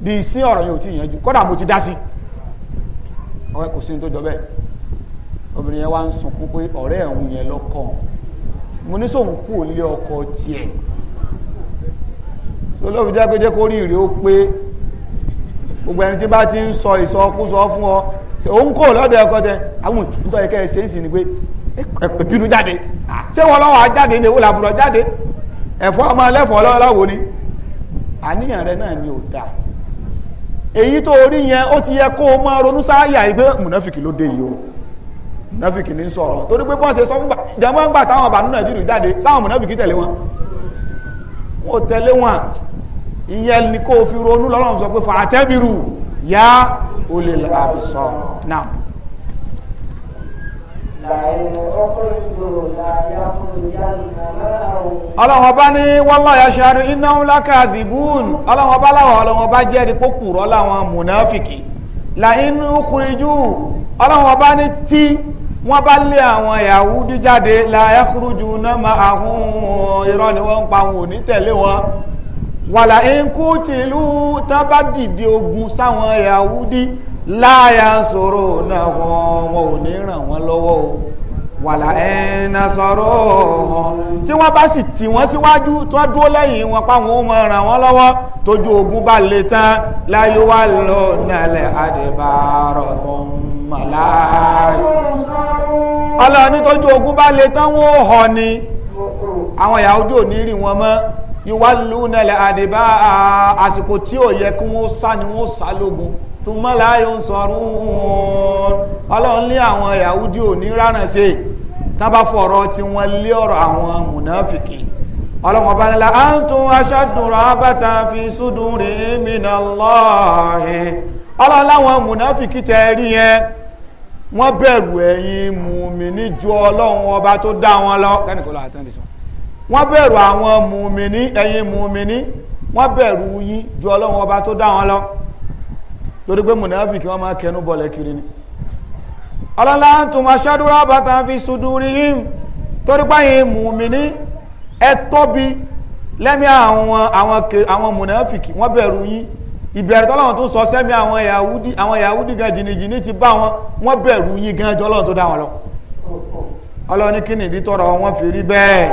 di sí ọ̀rọ̀ yẹn ò tí yanjú mo ti dá sí ọ̀rẹ́ kò sí ní tó jọ bẹ́ẹ̀ obìnrin yẹn wá ń sunkún pé ọ̀rẹ́ ẹ̀hún yẹn lọ́kọ̀ mo ní sóhun kú ò lé ọkọ tiẹ̀ so ló fi jẹ́ ó pé gbogbo ẹni tí bá ti ń sọ ìsọkúsọ fún ọ ó ń kó lọ́dọ̀ ẹkọ tẹ àwọn ìtọ́ ẹ̀kẹ́ ṣe ń sìn ni pé jáde ṣé ni jáde ẹ̀fọ́ ọmọ ẹlẹ́fọ́ lọ́wọ́ ni àníyàn rẹ náà ni ò èyí tó rí o máa ronú sáyà yìí pé mùnáfìkì ló dé yìí o mùnáfìkì ní sọ̀rọ̀ torí pé bọ́n ṣe sọ wọn ò tẹ̀lé wọn ìyẹn ni kó fi ronú lọ́lọ́run sọ pé fà àtẹ́bìrù yá olè àbìsọ náà ọlọ́run ọba ní wallahi yashhadu innahum lakadhibun ọlọ́run ọba láwọn ọlọ́run ọba jẹ́rìí pé kùrọ́ láwọn mùnáfìkì la in ukhriju ọlọ́run ní tí wọ́n bá lé àwọn Yahudi jáde láyé kúrújú náà ma àhún irọ́ ni wọ́n ń pa wọn ò ní tẹ̀lé wọn wàlà ẹ̀kú tìlú tán bá dìde ogun sáwọn Yahudi láyà sọ̀rọ̀ náà wọn ò ní ràn wọ́n lọ́wọ́ o wàlà ẹ̀ẹ́nà sọ̀rọ̀ ọ̀hún tí wọ́n bá sì tì wọ́n síwájú tó dúró lẹ́yìn wọn páwọn ó máa ràn wọ́n lọ́wọ́ tójú ogun bá lè tán láyé wá lọ àdìbàrọ̀ fún màláì ọlọ́ni tójú ogun bá lè tán wọ́n họ̀ ni àwọn ìyàwó jò ní rí wọn mọ́ ìwà lù àdìbà àsìkò tí ò yẹ kí wọ́n sá ni wọ́n sá lógun thumma la yunsarun ọlọ́run lé àwọn yahudi ò ní rárá ṣe tán bá fọ̀rọ̀ tí wọ́n lé ọ̀rọ̀ àwọn mùnáfìkì ọlọ́run ọba nílá antum ashaddu rahabatan fi sudurihim minallahi ọlọ́run láwọn mùnáfìkì tẹ́ rí yẹn wọ́n bẹ̀rù ẹ̀yin mùmíní ju ọlọ́run ọba tó dá wọn lọ kẹ́nìkọ́lá àtẹ́ndìsán wọ́n bẹ̀rù àwọn mùmíní ẹ̀yin mùmíní wọ́n bẹ̀rù yín ju ọlọ́run ọba tó dá wọn lọ torí pé mùnáfíkì wọ́n máa kẹnu bọ̀lẹ̀ kiri ni ọlọ́lá ń tún ma ṣádúrà bàtà fi sùdúrí yìí torí páyìn mùmíní ẹ tóbi lẹ́mí àwọn mùnáfíkì wọ́n bẹ̀rù yín ìbẹ̀rù tọ́lọ́wọ́n tún sọ sẹ́mi àwọn yahudi yahudi gan ti bá wọn wọ́n bẹ̀rù yín gan jọlọ́run tó dá wọn lọ ọlọ́run kí ni wọn fi rí bẹ́ẹ̀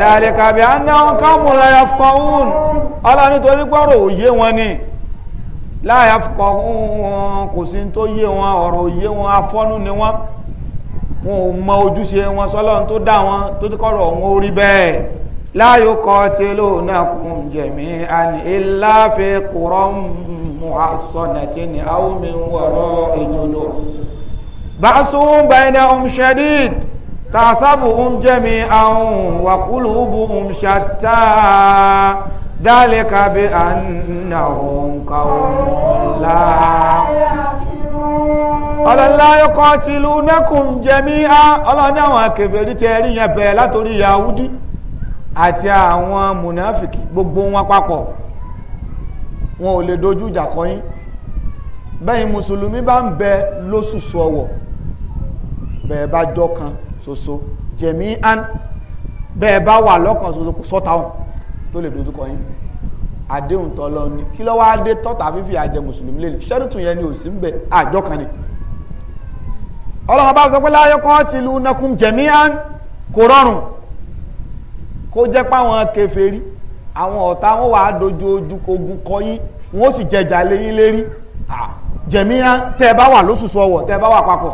dàlẹ́ kàbí anáwọn kámúra yafkọ́hún ọlọ́run nítorí gbọ́rọ̀ òye wọn ni. láyà kọ wọn kò sí tó yé wọn ọ̀rọ̀ òye wọn afọ́nú ni wọn wọn ò mọ ojúṣe wọn sọ́lọ́run tó dá wọn tó ti kọ́rọ̀ wọn orí bẹ́ẹ̀ láyò kọ́ tí ló náà kún jẹ̀mí àní ìláfẹ́ kúrọ́ mu àsọ̀nàtì ni àwọn mi ń wọ̀rọ̀ ìjọdọ̀ bàṣún bẹ́ẹ̀ni ọmṣẹ́dìd tàṣàbù ń jẹ̀mí àwọn wàkúlù bù ṣàtà. ذلك بأنهم قوم لا ọlọ́run láyọ́ kọ́ ti lú nẹ́kùn jẹmí á ọlọ́run àwọn akẹfẹ̀rí tẹ rí yẹn bẹ̀rẹ̀ látòrí yahudi àti àwọn mùnáfìkì gbogbo wọn papọ̀ wọn ò lè dojú ìjà kọ yín bẹ́yìn mùsùlùmí bá ń bẹ lóṣùṣù ọwọ̀ bẹ́ẹ̀ bá jọ kan ṣoṣo jẹmí án bẹ́ẹ̀ bá wà lọ́kàn ṣoṣo kò sọ́tàwọn tó lè dojúkọ yín àdéhùn tọ́lọ ni kí ló wá dé tọ́ta fífi àjẹ mùsùlùmí lè ṣẹ́rùtù yẹn ni ò sí ń bẹ àjọ kan ni ọlọ́run bá sọ pé láyé kan ti lu nakun jẹ̀míhán kò rọrùn kó jẹ́ páwọn kèfèrí àwọn ọ̀tá wọn wà á dojú ojú ogun kọ yín wọn ó sì jẹjà léyìn lérí jẹ̀míhán tẹ́ ẹ bá wà lóṣùṣù ọwọ̀ tẹ́ ẹ bá wà papọ̀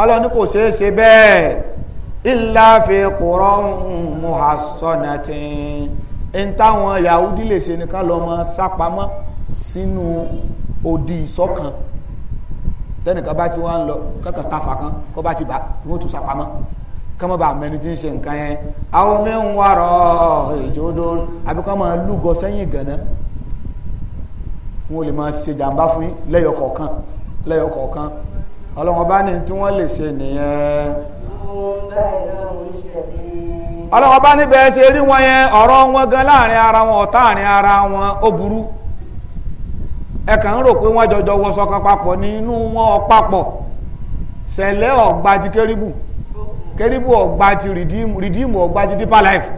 ọlọ́run ní kò ṣeé ṣe bẹ́ẹ̀ ìlàfẹ́ kò rọrùn muhassanatin in táwọn Yahudi lè ṣe ní ká lọ mọ sápamọ́ sínú odi ìsọ́kan tẹ́nìkan bá ti wá ń lọ kọ́kàn tafa kan kọ́ bá ti bá wọ́n tún sápamọ́ kọ́mọ́ bá mẹni tí ń ṣe nǹkan yẹn àwọn mi ń wárọ̀ ìjòdó àbíkọ́ máa lúgọ sẹ́yìn gànà wọn lè máa ṣe jàǹbá fún yín lẹ́yọkọ̀ọ̀kan lẹ́yọkọ̀ọ̀kan ọlọ́wọ́n bá ní tí wọ́n lè ṣe nìyẹn ọlọ́wọ́ bá níbẹ̀ ṣe rí wọn yẹn ọ̀rọ̀ wọn gan láàrin ara wọn ọ̀tá àrin ara wọn ó burú ẹ̀kàn ń rò pé wọ́n jọjọ wọṣọ kan papọ̀ ní inú wọn ọ̀pápọ̀ sẹ̀lẹ̀ ọ̀gbà ti kéribù kéribù ọ̀gbà ti rìdíìmù ọ̀gbà ti deeper life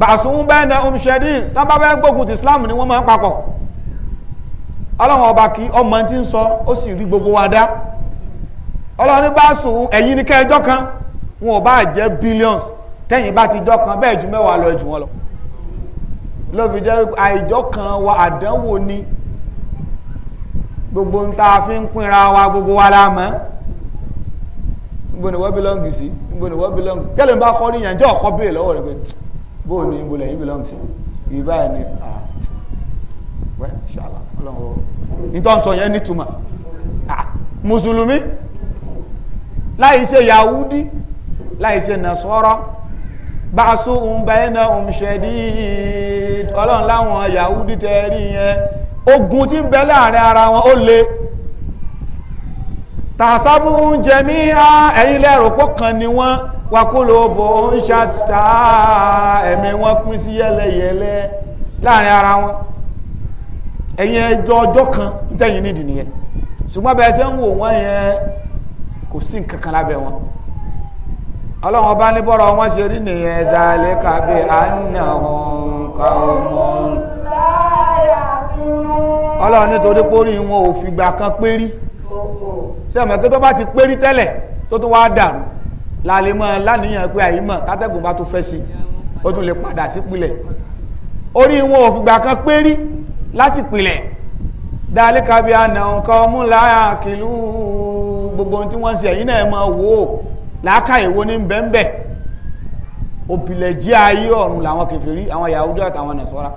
bàṣún bẹ́ẹ̀ na um omṣẹ́dín tán bá gbógun ti Islam ni wọ́n máa ń papọ̀ ọlọ́wọ́n ọba kí ọmọ ti ń sọ ó sì rí gbogbo wa dá ọlọ́ni bá sùn ẹ̀yin ní kẹjọ́ kan wọn ò bá jẹ́ billions tẹ́yìn bá ti jọ́ kan bẹ́ẹ̀ ju mẹ́wàá lọ jù wọn lọ lóbi jẹ́ àìjọ́ kan wa àdánwò ni gbogbo ń ta fi ń pínra wa gbogbo wa la mọ́ níbo ni wọ́n belong sí níbo ni wọ́n belong sí tẹ́lẹ̀ ń bá kọ́ níyàn jẹ́ ọ̀kọ́ bèè lọ́wọ́ rẹ̀ pé bó ni níbo lẹ́yìn belong sí ìbá ẹ̀ ni wẹ́ ṣàlà ọlọ́run nítorí sọ yẹn nítumọ̀ mùsùlùmí láì ṣe yahudi láì ṣe nasọ́rọ́ báṣú ń bá ọlọ́run láwọn tẹ rí yẹn ogun tí ń bẹ láàrin ara wọn ó le tàṣábù oúnjẹ mí á kan ni wọ́n wakúlò bò ń ṣàtà wọn pín sí láàrin ara wọn ẹ̀yìn ẹjọ́ ọjọ́ kan nídìí nìyẹn ṣùgbọ́n bẹ́ẹ̀ ṣe ń wò wọ́n yẹn kò sí nǹkan kan lábẹ́ wọn ọlọ́run ọba ní bọ́rọ̀ wọn ṣe rí nìyẹn dalẹ̀ kàbí àánàhùn kàwọ́mọ́ ọlọ́run nítorí pórí wọn ò fìgbà kan pérí ṣé ẹ̀mọ̀ pé tó bá ti pérí tẹ́lẹ̀ tó tún wáá dàrú lálẹ́ mọ́ láníyàn pé àyímọ̀ tátẹ́gùn bá tún fẹ́ sí ó tún lè padà sípìlẹ̀ orí wọn ò fìgbà kan pérí láti pìlẹ̀ dalẹ̀ kàbí àánàhùn kàwọ́mọ́ láyà kìlúù gbogbo tí wọ́n ṣe ẹ̀yìn náà máa wò ó láàkà ìwo ní bẹ́ńbẹ́ òpìlẹ̀ jẹ́ ayé ọ̀run làwọn kèfèrí àwọn Yahudi àtàwọn nàṣọ́ra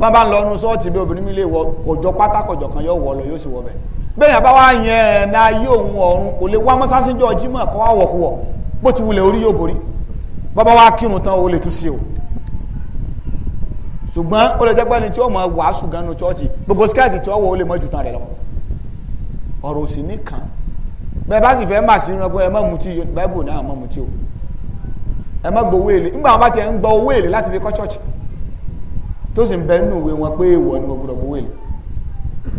bá bá lọ ọnu sọ́ọ̀tì bí obìnrin mi lè wọ pátá kan yóò wọ lọ yóò sì wọ bẹ̀ bẹ́ẹ̀ yàbá wá yẹn ẹ̀ẹ́nà ayé òun ọ̀run kò lè wá mọ́sásíjọ́ jímọ̀ kọ́ wá wọ̀kúwọ̀ bó ti wulẹ̀ orí yóò borí kírun tán o lè o ṣùgbọ́n ó lè jẹ́ pẹ́ni tí ó mọ̀ wàásù gan gbogbo tí ó wọ̀ ó lè lọ ọ̀rọ̀ òsì nìkan bẹ́ẹ̀ bá sì fẹ́ mà sí ìran pé ẹ má mutí báìbù náà má mutí o ẹ má gbowó èlé nígbà wọn bá ti ń gba owó èlé láti fi kọ́ chọ́ọ̀chì tó sì ń bẹ nínú ìwé wọn pé èèwọ̀ ni gbogbo gbowó èlé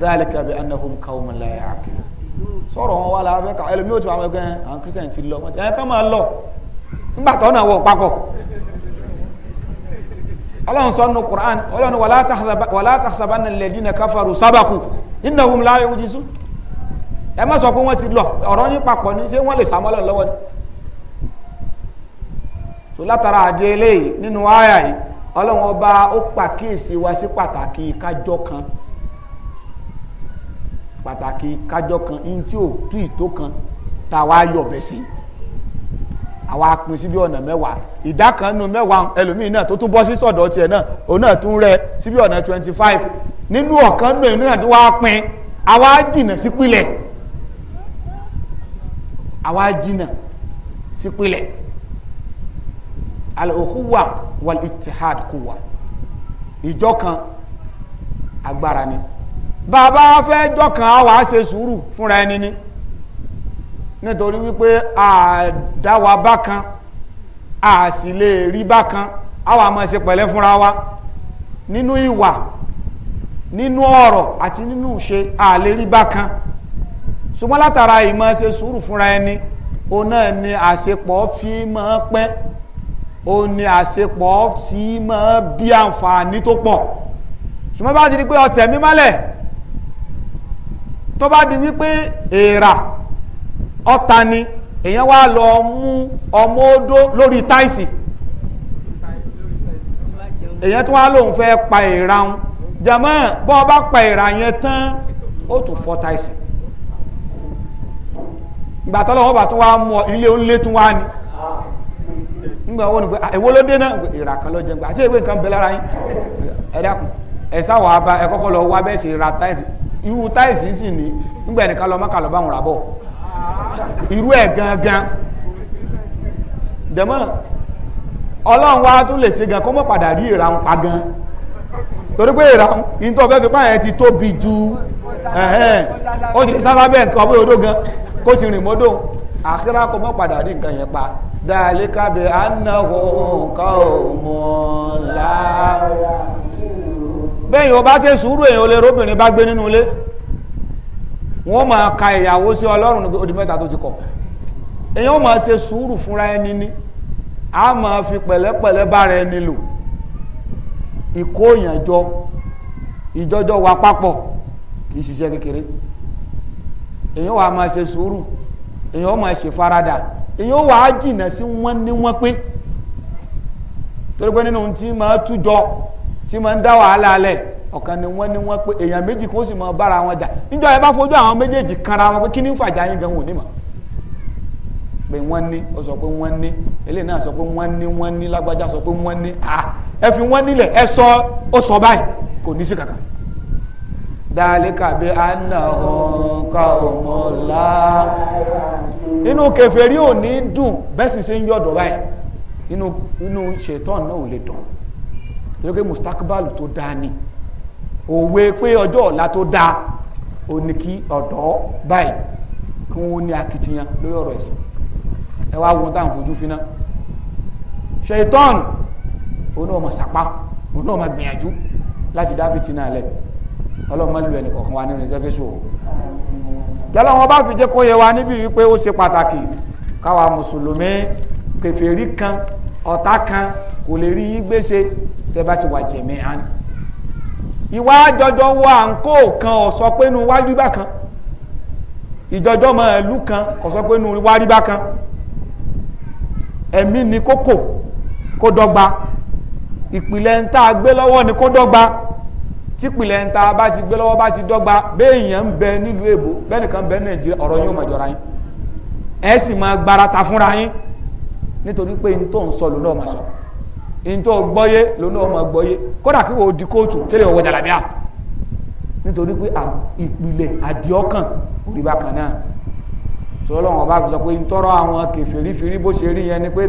dhalika bi annahum qawmun la ya'qilun sọ̀rọ̀ wọn wá la fẹ́ ká ẹlòmíì ò ti wà wọn gan àwọn kírísítẹ̀n ti lọ ẹ ká máa lọ nígbà tó náà wọ̀ papọ̀ ọlọ́run sọ nínú Qur'an ọlọ́run wala tahsabanna alladhina kafaru sabaqu innahum la yu'jizun ẹ má sọ pé wọ́n ti lọ ọ̀rọ̀ ní papọ̀ ni ṣé wọ́n lè sàmọ́lọ̀ lọ́wọ́ ni so látara àdé eléyìí nínú àyà yìí ọlọ́run ọba ó pàkíyèsí wa sí pàtàkì kájọ́ kan pàtàkì kájọ́ kan ní ò tú ìtó kan tá a wá yọ̀bẹ̀ sí àwa pín síbi ọ̀nà mẹ́wàá ìdá kan nínú mẹ́wàá ẹlòmíín náà tó tún bọ́ sí sọ̀dọ̀ tiẹ̀ náà òun náà tún rẹ síbi ọ̀nà twenty five nínú ọ̀kan nínú ẹ̀ náà tó wá pín àwa jìnnà sípìlẹ̀. Si àwa jìnnà sípìlẹ̀ al-ukhuwa wal-ittihad quwa ìjọ kan agbára ni bàbá fẹ́ jọ kan á wàá ṣe sùúrù fúnra ni nítorí wípé àdáwà bákan a sì lè rí bákan àwa máa ṣe pẹ̀lẹ́ fúnra wa nínú ìwà nínú ọ̀rọ̀ àti nínú ìṣe a rí bákan ṣùgbọ́n látara ìmọ̀ ṣe sùúrù fúnra ẹni òun náà ni àṣepọ̀ fi máa pẹ́ òun ni àṣepọ̀ sí máa bí àǹfààní tó pọ̀ ṣùgbọ́n bá ti di pé ọ̀tẹ̀ mímálẹ̀ tó bá di wípé èèrà ọ̀tá ni èèyàn wá lọ mú ọmọ odó lórí táìsì èèyàn tó wá lóun fẹ́ pa èèrà ń jàmọ́ bọ́ ọ bá pa èèrà yẹn tán ó tún fọ́ táìsì gbatọla tọ́lọ́ wọn bá tún wá mọ ilé onílé tún wá ní nígbà wọn ni pé ló dé náà ìrà kan ló jẹ gbà àti ìwé nǹkan bẹ lára yín ẹ dákun ẹ sáwọ abá ẹ lọ wá bẹ́ẹ̀ sì ra táìsì irú táìsì sì ní nígbà ẹnìkan lọ mọ́kà lọ bá wọn rà bọ̀ irú gangan dẹ̀mọ́ ọlọ́run wa tún lè ṣe gan kó kó ti rìn mọ́dọ̀ àkírá kó mọ́ padà rí nǹkan yẹn pa dáàlé kábẹ̀ anáhù nǹkan òmùn bẹ́yìn o bá ṣe sùúrù èèyàn olè róbìnrin bá gbé nínú ilé wọ́n máa ka ìyàwó sí ọlọ́run odi mẹ́ta tó ti kọ̀ èèyàn èyàn wàá máa ṣe sùúrù èyàn máa ṣe farada èyàn wàá jìnà sí wọn ní wọn pé torí pé nínú tí máa tújọ tí máa ń dá wàhálà alẹ ọ̀kan ni wọ́n ní wọ́n pé èèyàn méjì kó sì máa bára wọn jà níjọ ẹ bá fojú àwọn méjèèjì kanra wọn pé kí fàjà yín pé ní ó sọ pé ní eléyìí náà sọ pé dálíkà bí annahum qawmun la inú kèfèrí ò ní dùn bẹ́sì ṣe ń yọ̀dọ̀ báyìí inú inú ṣètọ́n náà ò lè dùn torí pé mustakbalu tó dáa ni òwe pé ọjọ́ ọ̀la tó dáa ò ní kí ọ̀dọ́ báyìí kí wọ́n ní akitiyan lórí ọ̀rọ̀ ẹ̀sìn ẹ wá wọn táwọn fojú finá ṣètọ́n òun náà mọ̀ sàpá òun náà mọ̀ gbìyànjú láti lẹ́yìn ọlọ́mọ lu ẹnì kọ̀ọ̀kan wa nínú iṣẹ́ fẹ́ṣọ̀ lọ́lọ́wọ́n bá fi jẹ́ kó yẹ wa níbi wípé ó ṣe pàtàkì káwa mùsùlùmí kèfèrí kan ọ̀tá kan kò lè rí yín gbéṣe tẹ́ bá ti wà jẹ̀mí án ìwà jọjọ wọ àǹkó kan ọ̀sọ́ pé nu wájú bá kan ìjọjọ́ mọ ìlú kan ọ̀sọ́ pé wárí bá kan ẹ̀mí ni kókò kó dọ́gba ìpìlẹ̀ ń tá a gbé lọ́wọ́ ni kó dọ́gba típìlẹ̀ ń ta bá ti gbé lọ́wọ́ bá ti dọ́gba béèyàn ń bẹ nílùú èbó bẹ́nìkan bẹ nàìjíríà ọ̀rọ̀ yóò máa jọra yín ẹ sì máa gbára ta fúnra yín nítorí pé n ń sọ lónà ọmọ sọ gbọ́yé lónà ọmọ gbọ́yé kódà kí di kóòtù tẹ́lẹ̀ ọwọ́ nítorí pé ìpìlẹ̀ àdìọ́kàn òrìbá kan náà sọlọ́ wọn bá fi ṣe rí yẹn ni pé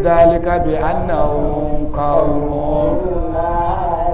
kábíyà á nà òun ka òun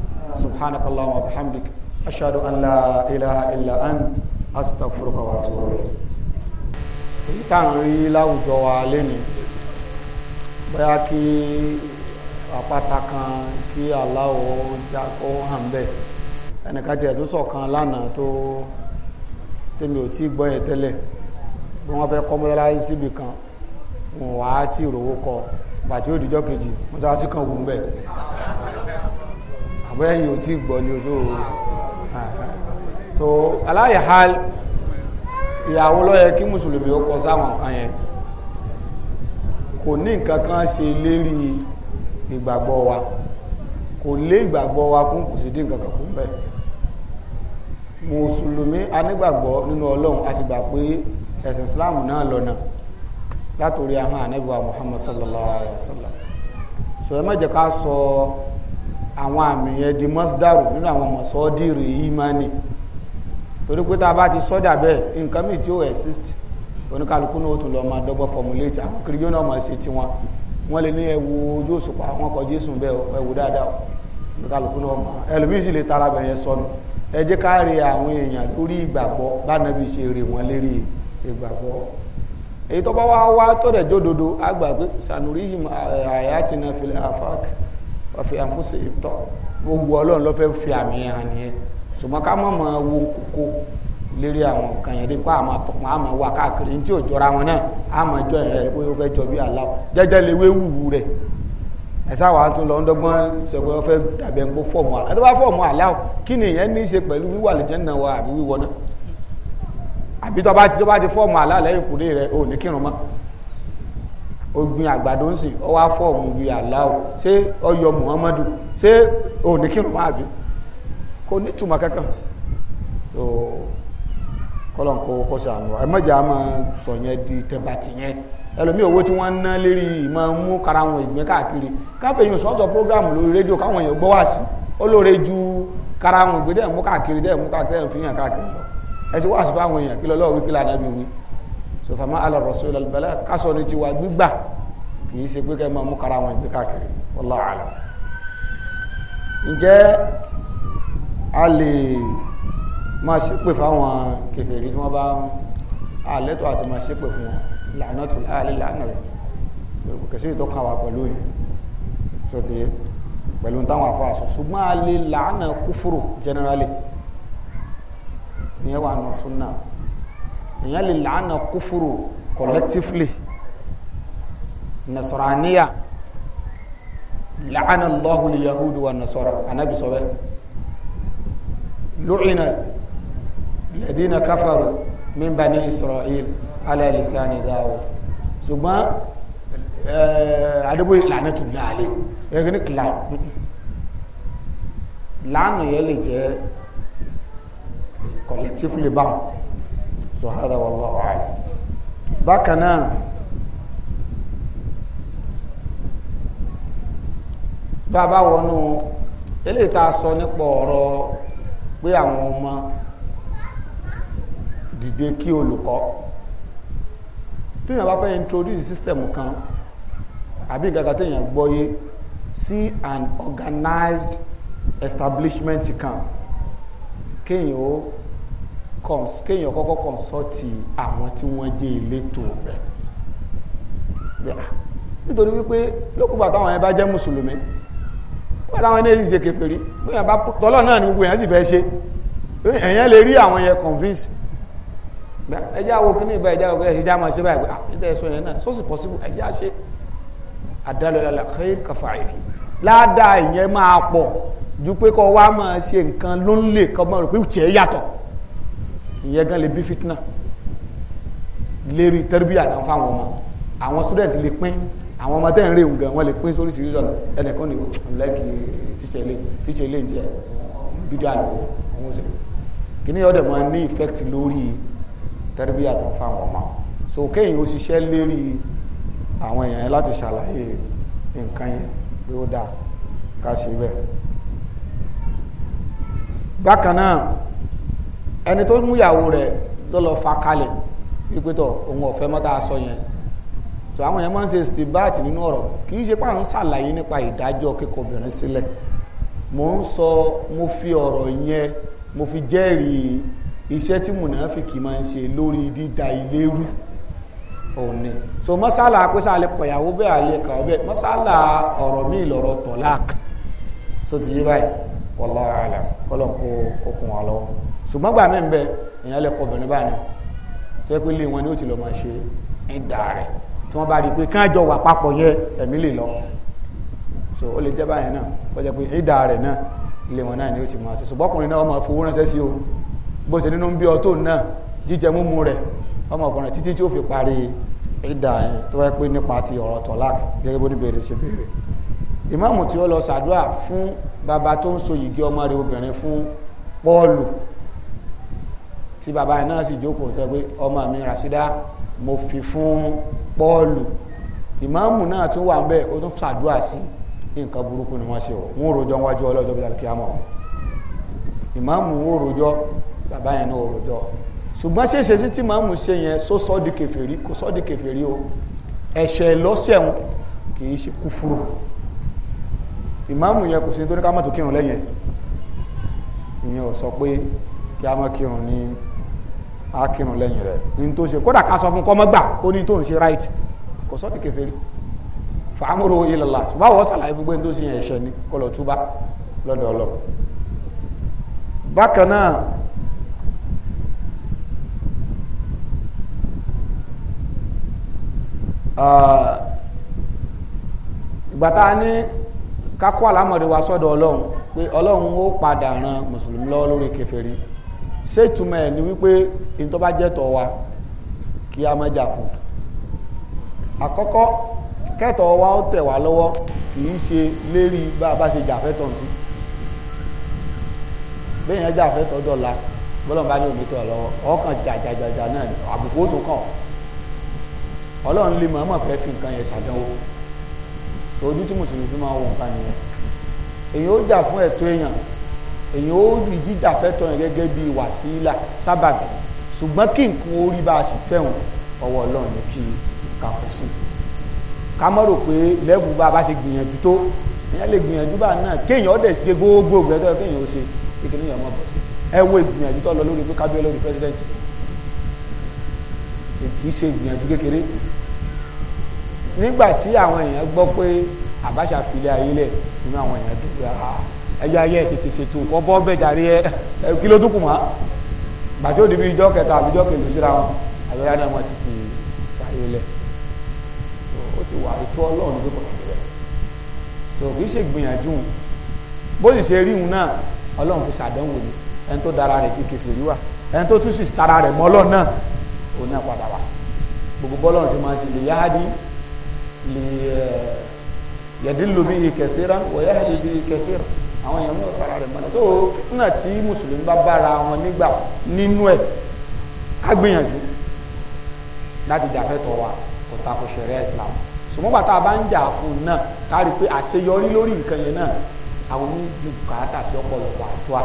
سبحانك اللهم وبحمدك أشهد أن لا إله إلا أنت أستغفرك وأتوب إليك èyí tá à ń rí láwùjọ wa lénìí bóyá kí àpáta kan kí aláwọ̀ já kó hàn bẹ́ẹ̀ ẹnìkan tiẹ̀ tó sọ̀kan lánàá tó tèmi ò tí gbọ́ yẹn tẹ́lẹ̀ bí wọ́n fẹ́ kọ́ mọ́sálásí síbi kan wọn wàá tí ìrówó kọ bàtí ó dijọ́ kejì mọ́sálásí kan wù ń bẹ́ẹ̀ bóyá yìí ò tí gbọ́ ní ojú o tó aláyàhá ìyàwó lọ́yẹ kí mùsùlùmí ó kọ sáwọn nǹkan yẹn kò ní nǹkan kan ṣe lérí ìgbàgbọ́ wa kò lé ìgbàgbọ́ wa kún kò sì dín nǹkan kan kún bẹ́ẹ̀ mùsùlùmí anígbàgbọ́ nínú ọlọ́run a sì gbà pé ẹ̀sìn islam náà lọ́nà látòrí ahọ́n ànábì muhammad sallallahu alaihi wa sallam sọ ẹ má jẹ́ ká sọ so, àwọn àmì yẹn di mọ́sídàrù nínú àwọn mọ̀sọ́dìrì ìmánì torí pé tá a bá ti sọ́dà bẹ́ẹ̀ nǹkan mìíràn tí ó exist oníkàlùkù náà ó tún lọ́ọ́ máa dọ́gbọ́ formulate àwọn kiri yóò náà máa ṣe tiwọn wọ́n lè ní ẹwu ojú òṣùpá wọn kọ jésù bẹ́ẹ̀ ẹwu dáadáa oníkàlùkù náà máa ẹlòmíì sì lè tara bẹ̀yẹn sọnù ẹ jẹ́ ká rí àwọn èèyàn lórí ìgbàgbọ́ bá nàbí wá wá jódodo àgbà sanurihim eh, ayatina fil afaq wọ́n fi àfúnṣe tọ́ gbogbo ọlọ́run ló fẹ́ fi àmì hàn nìyẹn ṣùgbọ́n ká mọ̀ mọ̀ wo kókó lérí àwọn nǹkan yẹn nípa àmọ́ àtọ̀pọ̀ àmọ́ wa káàkiri ní tí ò jọra wọn náà àmọ́ jọ ẹ̀ pé ó fẹ́ jọ bí aláwọ̀ jẹ́jẹ́ lewé wùwù rẹ̀ ẹ̀sà wàá tún lọ ńdọ́gbọ́n ṣẹ̀gbọ́n fẹ́ dàbẹ̀ ńgbó fọ́ọ̀mù aláwọ̀ tó bá fọ́ọ̀mù aláwọ̀ kí ni ìyẹn ní í ṣe pẹ̀lú wíwà lè jẹ́ náà wa àbí wíwọ náà àbí tó bá ti tó bá lẹ́yìn kùdé rẹ̀ ò ní kírun mọ́ ó gbin àgbàdo ń sìn ó wá fọ́ òun Se aláwọ̀ ṣé ọyọ muhammadu ṣé òní kírun máa bí kò ní kankan so kọ́lọ̀ kó kó sí àwọn ẹ̀mọ́jà máa sọ yẹn di tẹ̀bàtì yẹn ẹlòmí owó tí wọ́n ń ná lérí ìmọ̀ mú kara wọn ìgbín káàkiri káfíyìn sponsor program lórí rédíò káwọn èèyàn gbọ́ wá sí ó lóore ju kara wọn ìgbé dẹ̀ mú káàkiri dẹ̀ mú káàkiri fi hàn káàkiri lọ ẹ ti wá sí fáwọn èèyàn kí lọ́lọ́wọ́ wí lànà bí wí sọfàmà alàrọ̀sọ́lá balẹ̀ kásọ̀ ní tiwa gbígbà kì í ṣe pé kẹ́ máa mú kara wọn gbé káàkiri wallahu alam ǹjẹ́ a lè máa ṣépè fáwọn kèfèrí tí wọ́n bá ń àlẹ́tọ̀ àti máa ṣépè fún wọn lànà tó láàlẹ́ lànà rẹ̀ kẹsí ìtọ́ka wà pẹ̀lú yẹn sọ ti pẹ̀lú táwọn afọ́asọ̀ ṣùgbọ́n a lè lànà èèyàn lè làánà kúfúrú collectively nasaraniya làánà lọ́hùn yahudu wa nasara anabi sọ bẹ́ẹ̀ lu'ina ladina kafaru min bani israel ala lisani dawud ṣùgbọ́n eh, adébóyè làánà tún láàlẹ́ ẹgbẹ́ ní kìlá làánà yẹn lè jẹ́ collectively bound so hada wallahu a'lam bákan náà bá bá wọnú eléyìí tá a sọ nípa ọ̀rọ̀ pé àwọn ọmọ dìde kí olùkọ́ téèyàn bá fẹ́ introduce system kan àbí ìgagà téèyàn gbọ́yé sí an organized establishment kan kéèyàn ó kéèyàn kọ́kọ́ kọ̀nsọ́ọ̀tì àwọn tí wọ́n jẹ́ elétò rẹ̀ ah, nítorí wípé lókùbà táwọn ẹ bá jẹ́ mùsùlùmí nígbà táwọn ẹni ṣe kèfèrí bóyá bá tọ́lọ̀ náà ni gbogbo èèyàn sì fẹ́ ṣe èèyàn lè rí àwọn yẹn convince ẹjá wo kí ní ìbá ẹjá òkè ẹjá máa ṣe báyìí ah, ẹjá ẹsọ yẹn náà sọ́sì possible ẹjá ṣe àdálọ́lá khair kafa'ili ládàá ìyẹn máa pọ̀ ju pé kọ́ wá máa ṣe nǹkan ló ń lè kọ́ mọ́ rò pé ìtì ẹ̀ yàtọ̀ ìyẹn gan lè bí fitna lérí tẹ́rbíà náà fáwọn ọmọ àwọn student lè pín àwọn ọmọ tẹ́ ń rí nǹkan wọ́n lè pín sórí sí ríjọ́nà ẹnìkan ní lẹ́kì tíṣẹ́ ilé jẹ́ bídá lò wọ́n sì kí ní ọdẹ̀ máa ní effect lórí tẹ́rbíà tó fáwọn ọmọ so kéyìn ó ṣiṣẹ́ lérí àwọn èèyàn láti ṣàlàyé nǹkan yẹn pé ó dáa ká ṣe bẹ́ẹ̀ bákan náà ẹni tó mú ìyàwó rẹ̀ lọ́lọ́ fa kalẹ̀ wípé tọ̀ òun sọ yẹn so àwọn yẹn máa ń ṣe stibat nínú ọ̀rọ̀ kì í ṣe pé ń ṣàlàyé nípa ìdájọ́ kíkọ̀ obìnrin mo ń sọ mo fi ọ̀rọ̀ yẹn mo fi jẹ́rìí tí máa ń ṣe lórí dídá ilé rú òní Sọ mọ́sálà pẹ́sà lè pọ̀yàwó bẹ́ẹ̀ àlè kà ọ́ bẹ́ẹ̀ mọ́sálà ọ̀rọ̀ so ti yé ṣùgbọ́n gbà mí ń bẹ èèyàn lè kọ obìnrin báyìí tó yẹ pé ilé wọn ni ó ti lọ máa ṣe ìdá rẹ̀ tí wọ́n bá rí pé káàjọ wà papọ̀ yẹ ẹ̀mí lè lọ so ó lè jẹ́ báyẹn náà ó jẹ́ pé ìdá rẹ̀ náà ilé wọn náà ni ó ti máa ṣe ṣùgbọ́n ọkùnrin náà ọmọ fowó ránṣẹ́ sí o bó ṣe nínú bí ọtó náà jíjẹ múmu rẹ̀ ọmọkùnrin títí tí ó fi parí ìdá yẹn tó yẹ pé nípa ti ọ̀rọ̀ tọ́lák gẹ́gẹ́ bó ní béèrè ṣe béèrè ìmáàmù tí ó lọ ṣàdúrà fún bàbá tó ń so yìgì ọmọ rẹ̀ obìnrin fún pọ́ọ̀lù tí baba yẹn náà sì jókòó tó pé ọmọ mi Rasida mo fi fún Pọ́ọ̀lù ìmáàmù náà tún wà ń bẹ́ẹ̀ ó tún ṣàdúrà sí nǹkan burúkú ni wọ́n ṣe ọ̀ wọ́n rojọ́ wájú ọlọ́jọ́ bí i àmọ́ ìmáàmù wọ́n rojọ́ bàbá yẹn náà rojọ́ ṣùgbọ́n ṣéṣe sí tí ìmáàmù ṣe yẹn só sọ́ di kèfèrí kò sọ́ di kèfèrí o ẹ̀ṣẹ̀ lọ́sẹ̀hún kì í ṣe kúfúrú ìmáàmù yẹn kò sí nítorí ká mọ̀ tó kírun lẹ́yìn ìyẹn ò sọ pé kí a mọ̀ kírun ní á kírun lẹ́yìn rẹ̀ ní tó ṣe kódà ká sọ fún kọ́ mọ́gbà ó ní tó ń ṣe right kò sọ́ ní kèfèrí fàámúrò ilallah ṣùgbọ́n àwọn sàlàyé gbogbo ní tó ṣe yẹn ẹ̀ṣẹ̀ ni kó lọ túbá lọ́dọ̀ Ọlọ́run bákan náà ah, ìgbà tá a ní ká kó àlámọ̀rí wa sọ́dọ̀ Ọlọ́run pé Ọlọ́run ó padà ran mùsùlùmí lọ́wọ́ lórí kèfèrí ṣé ìtumọ̀ ẹ̀ ni wípé ìtọ́ wa kí a má fún àkọ́kọ́ kẹ́tọ̀ wa ó tẹ̀ wá lọ́wọ́ kì í ṣe lérí bá a bá ṣe sí bẹ́ẹ̀ yẹn dọ̀la bọ́lọ̀ bá ní tọ̀ lọ́wọ́ ọkàn jàjàjàjà náà àbùkù ó tún kàn ọlọ́run lè mọ̀ọ́mọ̀ fẹ́ fi nǹkan yẹn ṣàdánwò ojú tí mùsùlùmí fi máa wọ nǹkan nìyẹn èyí ó jà fún èyí ó rí jíjà fẹ́tọ̀ yẹn gẹ́gẹ́ bí wàsílà sábàbí ṣùgbọ́n kí nǹkan ó rí bá a ṣe fẹ́hùn ọwọ́ ọlọ́run ní kí kàkó sí ká mọ́ rò pé lẹ́bùn bá a bá ṣe gbìyànjú tó ìyẹn lè gbìyànjú bá náà kéèyàn ó dẹ̀ ṣe gbogbo ìgbẹ́tọ́ kéèyàn ó ṣe kékeré yẹn mọ̀ bọ̀ sí ẹ wo ìgbìyànjú tó lọ lórí pé kábíyẹ lórí pẹ́sidẹ́ǹtì kì í ṣe ìgbìyànjú kékeré nígbà tí àwọn èèyàn gbọ́ pé Abacha filẹ̀ ayé lẹ̀ nínú àwọn èèyàn dúpẹ́ àá ah, ẹjọ ayé ẹ tètè ṣètò ọbọ bẹjàre ẹ kí ló dúkùn wá gbàtí ó di bí ijọ kẹta àbí ijọ kẹlẹ síra wọn àbẹ̀rẹ̀ náà wọn ti ti wáyé lẹ̀ ó ti wà ètò ọlọ́run tó kọ̀ kẹ̀kẹ́ tó kì í ṣe gbìyànjú bó sì ṣe ríhun náà ọlọ́run fi ṣàdánwò ni ẹni tó dára rẹ̀ ti kèfèrí wà ẹni tó tún sì tara rẹ̀ mọ́ ọlọ́run náà òun náà padà wà gbogbo bọ́lọ́run ṣe máa ń ṣe lè yáhádì lè yẹ̀dínlóbi kẹfìrán wọ́n yáhádì bí kẹfìrán àwọn èèyàn náà fara rẹ̀ mọ́lẹ̀ tó nígbà tí mùsùlùmí bá bára wọn nígbà nínú ẹ̀ ká gbìyànjú láti jàfẹ́ tọ̀ wa kò ta kò ṣẹ̀rẹ́ Islam sùmọ́gbà tá a bá ń jà fún un náà ká rí i pé àṣeyọrí lórí nǹkan yẹn náà àwọn oníbùkátà sí ọ̀pọ̀lọpọ̀ àtọ́à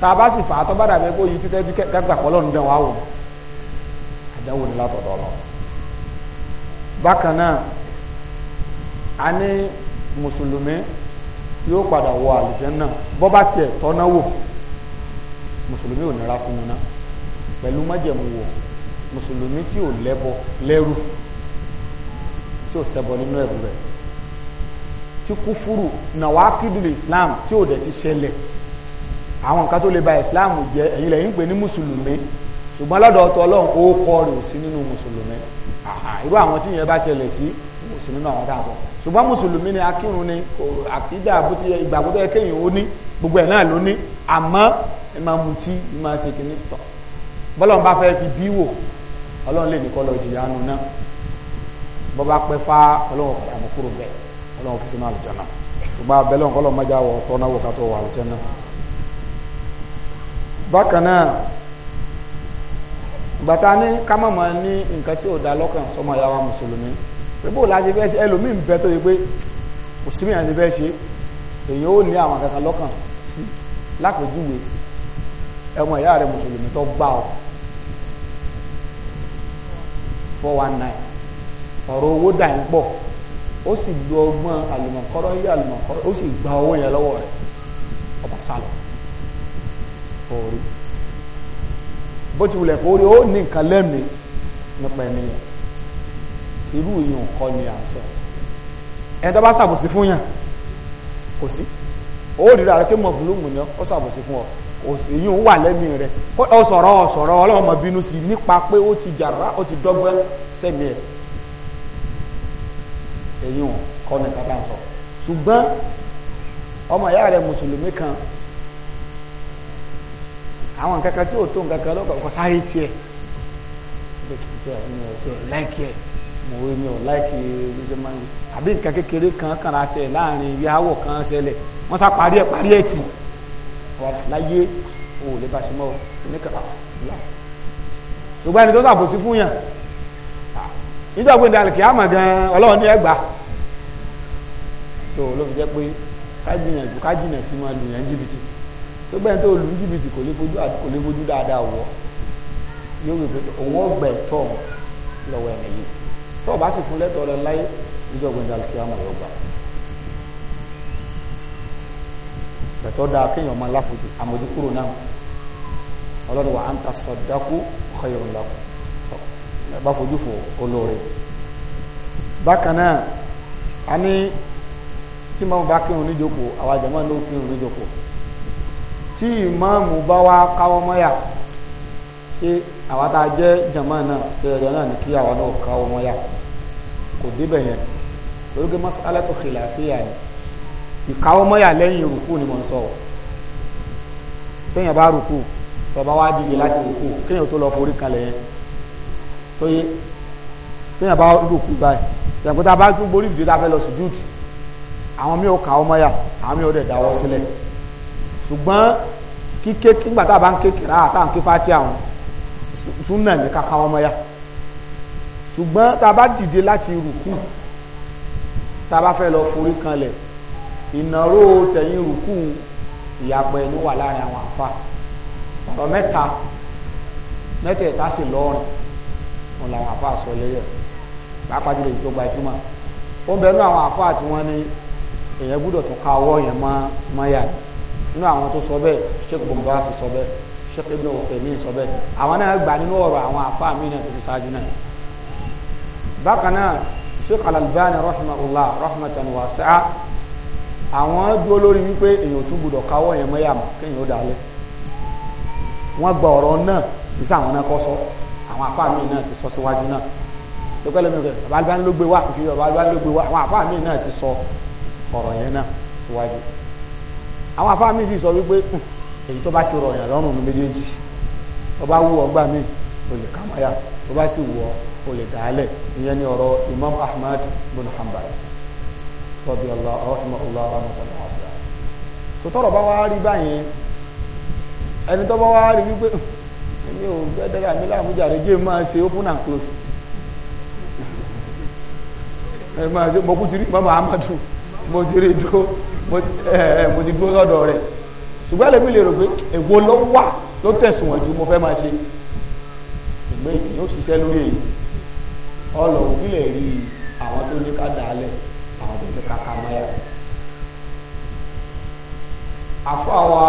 tá a bá sì fà á tọ́ bá dàbẹ́ kó yí títẹ́jú kẹ́gbà pọ́lọ́ ń dán wa wò àdánwò ni látọ̀dọ̀ lọ. bákan náà a ní mùsùlùmí yóò padà wọ àlùjànnà bọ́ bá tiẹ̀ tọ́ná wò mùsùlùmí ò nira sínú ná pẹ̀lú májẹ̀mú wò mùsùlùmí tí ò lẹ́bọ lẹ́rù tí ò ṣẹbọ nínú ẹ̀rù rẹ̀ tí kúfúrú nàwákìdùlù islam tí ò dẹ̀ ti ṣẹlẹ̀ àwọn nǹkan tó lè ba islam jẹ ẹ̀yin lẹ́yìn pé ní mùsùlùmí ṣùgbọ́n lọ́dọ̀ ọ̀tọ̀ ọlọ́run ó kọ́ rè sí nínú mùsùlùmí irú àwọn tí yẹn bá ṣẹlẹ̀ sí kò sí nínú àwọn dáàbọ̀ ṣùgbọ́n mùsùlùmí ni akírun ni àkídà àbútí ìgbàgbọ́ tó yẹ kéèyàn ó ní gbogbo ẹ̀ náà ló ní àmọ́ ẹ máa mutí ẹ máa ṣe kìíní tọ̀ bọ́lọ́n bá fẹ́ fi bí wò ọlọ́run lè ní kọ́ lọ jìyà nu náà bọ́ bá pẹ́ fá ọlọ́run padà mọ́ kúrò bẹ́ẹ̀ ọlọ́run fi sínú àlùjánnà ṣùgbọ́n abẹ́lẹ́ ọ̀kọ́ lọ́mọ já wọ ọ̀tọ́ náà wò ká tó wà àlùjánnà. bákan náà gbàtà ní ká má nǹkan tí ò dá lọ́kàn sọmọ ìyá mùsùlùmí pé bó la ṣe fẹ́ ṣe ẹlòmíì ń bẹ tó yẹ pé kò sí mìíràn ṣe fẹ́ ṣe èyàn ó ní àwọn kankan lọ́kàn sí lápèjúwe ẹmọ ìyá rẹ mùsùlùmí tó gbà ọ four one nine ọ̀rọ̀ owó dà ń pọ̀ ó sì lu ọgbọ́n àlùmọ̀kọ́rọ́ yí àlùmọ̀kọ́rọ́ ó sì gba owó yẹn lọ́wọ́ rẹ̀ ọba sálọ orí bó ti wulẹ̀ kó rí ó ní nǹkan lẹ́mìí nípa ẹni yẹn irú yìí ń kọ́ ni à ń sọ ẹni tó bá ṣàbòsí fún yàn kò sí ó rí rà rẹ kí mọ̀fúlùmù ni ó ṣàbòsí fún ọ èyí ń wà lẹ́mìí rẹ ó sọ̀rọ̀ ó sọ̀rọ̀ ọlọ́run mọ̀ bínú sí nípa pé ó ti jàrá ó ti dọ́gbọ́n sẹ́mi ẹ̀ èyí ń kọ́ ni kàkà ń sọ ṣùgbọ́n ọmọ ìyá rẹ mùsùlùmí kan àwọn kankan tí ò tó nǹkan kan lọ́kọ̀ọ́kọ́ sáré tiẹ̀ láìkí mo mi ò láìkì ẹgbẹ́ eh, máa ń gbé àbí nǹkan kékeré kan kàrà ṣẹlẹ̀ láàrin ibi àwọ̀ kan ṣẹlẹ̀ wọ́n sá parí ẹ̀ parí ẹ̀ tì láyé o ò lè bá ṣe mọ́ oníkàrà ìyá ṣùgbọ́n ẹni tó ṣàbòsí fún yàn nígbà pé ní alìkìyà mọ̀ gan ọlọ́run ní ẹgbà tó ló fi jẹ́ pé ká gbìyànjú ká jìnà sí máa lùyàn jìbìtì tó bẹ́ẹ̀ tó lù jìbìtì kò lè fojú dáadáa wọ̀ yóò wípé òun ọgbà ẹ̀tọ́ lọ́wọ́ ẹ̀mẹ̀yìí tó o bá sì fún lẹ́tọ̀ọ́ rẹ láyé níjọ́ gbẹ̀dẹ̀ alikiyama yóò gbà tẹ̀tọ́ da kéèyàn máa láfojú àmójúkúrò náà ọlọ́run wa anta saddaku khayrun lakum ẹ bá fojú fò olóore bákan náà a ní tí màmú bá kírun níjókòó àwọn àjàmọ́ ló kírun níjókòó tí ìmáàmù bá wá káwọ́ mọ́yà ṣe àwa tá a jẹ́ jama náà ṣẹlẹ̀ náà ni kí àwa náà ká ọmọ yá kò débẹ̀ yẹn lórúkẹ́ masalatu khilafiyya ni ìkáwọ́ mọ́yà lẹ́yìn rùkú ni mo ń sọ téèyàn bá rùkú tọba wá dìde láti rùkú kéèyàn tó lọ forí kalẹ̀ yẹn sóye téèyàn bá rùkú báyìí tẹ̀yìn kótó abá tún borí ìdílé afẹ́ lọ sùjúùtì àwọn mi ò káwọ́ mọ́yà àwọn mi ò dẹ̀ dáwọ́ sílẹ̀ ṣùgbọ́n kíké nígbà tá a bá ń ké kìrá àtàǹké fátí àwọn súnà ní kàkà ọmọ ya ṣùgbọ́n tá a bá dìde láti rùkú tá a bá fẹ́ lọ forí kanlẹ̀ ìnáró tẹ̀yìn rùkú ìyàpọ̀ ẹnu wà láàrin àwọn àfa ọ̀rọ̀ mẹ́ta mẹ́tẹ̀ẹ̀ta sì lọ́rùn wọn làwọn àfa sọ lẹ́yẹ̀ pàápàá jùlọ èyí tó gba ìtumọ̀ ó ń bẹnu àwọn àfa tí wọ́n ní èèyàn gbúdọ̀ tún ká ọwọ́ yẹn mọ́ mọ́yà nínú àwọn tó sọ bẹ́ẹ̀ ṣé kò bọ̀ bá sì sọ bẹ́ẹ̀ Sheikh Ibn Uthaymeen sọ bẹ́ẹ̀ àwọn náà gbà nínú ọ̀rọ̀ àwọn afá mi náà tó fi ṣáájú náà bákan náà Sheikh Al-Albani rahimahullah rahmatan wasi'a àwọn dúró lórí wípé èèyàn tún gbọdọ̀ káwọ́ yẹn mọ́yà mọ́ kéèyàn ó dalẹ̀ wọ́n gba ọ̀rọ̀ náà kì í sáwọn náà kọ́ sọ àwọn apá mi náà ti sọ síwájú náà lókè lómi rẹ bàbá Albani ló gbé wá kì bàbá Albani ló gbé wá àwọn apá mi náà ti sọ ọ̀rọ̀ yẹn náà síwájú àwọn apá mi sì sọ wípé èyí tó bá ti rọ̀ yàn lọ́rùn ní méjèèjì tó bá wù ọ́ gbà mí o lè kàmáyà tó bá sì wù ọ́ o lè dàálẹ̀ ìyẹn ni ọ̀rọ̀ Imam Ahmad bin Hanbal rọ̀bì allah ọ̀hìnmọ̀ allah ọ̀hìnmọ̀ ọ̀sẹ̀ sọtọ́rọ̀ bá wá rí báyẹn ẹni tó bá wá rí wípé èmi ò fẹ́ dára mi láàmújà rẹ̀ jẹ́ máa ṣe open and close ẹ máa ṣe mọ̀kú ti rí Imam Ahmad mo ti rí dúró mo ti dúró lọ́dọ̀ rẹ̀ ṣùgbọ́n ẹlẹ́mí lè rò pé èwo ló wà ló tẹ̀sùn wọn ju mo fẹ́ máa ṣe ìgbé yóò ṣiṣẹ́ lórí èyí ọlọ òbílẹ̀ rí àwọn tó ní ká dàálẹ̀ àwọn tó ní ká ká máyà àfọwà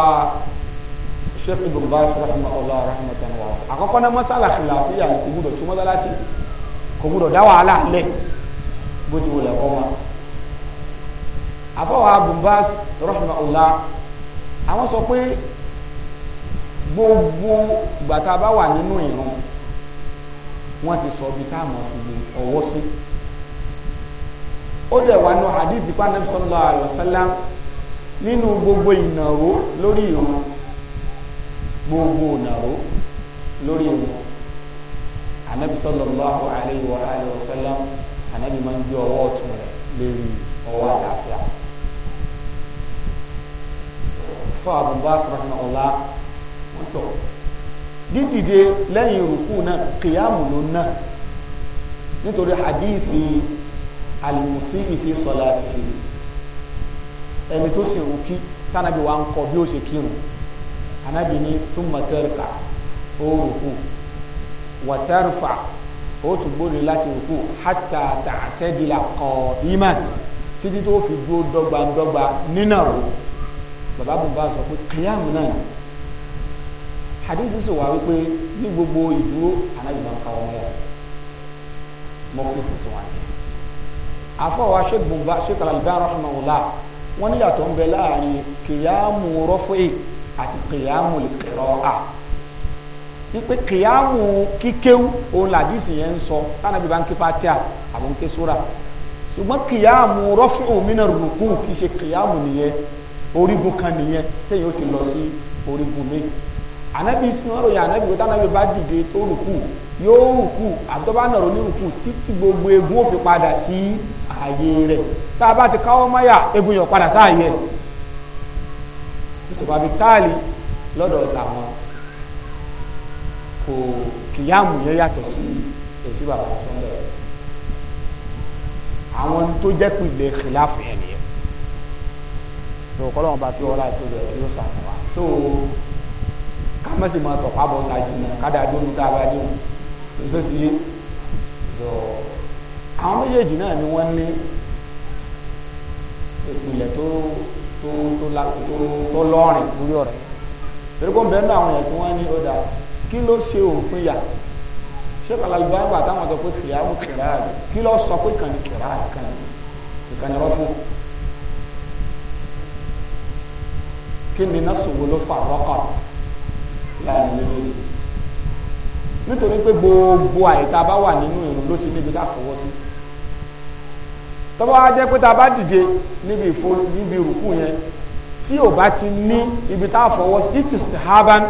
sheikh ibn bas rahimahullah rahmatan wasa àkọ́kọ́ náà masala khilafiya ni kò gbúdọ̀ túmọ̀ lálásì kò gbúdọ̀ dá wàhálà lẹ̀ bó ti wọlé kọ́ wọn àfọwà ibn bas rahimahullah àwọn sọ pé gbogbo ìgbà tá a bá wà nínú ìran wọ́n ti sọ bí tá a mọ̀ fi ọwọ́ sí ó dẹ̀ wà nù hadith bí Ànábì sallallahu alaihi wasallam nínú gbogbo ìnàró lórí ìran gbogbo ìnàró lórí ìran Ànábì sallallahu alaihi wa alihi wasallam Ànábì máa ń gbé ọwọ́ ọ̀tún rẹ̀ lérí ọwọ́ àlàáfíà àfọ àbùbá sọ̀rọ̀ ọ̀la wọ́n tọ̀ dídìde lẹ́yìn rùkú náà kìyàmù ló ná nítorí hadithi alimusi ife sọlá ti fi ẹni tó sì rùkí tánàbí wa ń kọ bí ó ṣe kírun anábì ní túmọ̀ tẹ́rìkà ó rùkú wàtẹ́rìfà ó tún gbóni láti rùkú hátà tààtẹ́dìlà kọ̀ọ̀ìmà títí tó fi dúró dọ́gbandọ́gba nínà rùkú bàbá bùnbà sọ pé kìyàmù náà hadith sọ wà wípé ní gbogbo ìdúró anábì máa ń ka wọn lẹ́yìn mọ́kì tuntun wa ni afọwọ́ aṣẹ́ bùnbà aṣẹ́ kàlàlùbá rahmanullah wọ́n ní yàtọ̀ ń bẹ láàrin kìyàmù rọ́fẹ́ àti kìyàmù lìkìrọ́à wípé kìyàmù kíkéwú òun làdísì yẹn ń sọ tánàbí bá ń ké fatia àbọ̀nké sóra ṣùgbọ́n kìyàmù rọ́fẹ́ òmìnira rùkú kì í ṣe kìyàmù nìyẹn orígun kan nìyẹn téèyàn ó ti lọ sí orígun mi ànábì tí wọ́n ròyìn ànábì wọ́n tánábì bá dìde tó rùkù yóò rùkù àtọ́bá nàró ní rùkù títí gbogbo egun ó fi padà sí ààyè rẹ̀ tá a bá ti káwọ́ máyà egun yàn padà sáàyè ẹ̀ mr babitali lọ́dọ̀ làwọn kò kìyàmù yẹn yàtọ̀ sí ètí bàbá sọ́ndọ̀ àwọn tó jẹ́ pìlẹ̀ kìláfù yẹn nìyẹn tó kọ́lọ́wọ́n bá kí wọ́n láti rẹ̀ kí ó sàmù wa tó ká má sì máa tọ̀pá bọ̀ sáàjì náà kádà dóhun tá a bá dóhun èso ti yé so àwọn méjèèjì náà ni wọ́n ní ìpìlẹ̀ tó tó tó lọ́rìn lórí ọ̀rẹ́ torí kó ń bẹ́ẹ̀ náà àwọn èèyàn tí wọ́n ní ó dáa kí ló ṣe òpin yà ṣé kàlàlùbá gbà táwọn sọ pé kìláàbù kìláàbù sọ pé kàn ní kìláàbù kàn ní ìkànnì rọ́fún. kí ni iná sòwò ló fà rọ́kọ̀ láàrin méjèèjì nítorí pé gbogbo àyíká bá wà nínú ìrun ló ti níbi dákọ̀wọ́ sí tọ́wọ́ á pé tá a bá dìde níbi ìfo níbi ìrùkù yẹn tí ò bá ti ní ibi tá a fọwọ́ sí it is the haban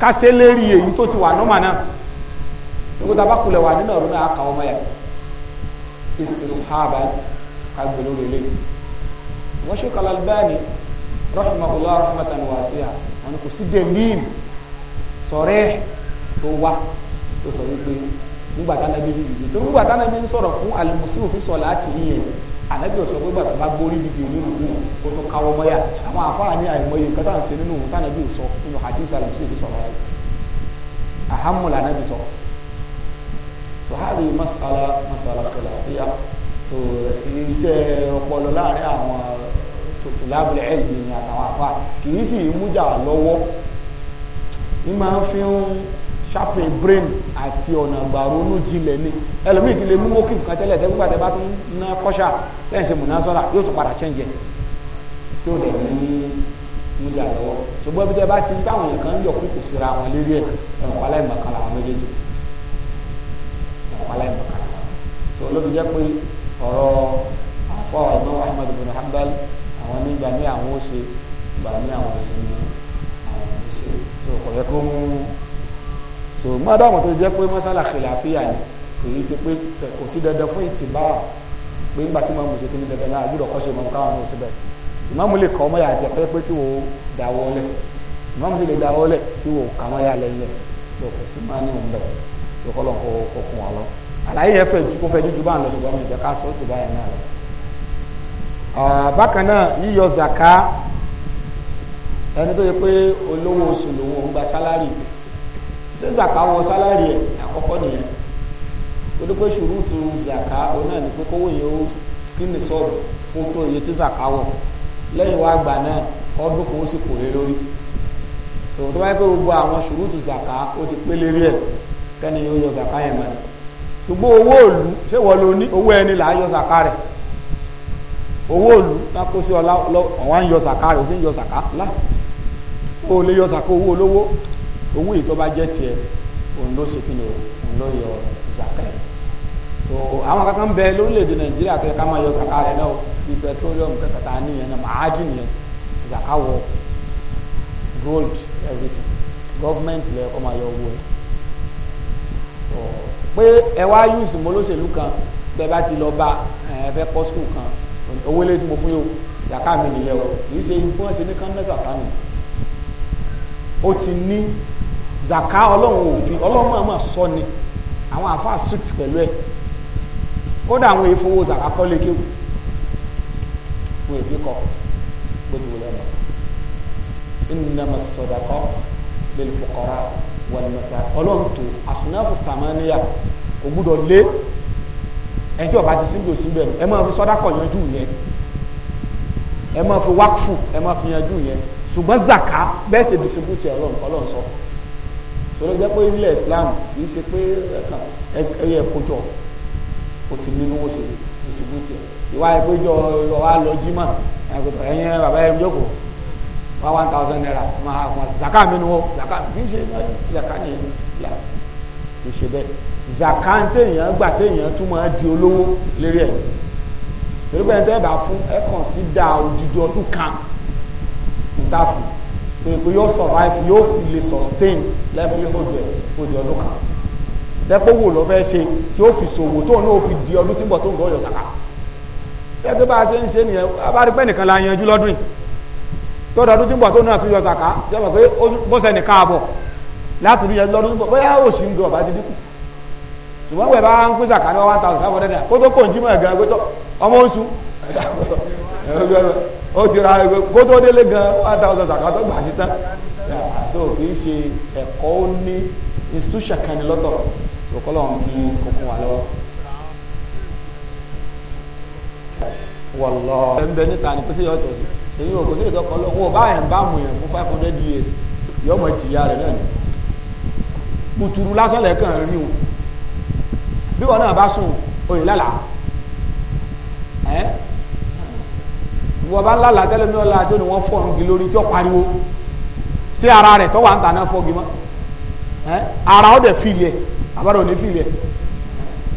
kásẹ̀ lérí èyí tó ti wà nọ́mà náà nígbà tá a bá kulẹ̀ wà nínú ọ̀run náà kà ọmọ yẹn it is haban kagbẹ̀lú rẹ̀ lé wọ́n ṣe kàlá bẹ́ẹ̀ ni rahmatulah rahmatan wasi'a wọn kò sí dẹ̀lín sọ̀rẹ́ tó wá tó sọ wípé nígbà tá nàbí fi dìde tó nígbà tá nàbí ń sọ̀rọ̀ fún alimusiru fi sọ̀ láti ìyẹn ànábì ọ̀sọ̀ pé gbàtà bá gbórí dìde nínú ìlú kó tó káwọ́ mọ́yà àwọn àfáà ní àìmọye nǹkan ń ṣe nínú tá nàbí sọ nínú hadith alimusiru fi sọ̀ láti ahamu la nàbí sọ̀rọ̀ so hali masala masala kẹlẹ àfihàn so iṣẹ́ ọpọlọ láàrin àwọn tòkùlábù ẹ̀lì ní àtàwọn àfa kì í sì mújà lọ́wọ́ ní máa fi ń sharpen brain àti ọ̀nà àgbàrónú jinlẹ̀ ni ẹlòmíì ti lè mú mókì nǹkan tẹ́lẹ̀ tẹ́ gbígbà tẹ́ bá tún ná kọ́ṣà lẹ́yìn ṣe múná sọ́ra yóò tún padà chẹ́ǹjẹ̀ tí ó dẹ̀ ní mújà lọ́wọ́ ṣùgbọ́n bí tẹ́ bá ti báwọn èèyàn kan ń yọ̀ kúkú síra wọn lérí ẹ̀ ẹ̀rọ̀pá aláìmọ̀kan làwọn méjèèjì ẹ̀rọ̀pá aláìmọ̀kan làwọn tó olóbi jẹ́ pé ọ̀rọ̀ àpọ̀ ọ̀dọ́ Ahmad bin àwọn nígbà ní àwọn ó ṣe gbà ní àwọn ṣe ní àwọn ò ṣe tó kọ̀ yẹ kó mú so mádàmù tó jẹ́ pé mọ́sálà khilafiyya ni kì í ṣe pé kò sí dandan fún ìtìbá pé ńgbà tí màmú ṣe kí ní dandan náà àgbúdọ̀ kọ́ ṣe mọ̀ káwọn náà síbẹ̀ ìmáàmù lè kọ́ mọ́yà àti ẹ̀kọ́ pé kí wò ó dáwọ́ lẹ̀ ìmáàmù sì lè dáwọ́ lẹ̀ kí wò ó kà mọ́yà lẹ́yìn lẹ̀ tó kò sí máa ní òun bẹ̀ tó kọ́ lọ́n kó kún ọ lọ. bákan náà yíyọ zaka ẹni tó yẹ pé olówó oṣù lòun ò ń gba sálárì ṣé zaka wọ sálárì ẹ àkọ́kọ́ nìyẹn pé zaka òun náà ní pé kówó yẹn ó kí ni sọ̀rọ̀ iye tí zaka wọ̀ lẹ́yìn wá gbà náà ọdún kan ó sì kò lé lórí tòun tó bá yẹ pé gbogbo àwọn zaka ó ti pé lérí ẹ kẹ́ni yóò yọ zaka yẹn mọ́ ṣùgbọ́n owó òlu ṣé wọ́n lo ní owó ẹni là owó òlù lákó sí ọlá ọ̀wá ń yọ sàká rẹ̀ òfin yọ sàká lá ó lè yọ sàká owó olówó owó yìí tó bá jẹ́ tiẹ̀ òun ló ṣe kí ni òun ló yọ sàká rẹ̀ tó àwọn kankan bẹ lórílẹ̀‐èdè nàìjíríà kẹ́kẹ́ ká máa yọ sàká rẹ̀ náà bí pẹtrólíọ̀mù kẹ́kẹ́ tá a níyẹn náà màá nìyẹn sàká wọ gold everything government lẹ kọ́ máa yọ owó rẹ̀ pé ẹ wá yùsùn mọ́ lóṣèlú kan bẹ́ẹ̀ bá ti lọ bá ẹ fẹ́ kọ́ skul kan owó lé tí mo fún yóò yàká mi nìyẹn o kì í ṣe bí wọ́n ṣe ní kánlẹ́ sàkánù ó ti ní zaka ọlọ́run òfin ọlọ́run máa máa sọ ni àwọn àfáà strict pẹ̀lú ẹ̀ kódà àwọn ìfowó zaka kọ́ lé kéwù wọ́n èbí kọ́ gbogbo lẹ́nu innama sọdakọ lil fuqara wal masakin ọlọ́run tó àsùnáfù tàmáníyà kò lé ẹni tí ọba ti síbi ò síbẹ̀ ẹ máa fi sọ́dá kọ̀ yanjú yẹn ẹ máa fi wákùfù ẹ máa fi yanjú yẹn ṣùgbọ́n zaka bẹ́ẹ̀ ṣe distribute ọlọ́run ọlọ́run sọ tọ́lọ́ jẹ́ pé ilẹ̀ Islam kì í ṣe pé ẹyẹ kójọ o ti nínú o ṣe distribute ìwà ìpéjọ ọwọ́ àlọ́ jimá ẹ̀yẹn bàbá ẹ̀ ń jókòó wá one thousand naira máa zaka mi ni wọ́n zaka kì ṣe zaka ni ìlà kì bẹ́ẹ̀ zakan téèyàn gbà téèyàn tún máa di olówó lérí ẹ̀ torí pé ẹ̀ńtẹ́ bá fún ẹ kàn sí da odidi ọdún kan níta pé pé yóò survive yóò lè sustain livelihood ẹ̀ odi ọdún kan dẹ́pọ̀ wò lọ́ fẹ́ ṣe tí ó fi ṣòwò tó náà fi di ọdún tí ń bọ̀ tó ń gbọ́ yọ sàkà gẹ́gẹ́ bá a ṣe ń ṣe nìyẹn abárípẹ́ nìkan la yanjú lọ́dún yìí tọ́dọ̀ ọdún tí ń bọ̀ tó náà tún yọ zaka jẹ́ mọ̀ pé bọ́sẹ̀ nìkan àbọ̀ látùrú yanjú lọ́dún tí ń bọ̀ bóyá òṣì ń gbọ̀ bá ti dínkù ṣùgbọ́n pẹ̀ bá ń pín sàkánì one thousand five hundred naira kó tó mọ̀ ẹ̀gán pé tó ọmọ oṣù ó ti ra kó délé gan one thousand sàkánì gbà sí tán so kì í ṣe ẹ̀kọ́ ó ní institution kan ní lọ́tọ̀ tó kọ́ lọ́n kí kókó wà lọ́wọ́. wọ̀lọ́ ẹ̀ ń bẹ níta ni kó sì yọ ọ̀tọ̀ sí èyí ò kó sì ìtọ́kọ lọ́wọ́ bá ẹ̀ ń bá mú yẹn fún five hundred years yọmọ ìjìyà rẹ̀ náà ni kùtùrù lásán lẹ́ẹ̀kan rí wọn bí wọn náà bá sùn òyìn lálà ẹ wọn bá lálà tẹ́lẹ̀ mi ọlá tó ni wọn fọ ọrùn gi lórí tí ó pariwo sí ara rẹ tó wà ń tà náà fọgi mọ ẹ ara ó dẹ fìlì ẹ àbára ò ní fìlì ẹ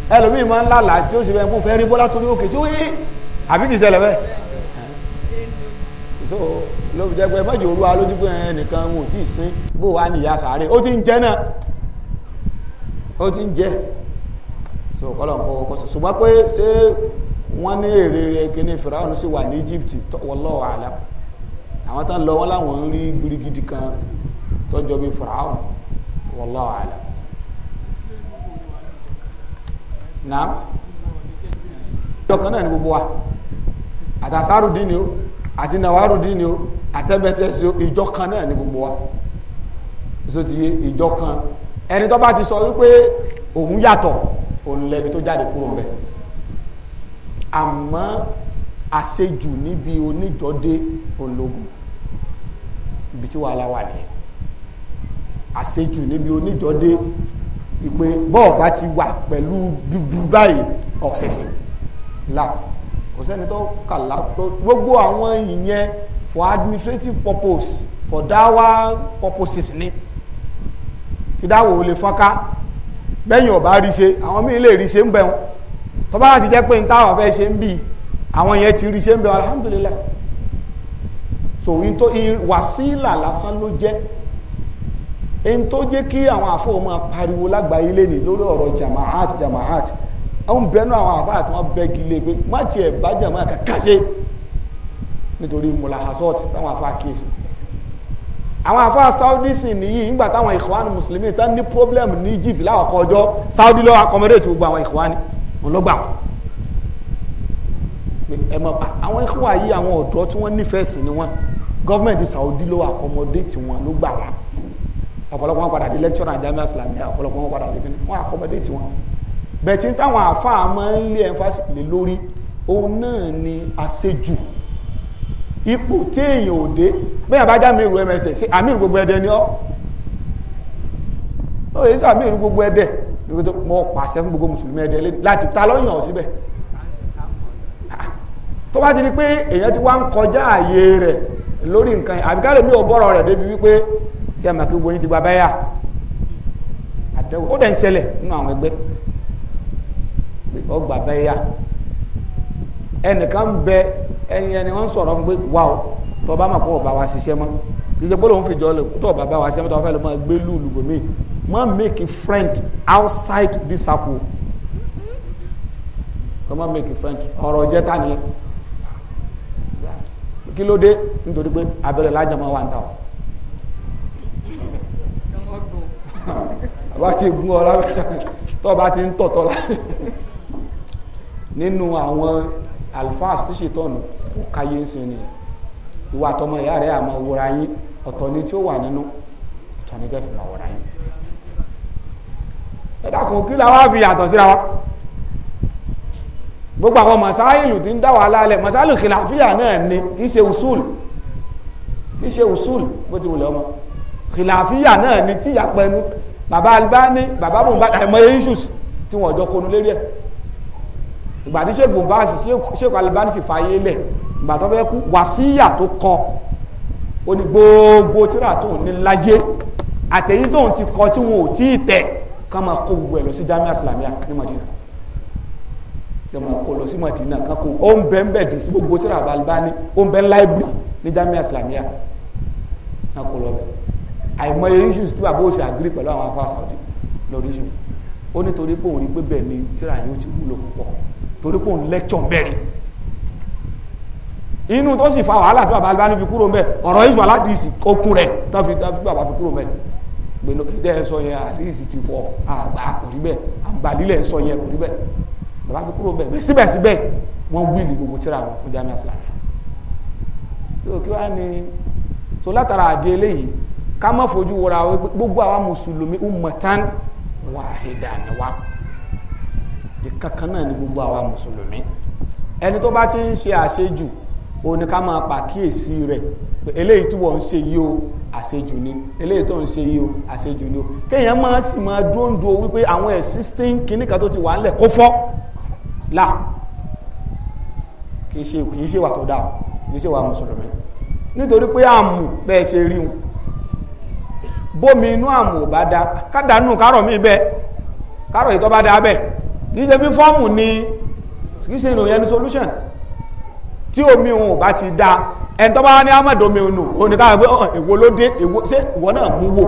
ẹlòmíì máa ń lálà tí ó sì bẹ́ẹ̀ kó fẹ́ rí bọ́lá torí òkè tí ó yé àbí kìí ṣẹlẹ̀ bẹ́ẹ̀ so ló fi jẹ́ pé mọ́jọ olúwa lójú pé ẹnìkan wọn ò tí ì sin bó wà níyà sáré ó ti ń jẹ náà ó ti ń jẹ. so kọ́lọ̀ kó kó sọ ṣùgbọ́n pé ṣé wọ́n ní èrè rẹ̀ kíní sì wà ní Egypt àwọn tán lọ wọn láwọn rí kan tọ́jọ́ bí kan náà ni gbogbo wa àtàsárù o àti nàwárù o ìjọ kan náà ni wa ti yé ìjọ kan ẹni tó bá ti òun lẹni tó jáde kúrò mbẹ àmọ́ àṣejù níbi oníjọdé ológun ibi tí wàhálà wà nìyẹn àṣejù níbi oníjọdé ìpè bọ́ọ̀bá ti wà pẹ̀lú bíbí báyìí ọ̀sẹ̀sẹ̀ là kò sẹ́ni tó kàlá tó gbogbo àwọn ìyẹn for administrative purpose for dawa purposes ni kí dáwọ̀ ò lè fọ́nká bẹ́yìn ọba rí ṣe àwọn míì lè rí ṣe ń bẹ̀ tó bá ti jẹ́ pé ní fẹ́ ṣe ń bì àwọn yẹn ti rí ṣe ń bẹ̀ so alhamdulillah so into wàsílà lásán ló jẹ́ èyí tó jẹ́ kí àwọn àfọwọ́ máa pariwo lágbàáyé lẹ́nìí lórí ọ̀rọ̀ jamaat jamaat bẹnu jamaat àwọn àfáà Saudi sì nìyí ńgbà táwọn Ikhwan mùsùlùmí tán ní problem ní Egypt láwọ̀kọ́ ọjọ́ Saudi lọ́wọ́ accommodate gbogbo àwọn Ikhwan wọn ló gbà wọn ẹ mọ àwọn Ikhwan yìí àwọn ọ̀dọ́ tí wọ́n nífẹ̀ẹ́ sí ni wọ́n gọ́ọ̀mẹ̀ntì Saudi lọ́wọ́ accommodate wọn ló gbà wọn ọ̀pọ̀lọpọ̀ wọn padà di lecturer and jamiu islamiyah ọ̀pọ̀lọpọ̀ wọn padà di kíni wọn accommodate wọn bẹ̀tí táwọn àfáà máa ń lé emphasis lé lórí òun náà ni àṣejù ipò tí èèyàn ò dé bí yàn bá já mìíràn msn sí àmìíràn gbogbo ẹdẹ ni ọ ó yẹ sí àmìíràn gbogbo ẹdẹ mo pàṣẹ fún gbogbo mùsùlùmí ẹdẹ láti ta lọ́yàn ọ síbẹ̀ tó bá ti di pé èèyàn ti wá ń kọjá àyè rẹ̀ lórí nǹkan àbíkálẹ̀ mi ò bọ́rọ̀ rẹ̀ débi wípé sí àmà kí gbóyin ti gba báyà àdẹ́wò ó dẹ̀ ń ṣẹlẹ̀ nínú àwọn ẹgbẹ́ ọgbà báyà ẹnìkan ń bẹ ẹni ẹni wọ́n sọ̀rọ̀ fún pé wà ó tó bá mà kó ọba wa ṣiṣẹ́ mọ́ kì í ṣe pé lòun fìjọ lè tó ọba bá wa ṣiṣẹ́ mọ́ tó ọba fẹ́ lè máa gbé lùlù bòmíì má make a friend outside this circle kò má make a friend ọ̀rọ̀ jẹ́ ta nìyẹn kí ló dé nítorí pé abẹ́rẹ́ lájà máa wà ń ta o. àbá ti gún ọ lábẹ́ tó ọba ti ń tọ̀tọ̀ la nínú àwọn alfaas tí ṣètọ́nù kò káyé ń sin ni ìwà àtọmọ ìyá rẹ àmọ́ wúra yín ọ̀tọ̀ ni tí ó wà nínú ọ̀tọ̀ ni tẹfì máa wúra yín ẹ dákun kí la wá fi yàtọ̀ síra wa gbogbo àwọn masáìlù tí ń dá wàhálà alẹ masáìlù kìláfíà náà ni kì í ṣe usul kì í ṣe usul bó ti wùlẹ̀ ọmọ kìláfíà náà ni tí ìyàpẹnu bàbá Albani bàbá bùnbà ẹ̀mọ issues tí wọ́n jọ konu lérí ẹ̀ ìgbà tí sheikh bumbas sheikh Albani sì fààyè lẹ̀ ìgbà tó fẹ́ kú wàsíyà tó kọ ó ní gbogbo tíra tó ní láyé àtẹ̀yìn tóun ti kọ tí wọn ò tí ì tẹ̀ ká máa kó gbogbo ẹ̀ lọ sí jamiu islamia ní madina ká máa kó lọ sí madina ká kó ó ń bẹ́ ń bẹ̀ dé sí gbogbo tíra Albani ó ń bẹ́ ń láìbírì ní jamiu islamia ká kó lọ bẹ̀ àìmọye issues tí bàbá òsè àgírí pẹ̀lú àwọn afọ àsàwọ̀dì lórí issues ó nítorí pé òun rí pé bẹ́ẹ̀ ni tíra yóò ti wúlò púpọ̀ torí pé òun lecture bẹ̀rẹ̀ inú tó sì fa wàhálà tí bàbá Albani fi kúrò ń bẹ̀ ọ̀rọ̀ ìfọ̀ aládìsí okun rẹ̀ tó fi bàbá fi kúrò ń bẹ̀ gbẹ̀nà ìdẹ́ ẹ̀ sọ yẹn àdìsí ti fọ àgbà kò rí bẹ́ẹ̀ àgbàdílẹ̀ sọ yẹn kò rí bẹ́ẹ̀ bàbá fi kúrò ń bẹ̀ síbẹ̀síbẹ̀ wọ́n wíìlì gbogbo tíra wọn fún jamiu aslam yóò kí wàá ní so látara àdé eléyìí ká má fojú wọra gbogbo àwa mùsùlùmí ummatan wahidan wa ìkankan náà ni gbogbo àwa mùsùlùmí ẹni tó bá ti ń ṣe àṣejù òun ni ká máa pàkíyèsí rẹ̀ eléyìí tí wọ́n ń ṣe yìí o àṣejù ni eléyìí tó ń ṣe yìí o àṣejù ni o kéèyàn máa sì máa dóńdó wípé àwọn existing kinní kan tó ti wà ńlẹ̀ kó fọ́ là kì í ṣe kì í ṣe wà tó dáa kì í ṣe wà mùsùlùmí nítorí pé àmù bẹ́ẹ̀ ṣe rí wọn bómi inú àmù ò bá dá kádàánù kárọ̀ mí bẹ́ẹ̀ kárọ̀ ìtọ́ bá dá bẹ́ẹ̀ kìí bí fọ́ọ̀mù ni kìí ṣe ìròyìn ẹni solution tí omi òun ò bá ti dá ẹni tó bá ní ahmed omi òun ò ní káwọn pé ọ̀hún èwo ló dé èwo ṣé ìwọ náà mú wò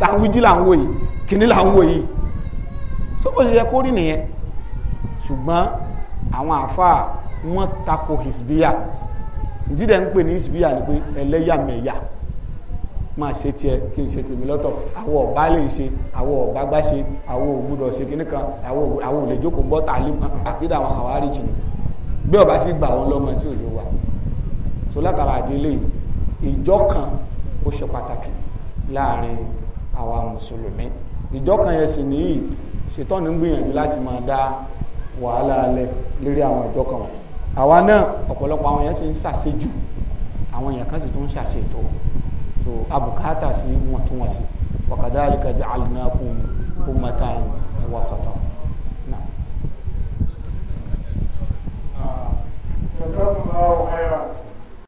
táwíjí là ń wò yìí kìíní là ń wò yìí tó bó ṣe yẹ kó rí nìyẹn ṣùgbọ́n àwọn àáfàá wọn tako hisbiya ìdílé ń pè ní hisbiya ni pé ẹlẹ́yàmẹ̀yà máa ṣe tiẹ̀ kí n ṣe tèmi lọ́tọ̀ àwọn ọba lè ṣe àwọn ọba gbá ṣe àwọn ògbúdọ̀ ṣe kíní kan àwọn òlè jókòó bọ́ tà lé àkídà àwọn àwárí jìnnì bí ọba sì gbà wọn lọ́mọ tí òjò wà so látara àdélé ìjọ kan ó ṣe pàtàkì láàrin àwa mùsùlùmí ìjọ kan yẹn sì nìyí ṣètọ́ ní gbìyànjú láti máa dá wàhálà alẹ́ lórí àwọn ìjọ kan àwa náà ọ̀pọ̀lọpọ̀ àwọn yẹn ti ń ṣàṣejù àwọn èèyàn kan sì tún ń ṣàṣetò so abukata sí wọn tún wọn sí wa kadhalika ja'alnakum ummatan wasata. Ah, jazakumullahu khairan.